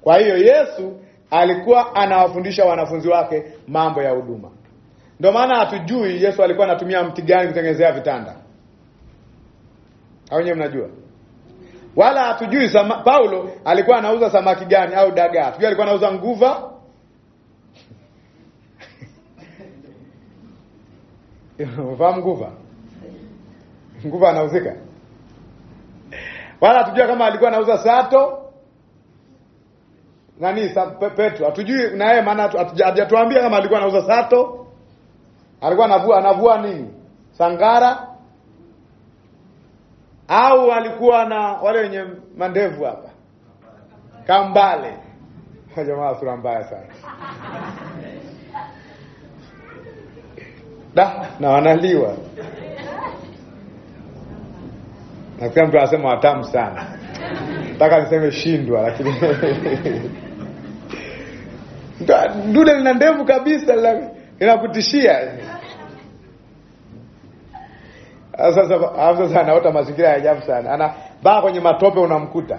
Kwa hiyo Yesu alikuwa anawafundisha wanafunzi wake mambo ya huduma. Ndio maana hatujui Yesu alikuwa anatumia mti gani kutengenezea vitanda. Hao wenyewe mnajua wala hatujui sama, Paulo alikuwa anauza samaki gani au dagaa, sijui alikuwa anauza nguva ufahamu nguva nguva anauzika, wala hatujua kama alikuwa anauza sato nani Petro, hatujui na yeye, maana hajatuambia kama alikuwa anauza sato, alikuwa anavua anavua nini sangara au alikuwa na wale wenye mandevu hapa kambale. Jamaa sura mbaya sana da, na wanaliwa nasikia mtu anasema watamu sana, nataka niseme shindwa, lakini dude lina ndevu kabisa, linakutishia sasa hapo sasa anaota mazingira ya ajabu sana, baa kwenye matope unamkuta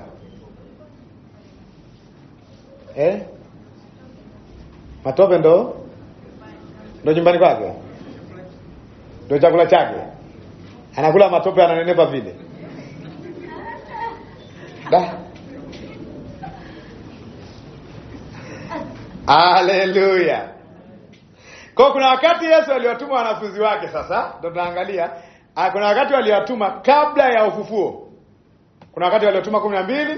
eh? Matope ndo ndo nyumbani kwake, ndo chakula chake, anakula matope, ananenepa vile da. Haleluya! Kwa kuna wakati Yesu aliwatuma wanafunzi wake, sasa ndo tunaangalia Ah, kuna wakati waliwatuma kabla ya ufufuo. Kuna wakati waliwatuma kumi na mbili,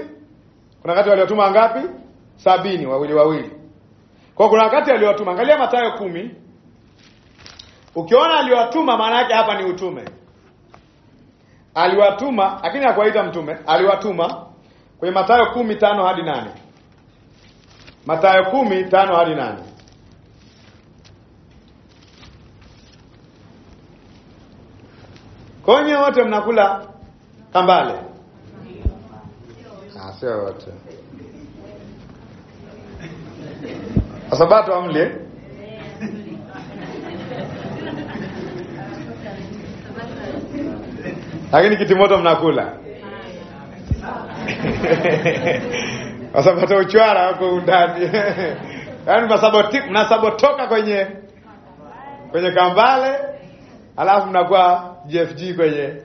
kuna wakati waliwatuma ngapi? Sabini, wawili wawili. Kwa kuna wakati aliwatuma. Angalia Mathayo kumi. Ukiona aliwatuma maana yake hapa ni utume. Aliwatuma, lakini hakuwaita mtume, aliwatuma kwenye Mathayo kumi tano hadi nane. Mathayo kumi tano hadi nane. Kwa hiyo wote mnakula kambale? Ah, sio wote. Sabato amli lakini kitimoto mnakula wasabata uchwara huko ndani. yaani mnasabotoka kwenye kwenye kambale, alafu mnakuwa JFG kwenye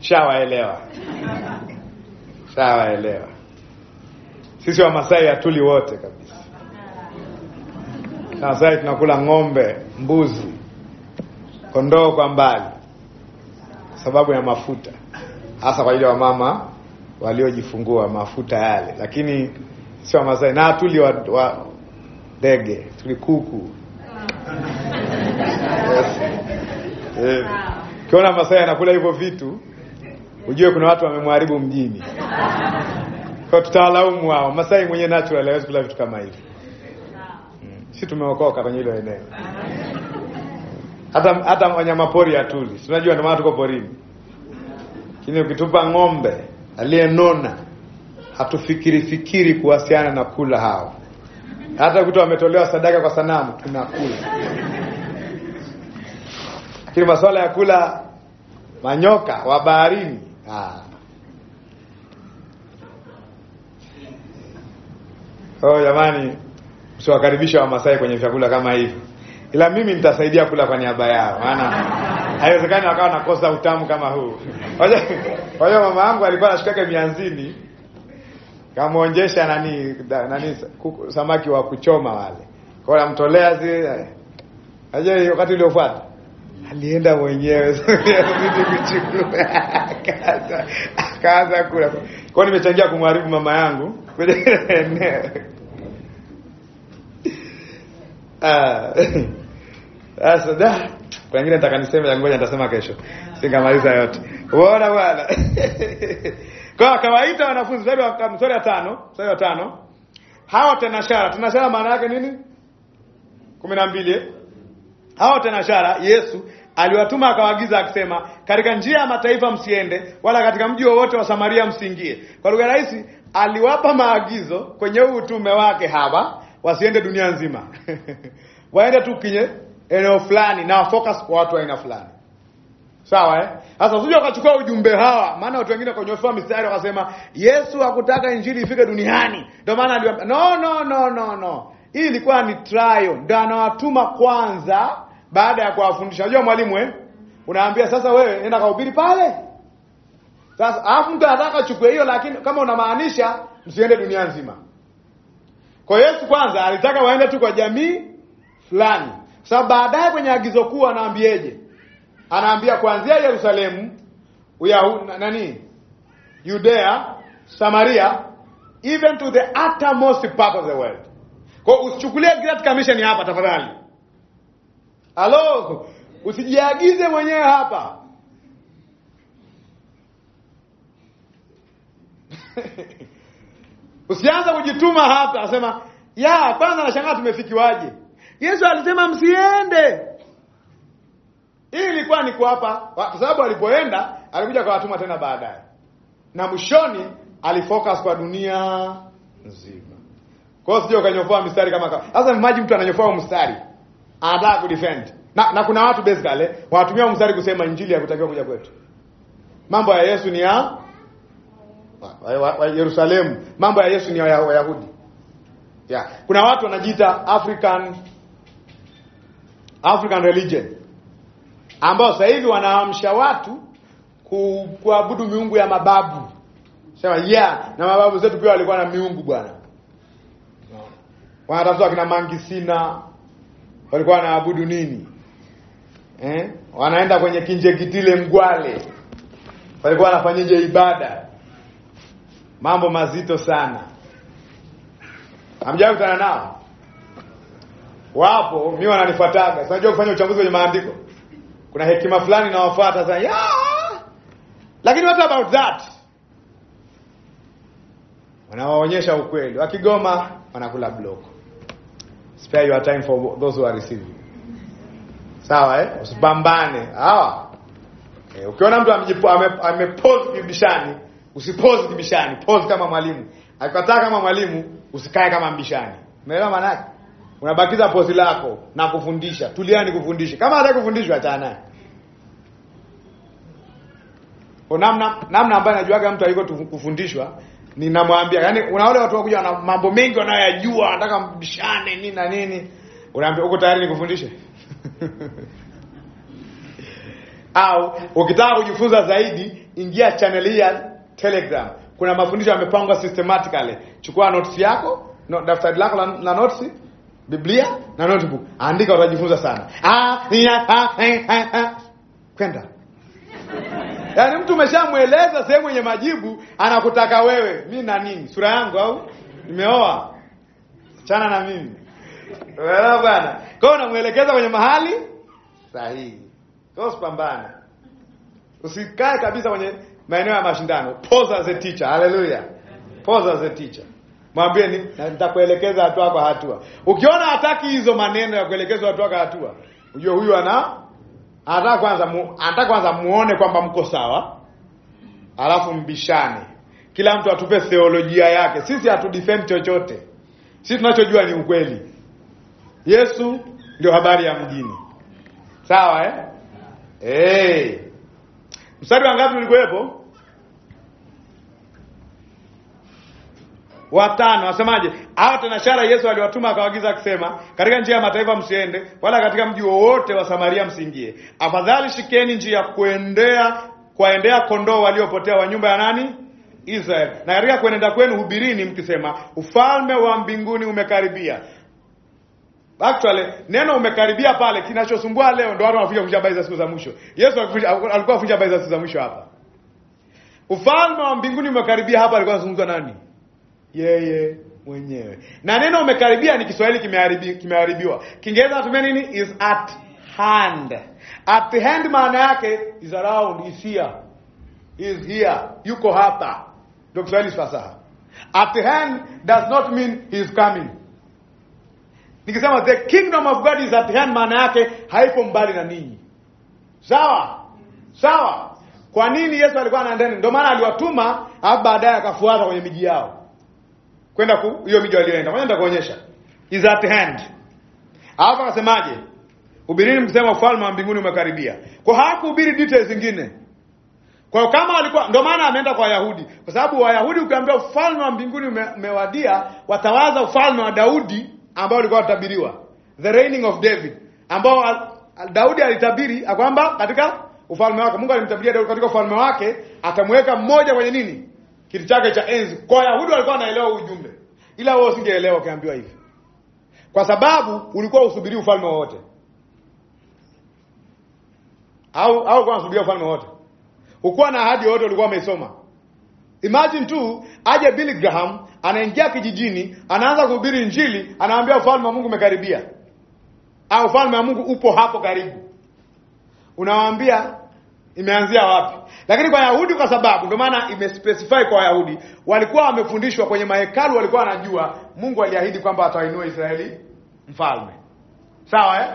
shawaelewa, shawaelewa. Sisi Wamasai hatuli wote kabisa. Wamasai tunakula ng'ombe, mbuzi, kondoo kwa mbali, sababu ya mafuta, hasa kwa ajili ya wamama waliojifungua, mafuta yale. Lakini sisi Wamasai na hatuli wa, wa, ndege, hatuli kuku
kiona eh,
Ukiona Masai anakula hivyo vitu ujue kuna watu wamemharibu mjini, kwa tutawalaumu wao. Masai mwenye natural hawezi kula vitu kama hivi. Hmm. Si tumeokoka kwenye hilo eneo, hata hata wanyamapori hatuli. tunajua unajua ndio maana tuko porini, Kile ukitupa ng'ombe aliyenona hatufikiri fikiri kuhusiana na kula hao hata kuta wametolewa sadaka kwa sanamu tunakula. Lakini masuala ya kula manyoka wa baharini ah. Oh, jamani, msiwakaribisha Wamasai kwenye vyakula kama hivi, ila mimi nitasaidia kula kwa niaba yao, maana haiwezekani wakawa nakosa utamu kama huu. Kwa hiyo mama yangu alikuwa nashikake mianzini kamwonjesha nani nani kuku, samaki wa kuchoma wale kwa namtolea zile eh. aje. Wakati uliofuata alienda mwenyewe kuchukua kaza kula. Kwa nimechangia kumharibu mama yangu kwenye ah. sasa da pengine nitakaniseme niseme, ngoja nitasema kesho, singamaliza yote. Uona bwana Kwa akawaita wanafunzi mstari wa mstari wa tano, mstari wa tano. Hawa tanashara, tanashara maana yake nini? 12. Eh? Hawa tanashara Yesu aliwatuma akawaagiza akisema, katika njia ya mataifa msiende, wala katika mji wowote wa Samaria msiingie. Kwa lugha rahisi, aliwapa maagizo kwenye huu utume wake hawa wasiende dunia nzima waende tu kinye eneo fulani na focus kwa watu aina fulani. Sawa eh? Sasa usije ukachukua ujumbe hawa, maana watu wengine wakanyofoa mistari wakasema Yesu hakutaka injili ifike duniani. Ndio maana aliwaambia no no no no no. Hii ilikuwa ni trial. Ndio anawatuma kwanza baada ya kuwafundisha. Unajua mwalimu eh? Unaambia sasa wewe nenda kahubiri pale. Sasa alafu mtu anataka chukue hiyo lakini kama unamaanisha msiende dunia nzima. Kwa Yesu kwanza alitaka waende tu kwa jamii fulani. Sasa baadaye kwenye agizo kuu anaambieje? anaambia kuanzia Yerusalemu, Uyahudi nani, Judea, Samaria even to the uttermost part of the world. Kwa usichukulie Great Commission hapa tafadhali. Halo, usijiagize mwenyewe hapa. Usianza kujituma hapa, asema ya kwanza, nashangaa tumefikiwaje? Yesu alisema msiende hii ilikuwa ni kuapa, kwa sababu alipoenda alikuja kwa watumwa tena baadaye, na mwishoni alifocus kwa dunia nzima. Kwa hiyo sije ukanyofoa mstari kama kama. Sasa maji mtu ananyofoa mstari anataka kudefend na, na kuna watu basically wanatumia mstari kusema injili hakutakiwa kuja kwetu. Mambo ya Yesu ni ya wa, wa, wa Yerusalemu. Mambo ya Yesu ni ya Wayahudi. Ya, yeah. Kuna watu wanajiita African African religion ambao sasa hivi wanaamsha watu kuabudu miungu ya mababu sema yeah, na mababu zetu pia walikuwa na miungu bwana. Wanatafuta wakina Mangisina walikuwa wanaabudu nini eh? Wanaenda kwenye Kinjekitile Mgwale walikuwa wanafanyije ibada? Mambo mazito sana, hamjawahi kutana nao? Wapo, mi wananifuataga, sinajua kufanya uchambuzi kwenye maandiko kuna hekima fulani nawafuata sana ya lakini what about that wanawaonyesha ukweli wakigoma wanakula block spare your time for those who are receiving sawa eh usipambane hawa eh, ukiona mtu amepose ame bibishani usipose bibishani pose kama mwalimu akikataa kama mwalimu usikae kama mbishani umeelewa maana yake unabakiza posi lako na kufundisha. tuliani kufundisha kama hata kufundishwa achana naye. Namna namna ambayo najuaga mtu aliko kufundishwa ninamwambia, yani una wale watu wakuja na mambo mengi wanayoyajua, nataka mbishane nini na nini, unaambia uko tayari nikufundishe? Au ukitaka kujifunza zaidi, ingia channel ya Telegram. Kuna mafundisho yamepangwa systematically. Chukua notes yako, no, daftari lako la, la notes, Biblia na notebook, andika, utajifunza sana. Kwenda yaani, mtu umeshamweleza sehemu yenye majibu, anakutaka wewe, mi na nini, sura yangu au nimeoa? chana na mimi, unaelewa bwana. Kwa hiyo unamwelekeza kwenye mahali sahihi. Kwa hiyo usikae kabisa kwenye maeneo ya mashindano. Pause as a teacher. Haleluya, pause as a teacher. Mwambie nitakuelekeza hatua kwa hatua. Ukiona hataki hizo maneno ya kuelekezwa hatua kwa hatua, ujue huyu ana anataka kwanza mu, anataka kwanza muone kwamba mko sawa, alafu mbishane. Kila mtu atupe theolojia yake. Sisi defend chochote. Sisi tunachojua ni ukweli. Yesu ndio habari ya mjini. Sawa eh? Eh. Hey. Mstari wa ngapi ulikuwepo? watano asemaje? Hawa shara Yesu aliwatuma akawaagiza akisema, katika njia ya mataifa msiende, wala katika mji wowote wa Samaria msiingie, afadhali shikeni njia ya kuendea kwaendea kondoo waliopotea wa nyumba ya nani? Israel. Na katika kuenenda kwenu hubirini mkisema, ufalme wa mbinguni umekaribia. Actually, neno umekaribia pale, kinachosumbua leo ndio watu wanakuja kuvunja habari za siku za mwisho. Yesu alikuwa afunja habari za siku za mwisho hapa. Ufalme wa mbinguni umekaribia hapa, alikuwa anazungumza nani? yeye mwenyewe. Na neno umekaribia ni Kiswahili kimeharibiwa. Kiingereza natumia nini? Is at hand. At hand maana yake is around, is here, is here, yuko hapa. Ndio Kiswahili fasaha. At hand does not mean he is coming. Nikisema the kingdom of God is at hand, maana yake haipo mbali na ninyi. Sawa sawa. Kwa nini Yesu alikuwa anaenda? Ndio maana aliwatuma, alafu baadaye akafuata kwenye miji yao kwenda ku hiyo miji walioenda, kwanza kuonyesha is at hand. Hapa akasemaje? Hubirini msema ufalme wa mbinguni umekaribia. Kwa hakuhubiri details zingine. Kwa kama walikuwa ndio maana ameenda kwa Wayahudi, kwa sababu Wayahudi ukiambia ufalme wa mbinguni umewadia, watawaza ufalme wa Daudi ambao ulikuwa utabiriwa, the reigning of David, ambao Daudi alitabiri kwamba katika ufalme wake Mungu alimtabiria Daudi katika ufalme wake atamweka mmoja kwenye nini, kiti chake cha enzi. Kwa Wayahudi walikuwa wanaelewa ujumbe, ila wewe usingeelewa ukiambiwa hivi, kwa sababu ulikuwa usubiri ufalme wowote au au kwa usubiri ufalme wote, hukuwa na ahadi yote ulikuwa umeisoma. Imagine tu aje Billy Graham anaingia kijijini, anaanza kuhubiri Injili, anaambia ufalme wa Mungu umekaribia, au ah, ufalme wa Mungu upo hapo karibu. Unawaambia imeanzia wapi. Lakini kwa Yahudi, kwa sababu ndio maana imespecify kwa Wayahudi, walikuwa wamefundishwa kwenye mahekalu, walikuwa wanajua Mungu aliahidi kwamba atawainua Israeli mfalme, sawa eh?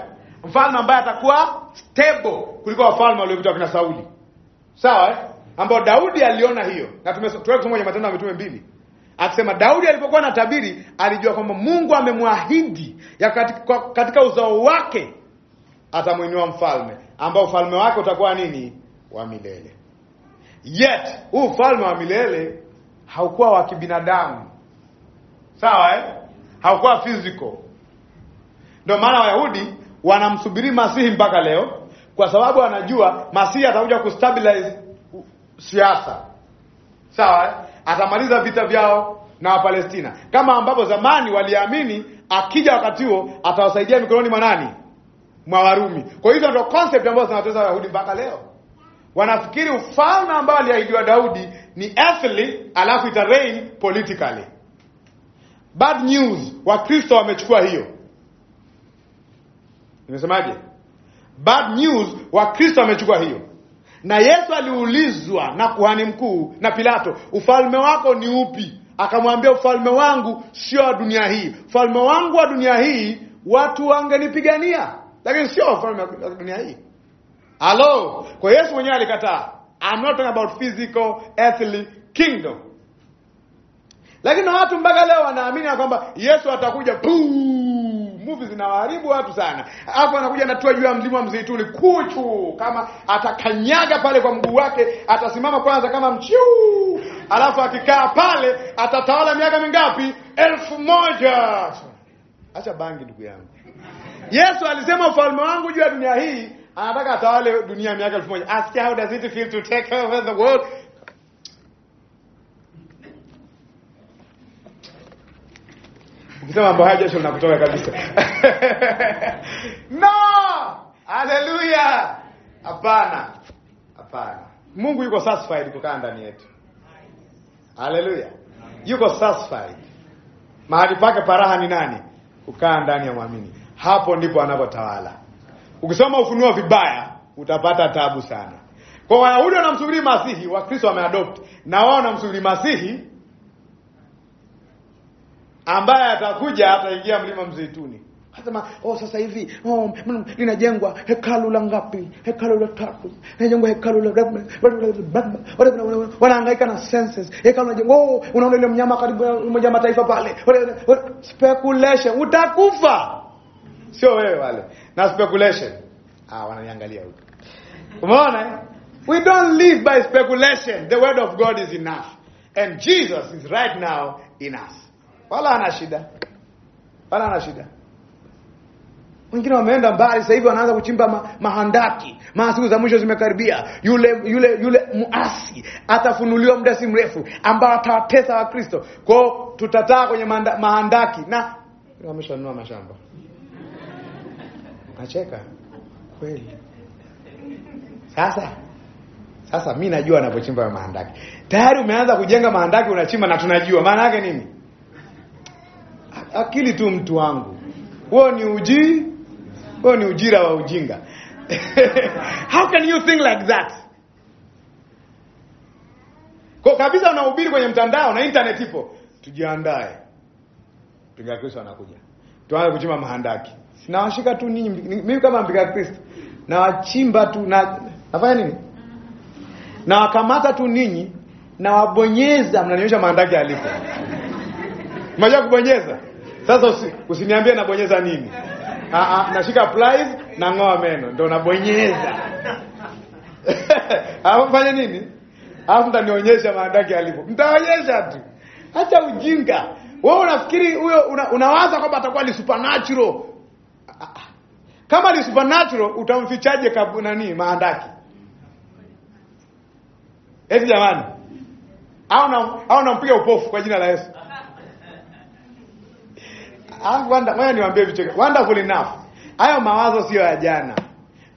Mfalme ambaye atakuwa stable kuliko wafalme waliopita kina Sauli, sawa eh? Ambao Daudi aliona hiyo, na tumesoma kwenye Matendo ya Mitume mbili akisema Daudi alipokuwa na tabiri alijua kwamba Mungu amemwahidi ya katika, katika uzao wake atamuinua mfalme ambao ufalme wake utakuwa nini? wa milele. Yet huu ufalme wa milele haukuwa wa kibinadamu, sawa eh? Haukuwa physical. Ndio maana Wayahudi wanamsubiri Masihi mpaka leo, kwa sababu anajua Masihi atakuja kustabilize siasa, sawa eh? Atamaliza vita vyao na Wapalestina, kama ambapo zamani waliamini akija wakati huo atawasaidia mikononi mwa nani? Mwa Warumi. Kwa hizo ndio concept ambazo zinatoza Wayahudi mpaka leo. Wanafikiri ufalme ambao aliahidiwa Daudi ni earthly, alafu ita reign politically. Bad news, Wakristo wamechukua hiyo. Nimesemaje? Bad news, Wakristo wamechukua hiyo. Na Yesu aliulizwa na kuhani mkuu na Pilato, ufalme wako ni upi? Akamwambia, ufalme wangu sio wa dunia hii. Ufalme wangu wa dunia hii watu wangenipigania, lakini sio ufalme wa dunia hii. Hello. Kwa Yesu mwenyewe alikataa. I'm not talking about physical earthly kingdom. Lakini watu mpaka leo wanaamini kwamba Yesu atakuja Movie zinawaharibu watu sana. Hapo anakuja anatua juu ya mlima mzeituni kuchu kama atakanyaga pale kwa mguu wake, atasimama kwanza kama mchiu. Alafu akikaa pale atatawala miaka mingapi? Elfu moja. Acha bangi ndugu yangu. Yesu alisema ufalme wangu juu ya dunia hii anataka atawale dunia miaka elfu moja asikia how does it feel to take over the world ukisema mambo haya jasho linakutoka kabisa no haleluya hapana hapana mungu yuko satisfied kukaa ndani yetu haleluya yuko satisfied mahali pake paraha ni nani kukaa ndani ya mwamini hapo ndipo anapotawala Ukisoma ufunuo vibaya utapata tabu sana. Kwa Wayahudi wanamsubiri Masihi, Wakristo wameadopt na wao wanamsubiri Masihi ambaye atakuja ataingia mlima Mzeituni. Anasema, oh, sasa hivi oh, mm, linajengwa hekalu la ngapi? Hekalu la tatu. Linajengwa hekalu la wanahangaika na senses. Hekalu linajengwa, oh, unaona ile mnyama karibu moja mataifa pale. Speculation, utakufa. Sio wewe wale na speculation. Ah, wananiangalia huko. Umeona? Eh? We don't live by speculation. The word of God is enough And Jesus is right now in us. Wala hana shida. Wala hana shida. Wengine wameenda mbali sasa hivi wanaanza kuchimba ma, mahandaki. Maana siku za mwisho zimekaribia. Yule yule yule muasi atafunuliwa muda si mrefu ambao atawatesa Wakristo. Kwao tutataa kwenye mahandaki na wameshanunua mashamba. Nacheka kweli. Sasa sasa mi najua anapochimba mahandaki. Tayari umeanza kujenga mahandaki unachimba na tunajua maana yake nini? Akili tu mtu wangu. Wewe ni uji, wewe ni ujira wa ujinga. How can you think like that? Kwa kabisa unahubiri kwenye mtandao na internet ipo. Tujiandae. Piga Kristo anakuja. Tuanze kuchimba mahandaki sinawashika tu ninyi, mimi kama mpiga Kristo nawachimba tu na nafanya nini, nawakamata tu ninyi, nawabonyeza, mnanionyesha maandaki alipo maja kubonyeza. Sasa usi, usiniambie nabonyeza nini? ah, nashika plies na ng'oa meno ndo nabonyeza alafu fanya nini? Alafu mtanionyesha maandaki alipo, mtaonyesha tu. Acha ujinga wewe, unafikiri huyo unawaza kwamba atakuwa ni supernatural kama ni supernatural utamfichaje kabu nani maandaki? Eti jamani. Au na au nampiga upofu kwa jina la Yesu. Ah, wanda, wewe niwaambie vicheke. Wonderful enough. Hayo mawazo sio ya jana.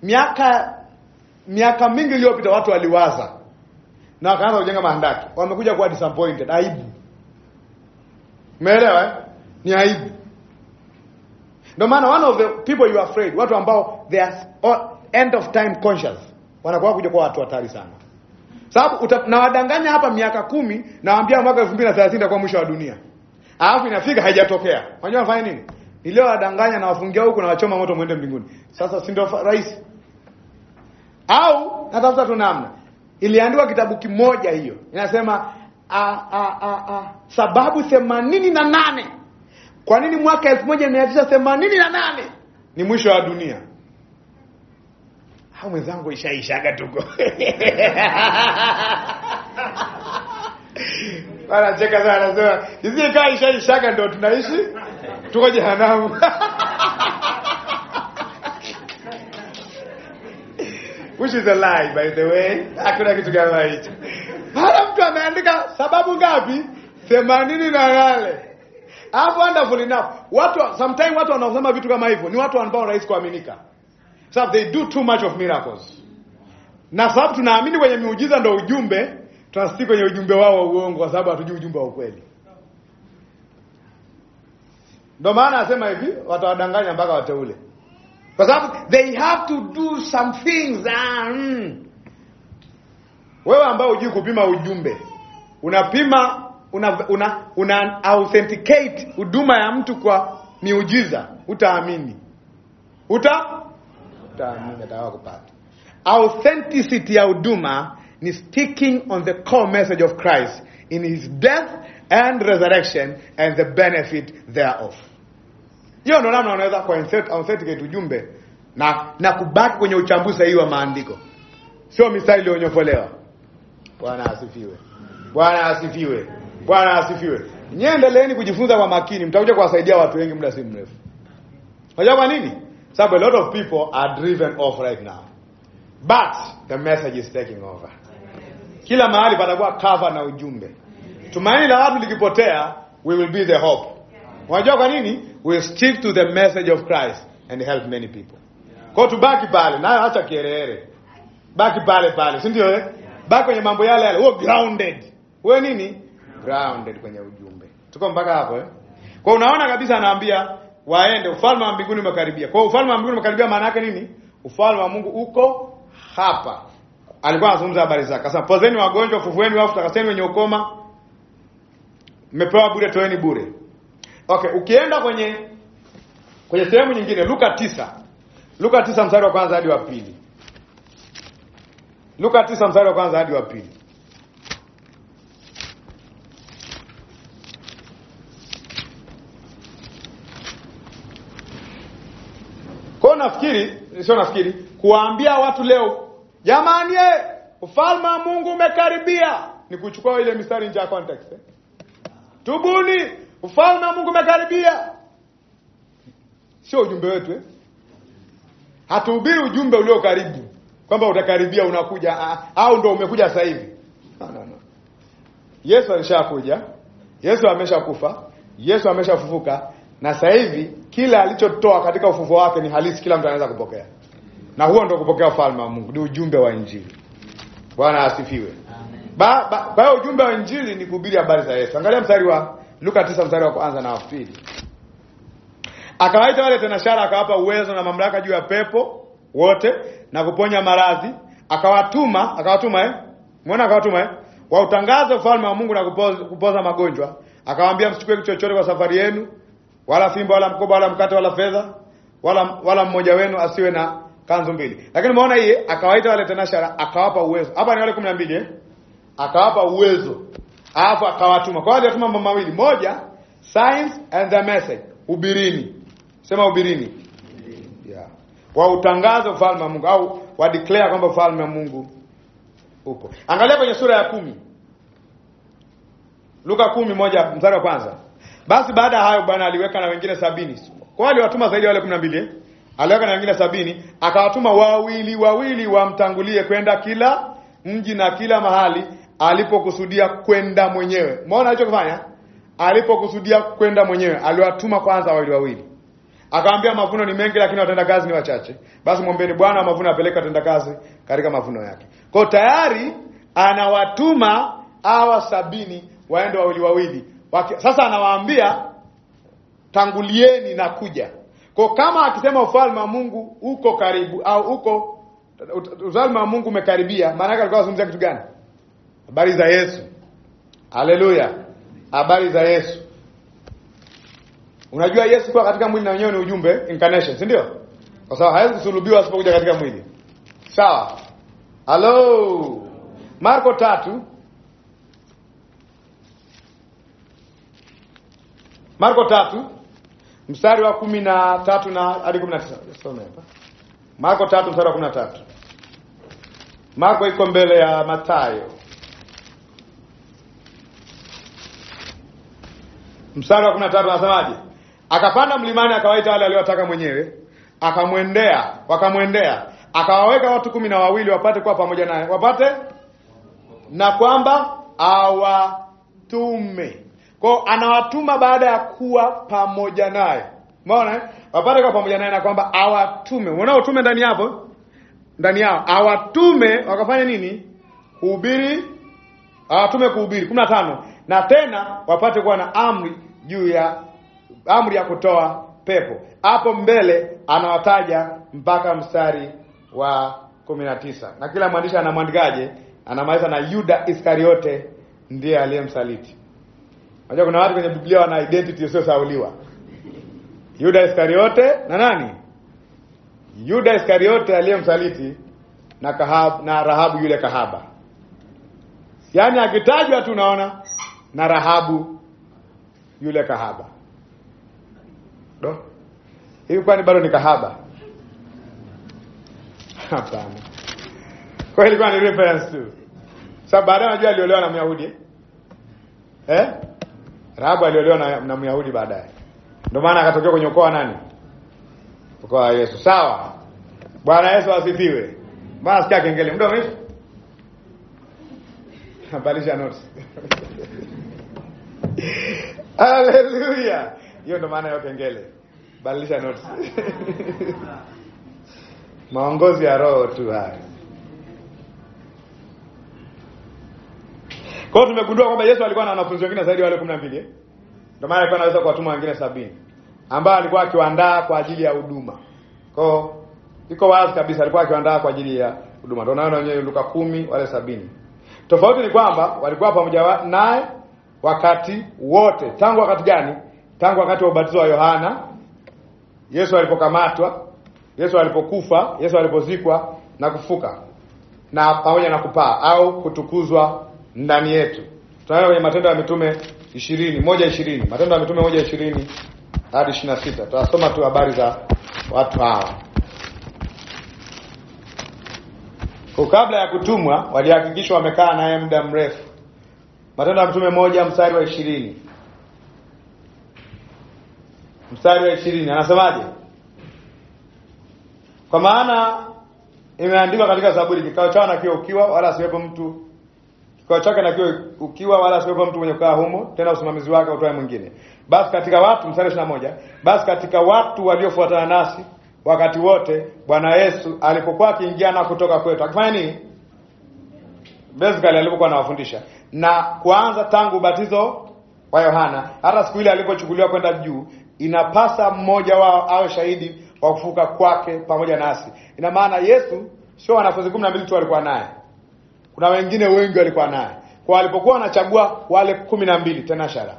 Miaka miaka mingi iliyopita watu waliwaza na wakaanza kujenga maandaki. Wamekuja kuwa disappointed, aibu. Umeelewa? Eh? Ni aibu. Ndio maana one of the people you are afraid, watu ambao they are end of time conscious wanakuwa kuja kwa watu hatari sana, sababu nawadanganya hapa miaka kumi, nawaambia mwaka 2030 itakuwa mwisho wa dunia, alafu inafika haijatokea. Unajua wafanye nini? Niliowadanganya na wafungia huku na wachoma moto, muende mbinguni. Sasa si ndio rais au natafuta tu namna. Iliandikwa kitabu kimoja hiyo inasema a, a, a, a, sababu themanini na nane kwa nini mwaka 1988 ni mwisho wa dunia? Hao mwenzangu ishaishaga tuko Anacheka sana anasema, "Hizi kaa ishaishaga ndio tunaishi? Tuko jehanamu." Which is a lie by the way. Hakuna kitu kama hicho. Mara mtu ameandika sababu ngapi? na nane Have wonderful enough. Watu sometimes watu wanaosema vitu kama hivyo ni watu ambao rahisi kuaminika. Sababu they do too much of miracles. Na sababu tunaamini kwenye miujiza ndio ujumbe, tunasiti kwenye ujumbe wao wa uongo kwa sababu hatujui ujumbe wa ukweli. Ndio maana anasema hivi watawadanganya mpaka wateule. Kwa sababu they have to do some things. Ah, mm. Wewe ambao hujui kupima ujumbe, unapima una, una, una authenticate huduma ya mtu kwa miujiza, utaamini uta utaamini kupata Authenticity ya huduma ni sticking on the core message of Christ in his death and resurrection and the benefit thereof. Hiyo ndo namna unaweza ku authenticate ujumbe na na kubaki kwenye uchambuzi sahihi wa maandiko, sio mistari iliyonyofolewa. Bwana asifiwe. Bwana asifiwe. Bwana asifiwe. Nyewe endeleeni kujifunza kwa makini, mtakuja kuwasaidia watu wengi muda si mrefu. Unajua kwa nini? Sababu a lot of people are driven off right now. But the message is taking over. Kila mahali patakuwa cover na ujumbe. Tumaini la watu likipotea, we will be the hope. Unajua kwa nini? We stick to the message of Christ and help many people. Kwa tubaki pale, nayo acha kiherehere. Baki pale pale, si ndio eh? Baki kwenye mambo yale yale, wewe grounded. Wewe nini? grounded kwenye ujumbe. Tuko mpaka hapo eh? Kwa unaona kabisa anaambia waende ufalme wa mbinguni umekaribia. Kwa ufalme wa mbinguni umekaribia maana yake nini? Ufalme wa Mungu uko hapa. Alikuwa anazungumza habari zake. Akasema pozeni wagonjwa, fufueni wafu, takaseni wenye ukoma. Mmepewa bure, toeni bure. Okay, ukienda kwenye kwenye sehemu nyingine Luka tisa. Luka tisa mstari wa kwanza hadi wa pili. Luka tisa mstari wa kwanza hadi wa pili. nafikiri sio nafikiri kuwaambia watu leo jamani, eh, ufalme wa Mungu umekaribia, ni kuchukua ile mistari nje ya context eh? Tubuni, ufalme wa Mungu umekaribia, sio ujumbe wetu eh? Hatuhubiri ujumbe ulio karibu kwamba utakaribia unakuja ah, au ndo umekuja sasa hivi. No, no, no. Yesu alishakuja, Yesu ameshakufa, Yesu ameshafufuka, na sasa hivi kila alichotoa katika ufufuo wake ni halisi, kila mtu anaweza kupokea, na huo ndio kupokea ufalme wa Mungu, ni ujumbe wa Injili. Bwana asifiwe. Kwa hiyo ujumbe wa Injili ni kuhubiri habari za Yesu. Angalia mstari wa Luka 9 mstari wa kwanza na wa pili. Akawaita wale tenashara, akawapa uwezo na mamlaka juu ya pepo wote na kuponya maradhi, akawatuma akawatuma eh? Muona akawatuma eh? Wautangaze ufalme wa Mungu na kupoza, kupoza magonjwa. Akawaambia, msichukue chochote kwa safari yenu wala fimbo wala mkoba wala mkate wala fedha wala wala mmoja wenu asiwe na kanzu mbili. Lakini umeona hii akawaita wale tanashara akawapa uwezo. Hapa ni wale 12 eh? Akawapa uwezo. Alafu akawatuma. Kwa hiyo atuma mambo mawili. Moja, signs and the message. Ubirini. Sema ubirini. Yeah. Wa utangazo falme ya Mungu au wa declare kwamba falme ya Mungu upo. Angalia kwenye sura ya kumi. Luka kumi moja mstari wa kwanza. Basi baada ya hayo Bwana aliweka na wengine sabini. Kwa hiyo aliwatuma zaidi ya wale 12 eh? Aliweka na wengine sabini, akawatuma wawili wawili wamtangulie kwenda kila mji na kila mahali alipokusudia kwenda mwenyewe. Umeona alichokifanya? Alipokusudia kwenda mwenyewe, aliwatuma kwanza wawili wawili. Akamwambia mavuno ni mengi lakini watenda kazi ni wachache. Basi mwombeni Bwana mavuno apeleke watenda kazi katika mavuno yake. Kwa tayari anawatuma hawa sabini waende wawili wawili Waki, sasa anawaambia tangulieni na kuja. Kwa kama akisema ufalme wa Mungu uko karibu au uko ufalme wa Mungu umekaribia, maana yake alikuwa anazungumzia kitu gani? Habari za Yesu. Haleluya. Habari za Yesu. Unajua Yesu kwa katika mwili na wenyewe ni ujumbe incarnation, si ndio? Kwa sababu hawezi kusulubiwa asipokuja katika mwili. Sawa. Halo. Marko tatu Marko tatu mstari wa kumi na tatu na hadi kumi na tisa hapa Marko tatu mstari wa kumi na tatu Marko iko mbele ya Mathayo. Mstari wa kumi na tatu anasemaje? Akapanda mlimani akawaita wale aliowataka mwenyewe, akamwendea, wakamwendea, akawaweka watu kumi na wawili wapate kuwa pamoja naye, wapate na kwamba awatume Kwao anawatuma baada ya kuwa pamoja naye. Umeona eh? Wapate kuwa pamoja naye na kwamba awatume. Unaona utume ndani yapo Ndani yao. Awatume wakafanya nini? Kuhubiri. Awatume kuhubiri. 15. Na tena wapate kuwa na amri juu ya amri ya kutoa pepo. Hapo mbele anawataja mpaka mstari wa 19. Na kila mwandishi anamwandikaje? Anamaliza na Yuda Iskariote ndiye aliyemsaliti. Unajua kuna watu kwenye Biblia wana identity isiyosauliwa. Yuda Iskariote na nani? Yuda Iskariote aliyemsaliti na kahab, na Rahabu yule kahaba. Yaani akitajwa tu unaona na Rahabu yule kahaba. Ndio? Hivi kwani bado ni kahaba? Hapana. Kwa ilikuwa ni reference tu. Sasa baadaye unajua aliolewa na Myahudi. Eh? Rahabu aliolewa na, na Myahudi baadaye, ndio maana akatokea kwenye ukoo wa nani? Ukoo wa Yesu. Sawa, Bwana Yesu asifiwe. Mbona sikia kengele muda umeisha? Balisha notes Haleluya! hiyo ndio maana ya kengele, badilisha notes maongozi ya roho tu haya. Kwa hiyo tumegundua kwamba Yesu alikuwa na wanafunzi wengine zaidi wale 12 eh. Ndio maana alikuwa anaweza kuwatuma wengine sabini ambao alikuwa akiwaandaa kwa ajili ya huduma. Kwa hiyo iko wazi kabisa alikuwa akiwaandaa kwa ajili ya huduma. Ndio naona wenyewe Luka 10 wale sabini. Tofauti ni kwamba walikuwa pamoja naye wakati wote. Tangu wakati gani? Tangu wakati wa ubatizo wa Yohana, Yesu alipokamatwa, Yesu alipokufa, Yesu alipozikwa na kufuka na pamoja na kupaa au kutukuzwa ndani yetu. Tutaona kwenye Matendo ya Mitume 20 moja ishirini Matendo ya Mitume moja ishirini hadi 26. Tutasoma tu habari za watu hawa. Kwa kabla ya kutumwa walihakikishwa wamekaa naye muda mrefu. Matendo ya mitume moja mstari wa 20. Mstari wa 20 anasemaje? Kwa maana imeandikwa katika Zaburi, kikao chao na kio ukiwa, wala asiwepo mtu kwa chaka na kiwe ukiwa wala sio kwa mtu mwenye kukaa humo, tena usimamizi wake utoe mwingine. Basi katika watu mstari ishirini na moja, basi katika watu waliofuatana nasi wakati wote Bwana Yesu alipokuwa akiingia na kutoka kwetu akifanya nini? Basically alipokuwa anawafundisha na kuanza tangu ubatizo wa Yohana hata siku ile alipochukuliwa kwenda juu, inapasa mmoja wao awe shahidi wa kufuka kwake pamoja nasi. Ina maana Yesu sio wanafunzi 12 tu walikuwa naye kuna wengine wengi walikuwa naye. Kwa alipokuwa anachagua wale kumi na mbili tenashara,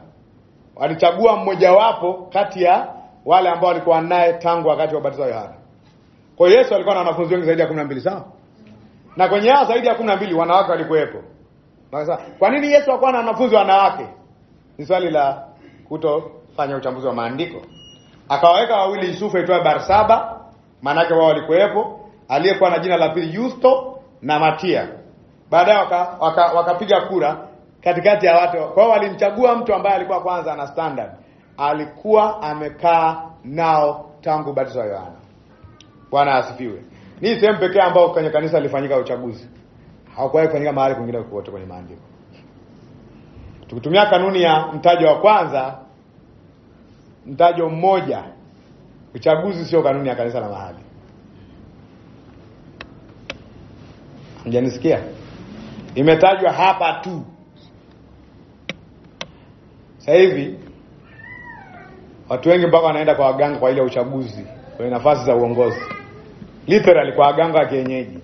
alichagua mmojawapo kati ya wale ambao walikuwa naye tangu wakati wa ubatizo wa Yohana. Kwa hiyo Yesu alikuwa na wanafunzi wengi zaidi ya kumi na mbili sawa? Na kwenye hao zaidi ya kumi na mbili wanawake walikuwepo. Sasa kwa nini Yesu alikuwa na wanafunzi wanawake? Ni swali la kutofanya uchambuzi wa maandiko. Akawaweka wawili Yusufu aitwaye Barsaba, maana yake wao walikuwepo, aliyekuwa na jina la pili Yusto na Matia baadaye wakapiga waka, waka kura katikati ya watu. Kwa hiyo walimchagua mtu ambaye alikuwa kwanza ana standard, alikuwa amekaa nao tangu batizo wa Yohana. Bwana asifiwe. Ni sehemu pekee ambayo kwenye kanisa lilifanyika uchaguzi, hawakuwahi kufanyika mahali kwingine kokote kwenye maandiko. Tukitumia kanuni ya mtajo wa kwanza, mtajo mmoja, uchaguzi sio kanuni ya kanisa la mahali. Mjanisikia? imetajwa hapa tu. Sasa hivi watu wengi mpaka wanaenda kwa waganga kwa ile ya uchaguzi kwenye nafasi za uongozi, literally kwa waganga wa kienyeji,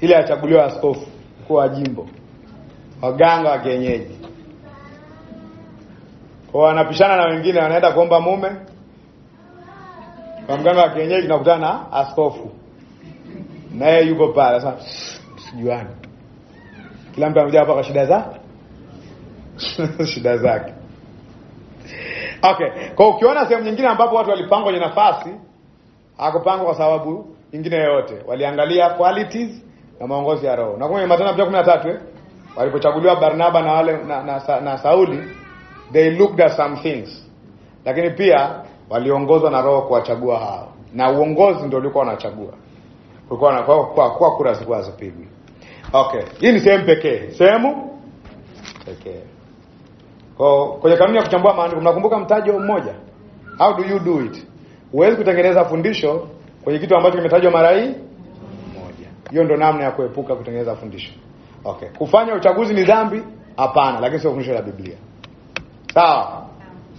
ili achaguliwa askofu mkuu wa jimbo, waganga wa kienyeji kwa wanapishana na wengine, wanaenda kuomba mume kwa mganga wa kienyeji, nakutana na askofu, naye yuko pale sasa, sijuani kila mtu amekuja hapa kwa shida za shida zake. Okay, kwa ukiona sehemu nyingine ambapo watu walipangwa kwenye nafasi, hakupangwa kwa sababu nyingine yoyote, waliangalia qualities na maongozi ya Roho. Na kwenye Matendo ya 13 eh, walipochaguliwa Barnaba na wale na, na, na Sauli, they looked at some things. Lakini pia waliongozwa na Roho kuwachagua hao, na uongozi ndio ulikuwa unachagua, kulikuwa kwa, kwa, kwa kura zikuwa zipigwi. Okay, hii ni sehemu pekee, sehemu pekee. Kwa kwenye kanuni ya kuchambua maandiko, mnakumbuka mtajo mmoja, how do you do it? Huwezi kutengeneza fundisho kwenye kitu ambacho kimetajwa mara hii moja. Hiyo ndo namna ya kuepuka kutengeneza fundisho. Okay, kufanya uchaguzi ni dhambi? Hapana, lakini sio fundisho la Biblia. Sawa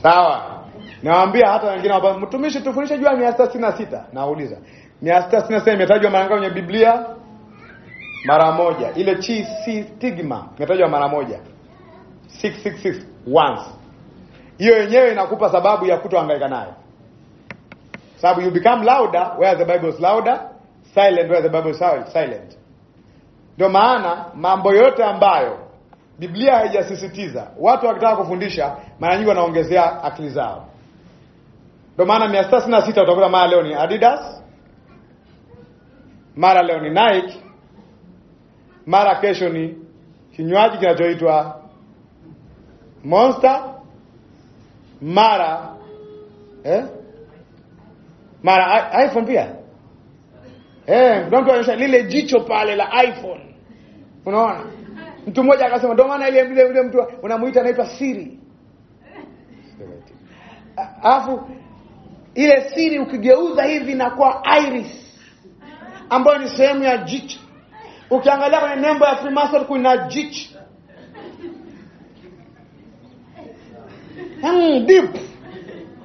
sawa, nawaambia hata wengine hapa, mtumishi, tufundishe juu ya 666 nauliza 666 imetajwa mara ngapi kwenye Biblia? mara moja. Ile chi si stigma imetajwa mara moja 666 once, hiyo yenyewe inakupa sababu ya kutohangaika nayo, sababu you become louder where the Bible is louder, silent where the Bible is silent. Ndio maana mambo yote ambayo Biblia haijasisitiza watu wakitaka kufundisha, mara nyingi wanaongezea akili zao. Ndio maana mia sita sitini sita utakuta mara leo ni Adidas, mara leo ni Nike, mara kesho ni kinywaji kinachoitwa Monster, mara eh? mara iPhone pia eh, kuna lile jicho pale la iPhone, unaona. Mtu mmoja akasema ndio maana ile ile mtu unamuita anaitwa siri, alafu ile siri ukigeuza hivi na kwa iris ambayo ni sehemu ya jicho Ukiangalia kwenye nembo ya Freemason kuna jicho Mm, deep.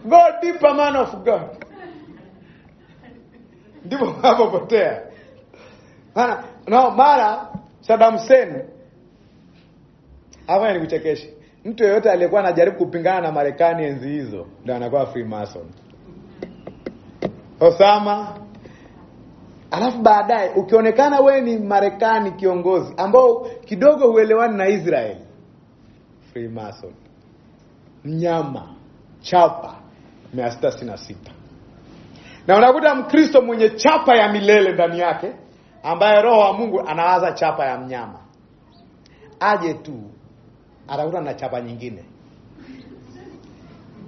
Go deeper man of God. Ndipo unapopotea. Maana no, mara Saddam Hussein hapa nikuchekeshe. Mtu yeyote aliyekuwa anajaribu kupingana na Marekani enzi hizo ndio anakuwa Freemason. Osama alafu baadaye ukionekana we ni Marekani kiongozi ambao kidogo huelewani na Israeli, Freemason, mnyama chapa mia sita na unakuta Mkristo mwenye chapa ya milele ndani yake, ambaye Roho wa Mungu anawaza chapa ya mnyama, aje tu atakuta na chapa nyingine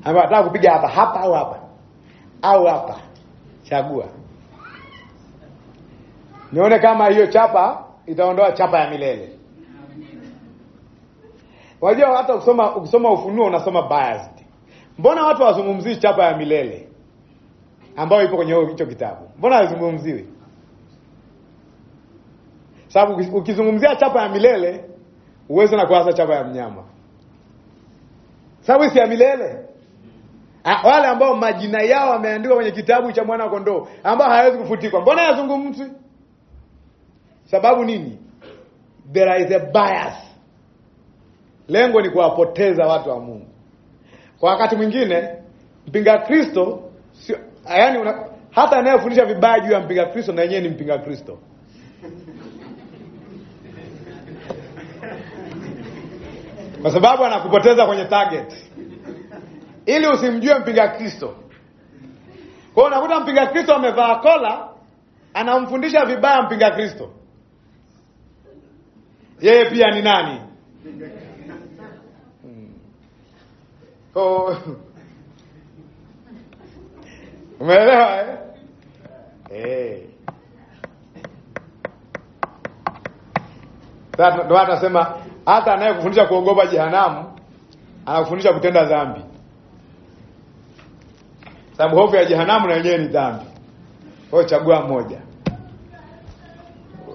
ambayo ataka kupiga hapa hapa au hapa au hapa, chagua nione kama hiyo chapa itaondoa chapa ya milele. Wajua hata ukisoma ukisoma Ufunuo unasoma biased. Mbona watu wazungumzii chapa ya milele ambayo ipo kwenye hicho kitabu? Mbona haizungumziwi? Sababu ukizungumzia chapa ya milele uweze na kuasa chapa ya mnyama, sababu si ya milele. A, ah, wale ambao majina yao wameandikwa kwenye kitabu cha mwana kondoo ambao hawezi kufutikwa, mbona yazungumzwi? Sababu nini? There is a bias. Lengo ni kuwapoteza watu wa Mungu. Kwa wakati mwingine mpinga Kristo si, yani una, hata anayefundisha vibaya juu ya mpinga Kristo na yeye ni mpinga Kristo. Kwa sababu anakupoteza kwenye target ili usimjue mpinga Kristo. Kwa hiyo unakuta mpinga Kristo amevaa kola, anamfundisha vibaya mpinga Kristo yeye pia ni nani? Hmm. Oh. Umeelewa eh? Eh. Sasa ndio atasema hata anayekufundisha kuogopa jehanamu anakufundisha kutenda dhambi. Sababu hofu ya jehanamu na yenyewe ni dhambi. Kwa hiyo chagua moja.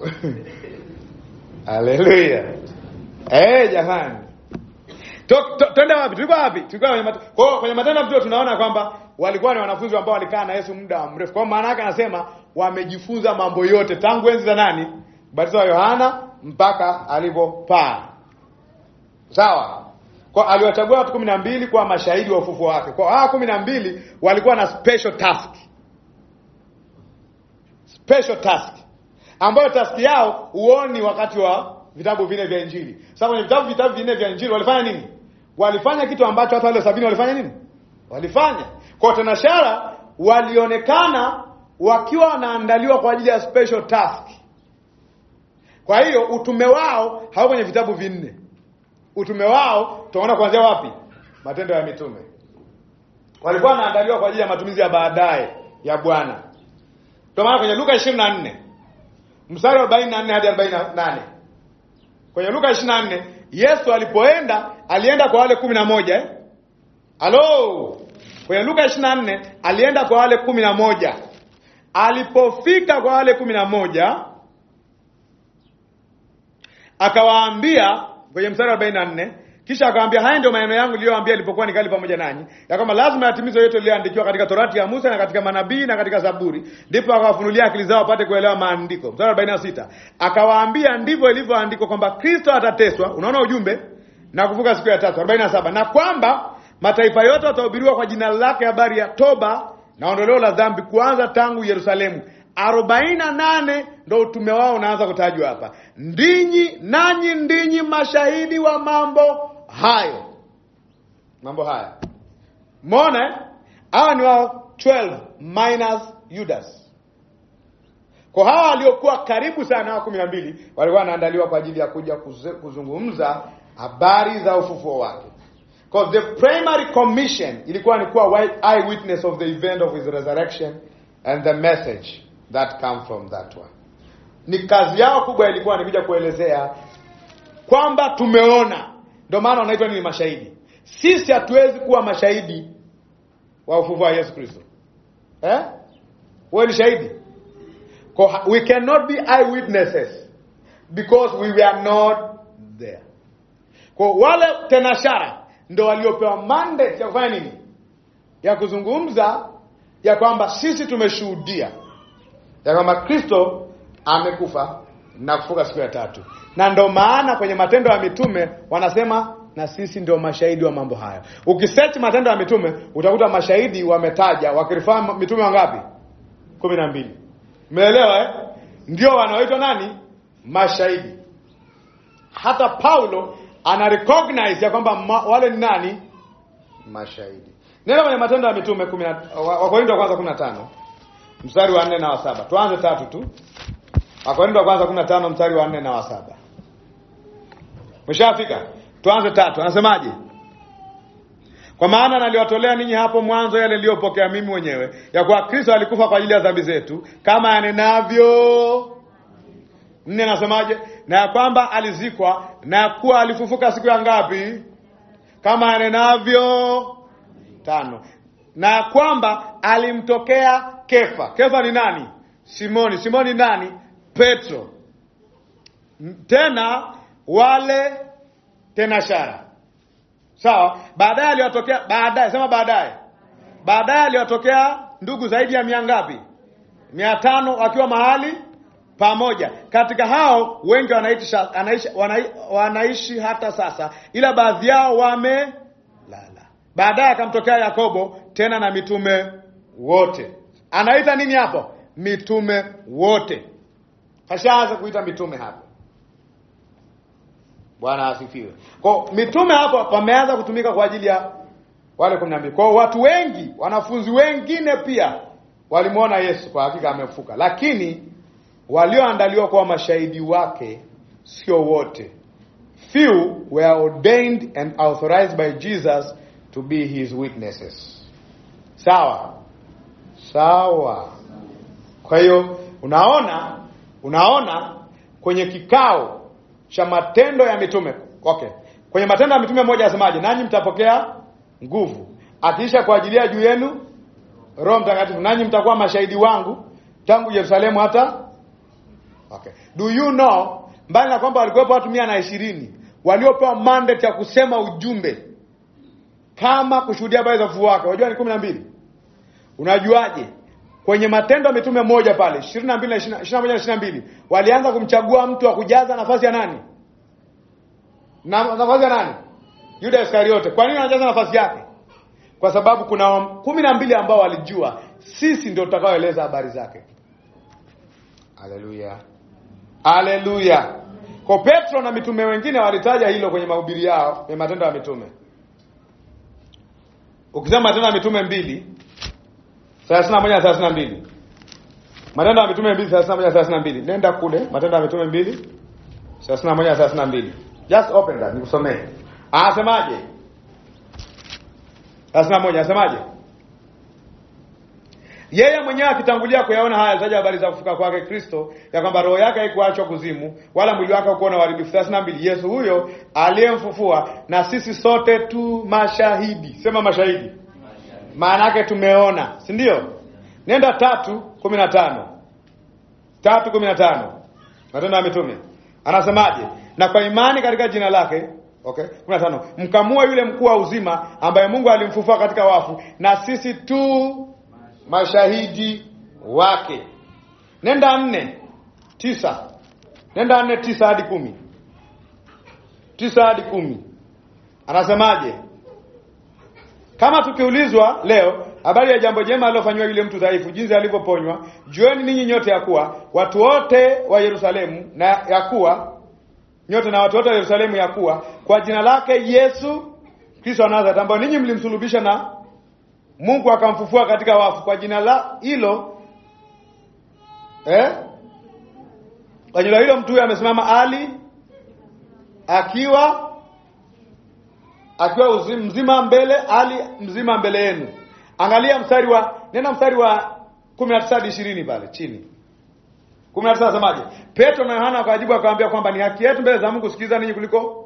Haleluya. Eh, jamani. Twende wapi? Tulikuwa wapi? Tulikuwa kwenye matendo. Kwa hiyo kwenye matendo mtu tunaona kwamba walikuwa ni wanafunzi ambao walikaa na Yesu muda mrefu. Kwa maana yake anasema wamejifunza mambo yote tangu enzi za nani? Batizo wa Yohana mpaka alipopaa. Sawa? Kwa aliwachagua watu kumi na mbili kwa mashahidi wa ufufuo wake. Kwa hao kumi na mbili walikuwa na special task. Special task ambayo tasti yao huoni wakati wa vitabu vine vya Injili. Sasa kwenye vitabu vitabu vine vya Injili walifanya nini? Walifanya kitu ambacho hata wale sabini walifanya nini? Walifanya. Kwa tanashara, walionekana wakiwa wanaandaliwa kwa ajili ya special task. Kwa hiyo utume wao hao kwenye vitabu vinne. Utume wao tunaona kuanzia wapi? Matendo ya Mitume. Walikuwa wanaandaliwa kwa ajili ya matumizi ya baadaye ya Bwana. Ndio maana kwenye Luka 24 mstari wa 44 hadi 48 kwenye Luka 24, Yesu alipoenda alienda kwa wale kumi na moja eh? Alo, kwenye Luka 24 alienda kwa wale kumi na moja. Alipofika kwa wale kumi na moja akawaambia kwenye mstari wa 44 kisha akamwambia haya ndio maneno yangu niliyoambia ilipokuwa nikali pamoja nanyi, ya kwamba lazima yatimizwe yote yaliyoandikiwa katika Torati ya Musa na katika manabii na katika Zaburi. Ndipo akawafunulia akili zao wapate kuelewa maandiko. Mstari 46. Akawaambia ndivyo ilivyoandikwa kwamba Kristo atateswa, unaona ujumbe, na kuvuka siku ya tatu. 47. Na kwamba mataifa yote watahubiriwa kwa jina lake habari ya toba na ondoleo la dhambi kuanza tangu Yerusalemu. 48 ndo utume wao unaanza kutajwa hapa. Ndinyi nanyi ndinyi mashahidi wa mambo hayo mambo haya. mone hawa ni wao 12 minus Judas. Kwa hawa waliokuwa karibu sana, hawa kumi na mbili walikuwa wanaandaliwa kwa ajili ya kuja kuzungumza habari za ufufuo wake. the primary commission ilikuwa ni kuwa witness of the event of his resurrection and the message that come from that one. Ni kazi yao kubwa ilikuwa ni kuja kuelezea kwamba tumeona ndio maana wanaitwa ni mashahidi. Sisi hatuwezi kuwa mashahidi wa ufufuo wa Yesu Kristo. Eh? Wewe ni shahidi. We cannot be eyewitnesses because we were not there. Kwa wale tenashara ndio waliopewa mandate ya kufanya nini? Ya kuzungumza ya kwamba sisi tumeshuhudia ya kwamba Kristo amekufa na kufuka siku ya tatu. Na ndo maana kwenye Matendo ya Mitume wanasema na sisi ndio mashahidi wa mambo haya Ukisearch Matendo ya Mitume utakuta mashahidi wametaja wakirifaa mitume wangapi? kumi na mbili. Umeelewa eh? Ndio wanaoitwa nani? Mashahidi. Hata Paulo ana recognize ya kwamba wale ni nani? Mashahidi. Nenda kwenye Matendo ya Mitume 10 Wakorintho wa kwanza 15 mstari wa 4 na wa Tuanze tatu tu. Wakorintho wa kwanza 15 mstari wa 4 na wa saba. Mshafika? Tuanze tatu. Anasemaje? Kwa maana naliwatolea ninyi hapo mwanzo yale niliyopokea mimi mwenyewe, ya kuwa Kristo alikufa kwa ajili ya dhambi zetu, kama yanenavyo nne. Anasemaje? na ya kwamba alizikwa, na ya kuwa alifufuka siku ya ngapi? Kama yanenavyo tano, na ya kwamba alimtokea Kefa. Kefa ni nani? Simoni. Simoni nani? Petro, tena wale tena shara sawa. Baadaye aliwatokea baadaye, sema baadaye, baadaye aliwatokea ndugu zaidi ya mia ngapi? Mia tano wakiwa mahali pamoja. Katika hao wengi wanaishi, wanaishi, wanaishi hata sasa, ila baadhi yao wamelala. Baadaye akamtokea Yakobo tena na mitume wote. Anaita nini hapo? Mitume wote. Kashaanza kuita mitume hapo. Bwana asifiwe. Kwa mitume hapo pameanza kutumika kwa ajili ya wale 12. Kwa watu wengi, wanafunzi wengine pia walimwona Yesu kwa hakika amefuka. Lakini walioandaliwa kuwa mashahidi wake sio wote. Few were ordained and authorized by Jesus to be his witnesses. Sawa. Sawa. Kwa hiyo unaona Unaona kwenye kikao cha matendo ya mitume. Okay. Kwenye matendo ya mitume mmoja asemaje? Nanyi mtapokea nguvu. Akiisha kuajilia juu yenu Roho Mtakatifu, nanyi mtakuwa mashahidi wangu tangu Yerusalemu hata Okay. Do you know mbali na kwamba walikuwepo watu mia na ishirini waliopewa mandate ya kusema ujumbe kama kushuhudia habari za ufufuo wake. Unajua ni kumi na mbili. Unajuaje? kwenye Matendo ya Mitume moja pale 22 na 21 22 walianza kumchagua mtu wa kujaza nafasi ya nani? Na nafasi ya nani? Yuda Iskariote. Kwa nini anajaza nafasi yake? Kwa sababu kuna kumi na mbili ambao walijua sisi ndio tutakaoeleza habari zake. Haleluya, haleluya! Kwa Petro na mitume wengine walitaja hilo kwenye mahubiri yao kwenye Matendo ya Mitume. Ukisema Matendo ya Mitume mbili 31:32. Matendo ya Mitume 2:31-32. Nenda kule Matendo ya Mitume 2:31-32. Just open that nikusomee. Anasemaje? thelathini moja anasemaje? Yeye mwenyewe akitangulia kuyaona haya zaja habari za kufuka kwake Kristo, ya kwamba roho yake haikuachwa kuzimu wala mwili wake ukuona uharibifu. thelathini na mbili Yesu huyo aliyemfufua, na sisi sote tu mashahidi. Sema mashahidi maana yake tumeona, si ndio? Nenda tatu kumi na tano tatu kumi na tano Matendo ya Mitume anasemaje? Na kwa imani katika jina lake okay, kumi na tano mkamua yule mkuu wa uzima ambaye Mungu alimfufua katika wafu, na sisi tu mashahidi wake. Nenda nne tisa nenda nne tisa hadi kumi tisa hadi kumi anasemaje? Kama tukiulizwa leo habari ya jambo jema alilofanyiwa yule mtu dhaifu, jinsi alivyoponywa, jueni ninyi nyote ya kuwa watu wote wa Yerusalemu na ya kuwa nyote na watu wote wa Yerusalemu ya kuwa kwa jina lake Yesu Kristo wa Nazareti, ambao ninyi mlimsulubisha na Mungu akamfufua katika wafu, kwa jina la hilo eh, kwa jina hilo mtu huyo amesimama ali akiwa akiwa mzima mbele, Ali mzima mbele yenu. Angalia mstari wa nena, mstari wa 19:20 pale chini. 19 nasemaje Petro na Yohana wakajibu akawaambia kwamba ni haki yetu mbele za Mungu kusikiliza ninyi kuliko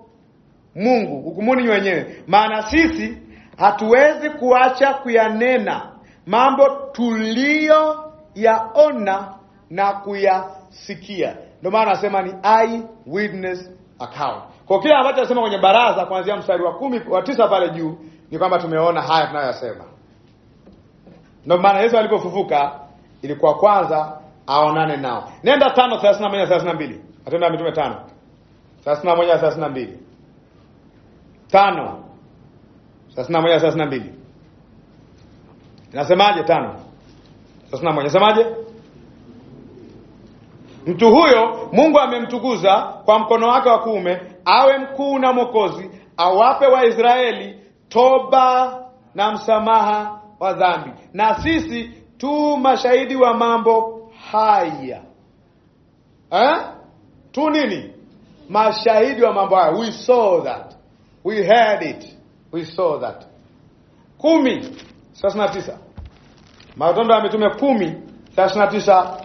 Mungu, hukumuni wenyewe, maana sisi hatuwezi kuacha kuyanena mambo tuliyoyaona na kuyasikia. Ndio maana anasema ni eye witness account. Kwa kile ambacho anasema kwenye baraza kuanzia mstari wa kumi wa tisa pale juu ni kwamba tumeona haya tunayoyasema. Ndio maana Yesu alipofufuka ilikuwa kwanza aonane nao. Nenda 5:31 32. Matendo ya Mitume 5 31 32. 5 31 32. Nasemaje 5? 31 nasemaje? Mtu huyo Mungu amemtukuza kwa mkono wake wa kuume awe mkuu na mwokozi, awape Waisraeli toba na msamaha wa dhambi, na sisi tu mashahidi wa mambo haya eh? tu nini, mashahidi wa mambo haya. We saw that, we heard it, we saw that. Kumi thelathini na tisa Matendo ya Mitume kumi thelathini na tisa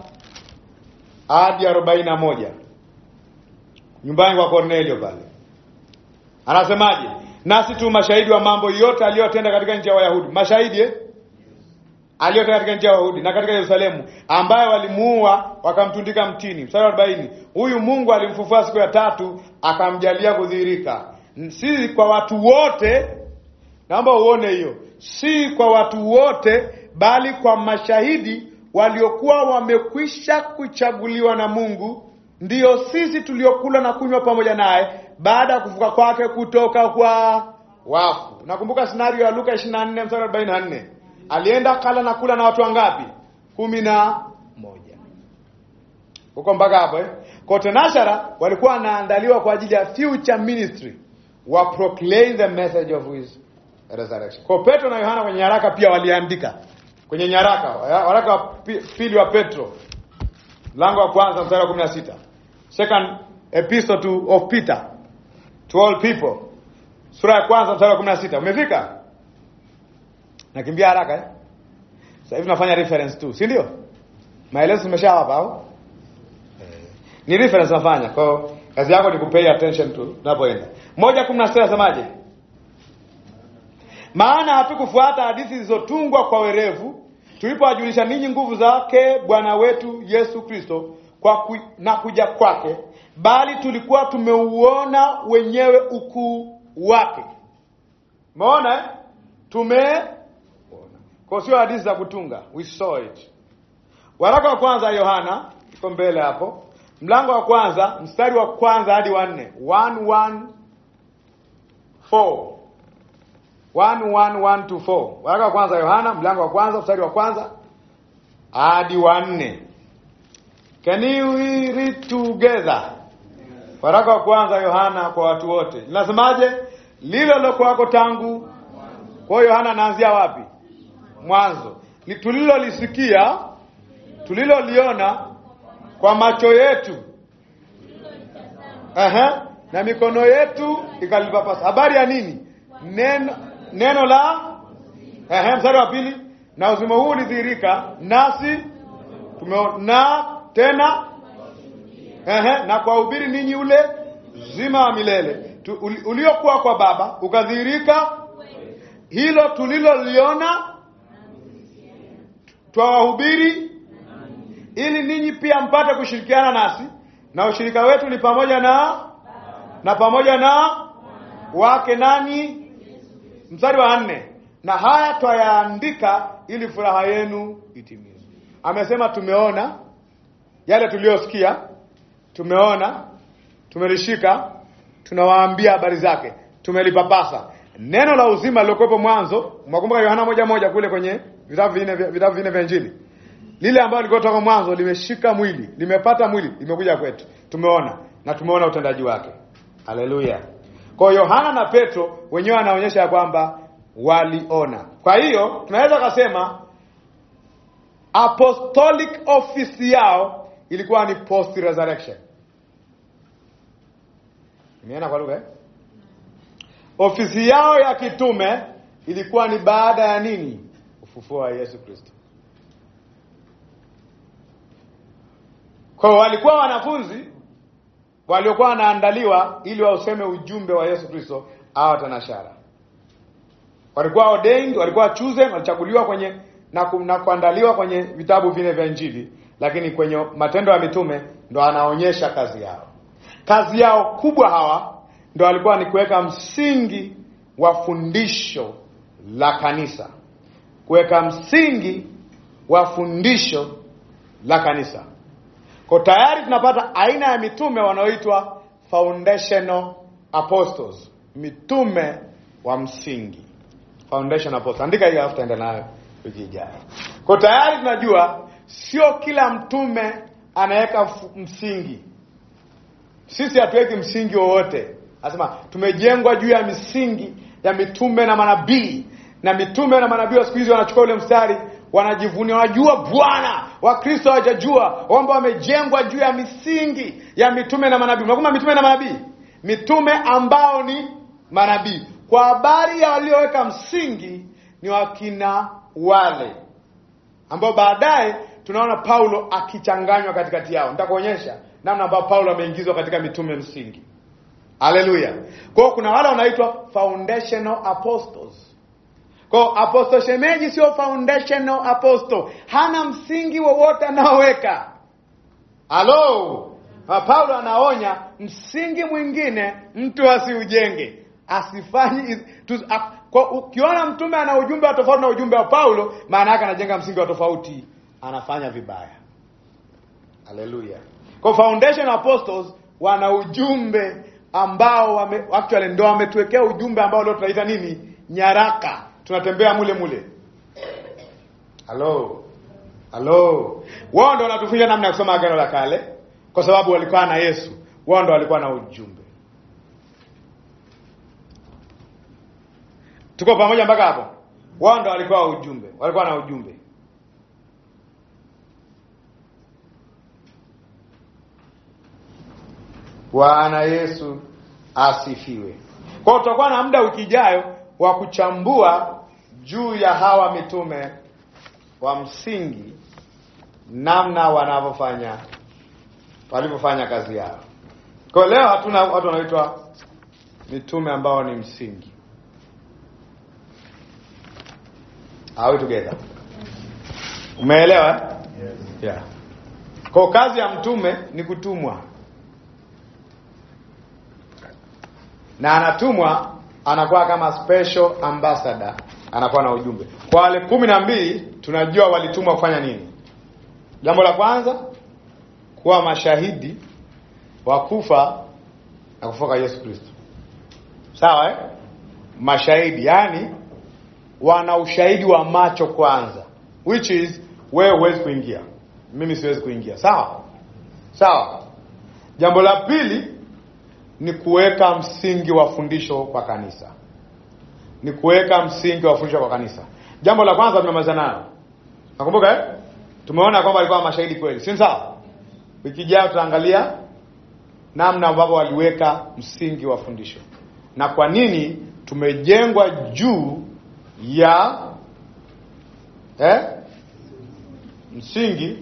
hadi arobaini na moja nyumbani kwa Cornelio pale. Anasemaje? nasi tu mashahidi wa mambo yote aliyotenda katika nchi ya Wayahudi, mashahidi eh? aliyotenda katika nchi ya Wayahudi na katika Yerusalemu, ambaye walimuua wakamtundika mtini. Mstari arobaini, huyu Mungu alimfufua siku ya tatu akamjalia kudhihirika. Si kwa watu wote, naomba uone hiyo, si kwa watu wote, bali kwa mashahidi waliokuwa wamekwisha kuchaguliwa na Mungu, ndio sisi tuliokula na kunywa pamoja naye baada ya kufuka kwake kutoka kwa wafu. Nakumbuka sinario ya Luka 24 mstari 44. Alienda kala na kula na watu wangapi? kumi na moja. Huko mpaka hapo eh? Kwa tenashara walikuwa wanaandaliwa kwa ajili ya future ministry wa proclaim the message of his resurrection. Kwa Petro na Yohana kwenye haraka pia waliandika kwenye nyaraka waraka wa pili wa Petro mlango wa kwanza mstari wa 16 second epistle to of Peter to all people sura ya kwanza mstari wa 16 umefika nakimbia haraka eh sasa hivi nafanya reference tu si ndio maelezo hapa au eh. ni reference nafanya kwa kazi yako ni kupay attention tu tunapoenda moja kumi na sita nasemaje maana hatukufuata hadithi zilizotungwa kwa werevu tulipowajulisha ninyi nguvu zake Bwana wetu Yesu Kristo kwa ku, na kuja kwake, bali tulikuwa tumeuona wenyewe ukuu wake. Umeona eh? tume kwa, sio hadithi za kutunga, we saw it. Waraka wa kwanza Yohana iko mbele hapo, mlango wa kwanza mstari wa kwanza hadi wa nne 1 one 111 Waraka wa kwanza Yohana mlango wa kwanza mstari wa kwanza hadi wa nne. Can you read together? Waraka wa kwanza Yohana kwa watu wote. Linasemaje? Lile lilokuwako tangu kwa Yohana anaanzia wapi? Mwanzo. Ni tulilolisikia, tuliloliona kwa macho yetu. Aha, na mikono yetu ikalipapasa. Habari ya nini? Neno neno la ehe, mstari wa pili, na uzima huu ulidhihirika nasi tumeona na tena ehe, na kwa ninyi ule uzima wa milele uliokuwa kwa Baba ukadhihirika, hilo tuliloliona twawahubiri, ili ninyi pia mpate kushirikiana nasi, na ushirika wetu ni pamoja na na pamoja na wake nani mstari wa nne na haya twayaandika ili furaha yenu itimizwe. Amesema tumeona yale tuliyosikia, tumeona, tumelishika, tunawaambia habari zake, tumelipapasa neno la uzima lilokuwepo mwanzo. Mwakumbuka Yohana moja moja kule kwenye vitabu vinne vitabu vinne vya Injili, lile ambalo liko toka mwanzo limeshika mwili, limepata mwili, limekuja kwetu, tumeona na tumeona utendaji wake. Haleluya! Kwa Yohana na Petro wenyewe anaonyesha ya kwamba waliona. Kwa hiyo tunaweza kusema apostolic office yao ilikuwa ni post resurrection. Nimeona kwa lugha eh? Ofisi yao ya kitume ilikuwa ni baada ya nini? Ufufuo wa Yesu Kristo. Kwa walikuwa wanafunzi waliokuwa wanaandaliwa ili wauseme ujumbe wa Yesu Kristo hawa tanashara walikuwa ordained, walikuwa chosen, walichaguliwa kwenye na, na kuandaliwa kwenye vitabu vile vya Injili, lakini kwenye Matendo ya Mitume ndo anaonyesha kazi yao. Kazi yao kubwa hawa ndo walikuwa ni kuweka msingi wa fundisho la kanisa, kuweka msingi wa fundisho la kanisa. Kwa tayari tunapata aina ya mitume wanaoitwa foundational apostles, mitume wa msingi, foundational apostles. Andika hiyo afu taenda nayo wiki ijayo. Kwa tayari tunajua sio kila mtume anaweka msingi. Sisi hatuweki msingi wowote, anasema tumejengwa juu ya misingi ya mitume na manabii, na mitume na manabii wa siku hizi wanachukua ule mstari wanajivunia, wajua Bwana. Wakristo hawajajua kwamba wamejengwa juu ya misingi ya mitume na manabii. Unakumbuka mitume na manabii, mitume ambao ni manabii. Kwa habari ya walioweka msingi ni wakina wale ambao baadaye tunaona Paulo akichanganywa katikati yao. Nitakuonyesha namna ambayo Paulo ameingizwa katika mitume msingi. Haleluya! Kwa kuna wale wanaitwa foundational apostles kwa apostle shemeji sio foundational apostle, hana msingi wowote anaoweka. Halo, Paulo anaonya msingi mwingine mtu asiujenge, asifanye kwa. Ukiona mtume ana ujumbe wa tofauti na ujumbe wa Paulo, maana yake anajenga msingi wa tofauti, anafanya vibaya. Haleluya! Kwa foundation apostles wana ujumbe ambao wame, actually ndo wametuwekea ujumbe ambao leo tunaita nini? Nyaraka tunatembea mule mule. Halo. Halo. Wao ndio wanatufunza namna ya kusoma Agano la Kale kwa sababu walikuwa na Yesu. Wao ndio walikuwa na ujumbe. Tuko pamoja mpaka hapo? Wao ndio walikuwa ujumbe. Walikuwa na ujumbe. Bwana Yesu asifiwe. Kwa hiyo tutakuwa na muda ukijayo wa kuchambua juu ya hawa mitume wa msingi, namna wanavyofanya walivyofanya kazi yao. Kwa leo hatuna watu wanaoitwa mitume ambao ni msingi. Are we together? Umeelewa? Yes. Yeah. Kwa kazi ya mtume ni kutumwa, na anatumwa anakuwa kama special ambassador anakuwa na ujumbe kwa wale kumi na mbili. Tunajua walitumwa kufanya nini. Jambo la kwanza, kuwa mashahidi wa kufa na kufuka kwa Yesu Kristo, sawa eh? Mashahidi yani wana ushahidi wa macho kwanza, which is wewe huwezi kuingia, mimi siwezi kuingia, sawa sawa. Jambo la pili ni kuweka msingi wa fundisho kwa kanisa ni kuweka msingi wa fundisho kwa kanisa. Jambo la kwanza tumemaliza nalo, nakumbuka eh? Tumeona kwamba walikuwa mashahidi kweli, si sawa? Wiki ijayo tutaangalia namna ambavyo waliweka msingi wa fundisho na kwa nini tumejengwa juu ya eh, msingi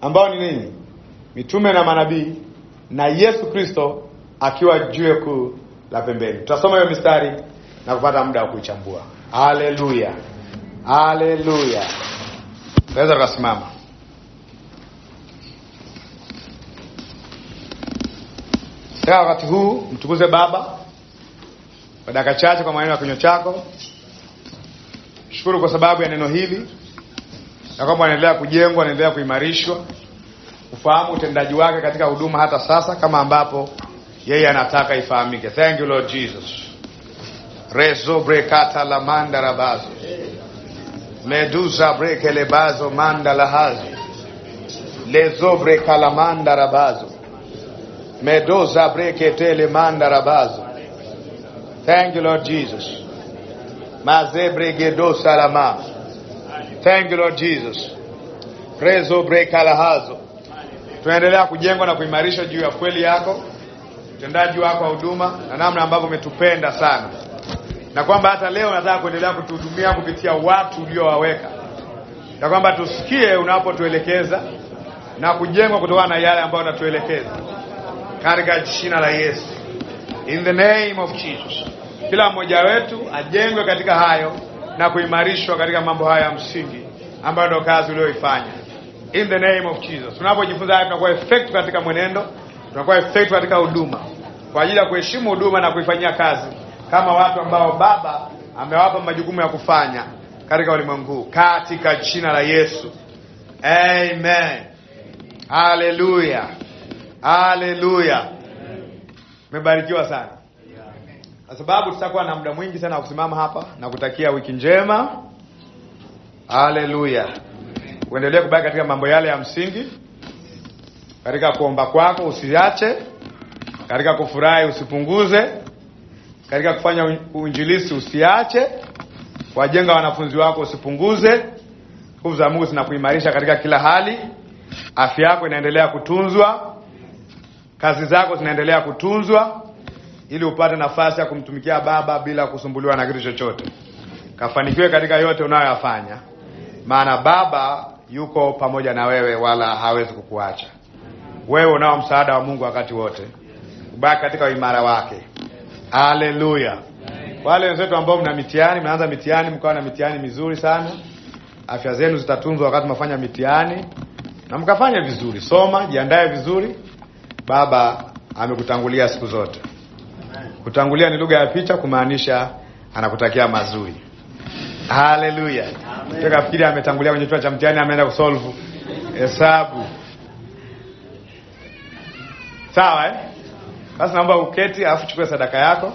ambao ni nini? Mitume na manabii na Yesu Kristo akiwa jiwe kuu la pembeni. Tutasoma hiyo mistari na kupata muda wa kuichambua. Haleluya, haleluya! Naweza tukasimama. Sasa wakati huu mtukuze Baba kwa dakika chache, kwa maneno ya kinywa chako. Shukuru kwa sababu ya neno hili na kwamba anaendelea kujengwa, anaendelea kuimarishwa, kufahamu utendaji wake katika huduma hata sasa, kama ambapo yeye anataka ifahamike. Thank you Lord Jesus rezo brekata la manda rabazo meduza le bazo manda la hazo lezo breka la manda rabazo medoza breketele manda rabazo thank you lord jesus maze do salama thank you lord jesus rezo breka la hazo tunaendelea kujengwa na kuimarisha juu ya kweli yako utendaji wako wa huduma na namna ambavyo umetupenda sana na kwamba hata leo nataka kuendelea kutuhudumia kupitia watu uliowaweka, na kwamba tusikie unapotuelekeza na kujengwa kutokana na yale ambayo unatuelekeza katika jina la Yesu, in the name of Jesus. Kila mmoja wetu ajengwe katika hayo na kuimarishwa katika mambo hayo ya msingi ambayo ndio kazi uliyoifanya, in the name of Jesus. Tunapojifunza haya, tunakuwa effect katika mwenendo, tunakuwa effect katika huduma kwa ajili ya kuheshimu huduma na kuifanyia kazi kama watu ambao Baba amewapa majukumu ya kufanya katika ulimwengu katika jina la Yesu. Amen. Haleluya. Haleluya. Mmebarikiwa sana. Kwa sababu tutakuwa na muda mwingi sana wa kusimama hapa na kutakia wiki njema. Haleluya. Uendelee kubaki katika mambo yale ya msingi. Katika kuomba kwako usiache. Katika kufurahi usipunguze katika kufanya uinjilisi usiache, wajenga wanafunzi wako usipunguze, nguvu za Mungu zinakuimarisha katika kila hali, afya yako inaendelea kutunzwa, kazi zako zinaendelea kutunzwa, ili upate nafasi ya kumtumikia Baba bila kusumbuliwa na kitu chochote. Kafanikiwe katika yote unayoyafanya, maana Baba yuko pamoja na wewe, wala hawezi kukuacha wewe. Unao msaada wa Mungu wakati wote, ubaki katika uimara wake. Haleluya! Wale wenzetu ambao mna mitihani, mnaanza mitihani, mkawa na mitihani mizuri sana, afya zenu zitatunzwa wakati mnafanya mitihani na mkafanya vizuri. Soma, jiandae vizuri. Baba amekutangulia siku zote. Kutangulia ni lugha ya picha kumaanisha anakutakia mazuri. Haleluya! Fikiri ametangulia kwenye chumba cha mtihani, ameenda kusolve hesabu
sawa, eh? Sasa naomba uketi, alafu chukue sadaka yako.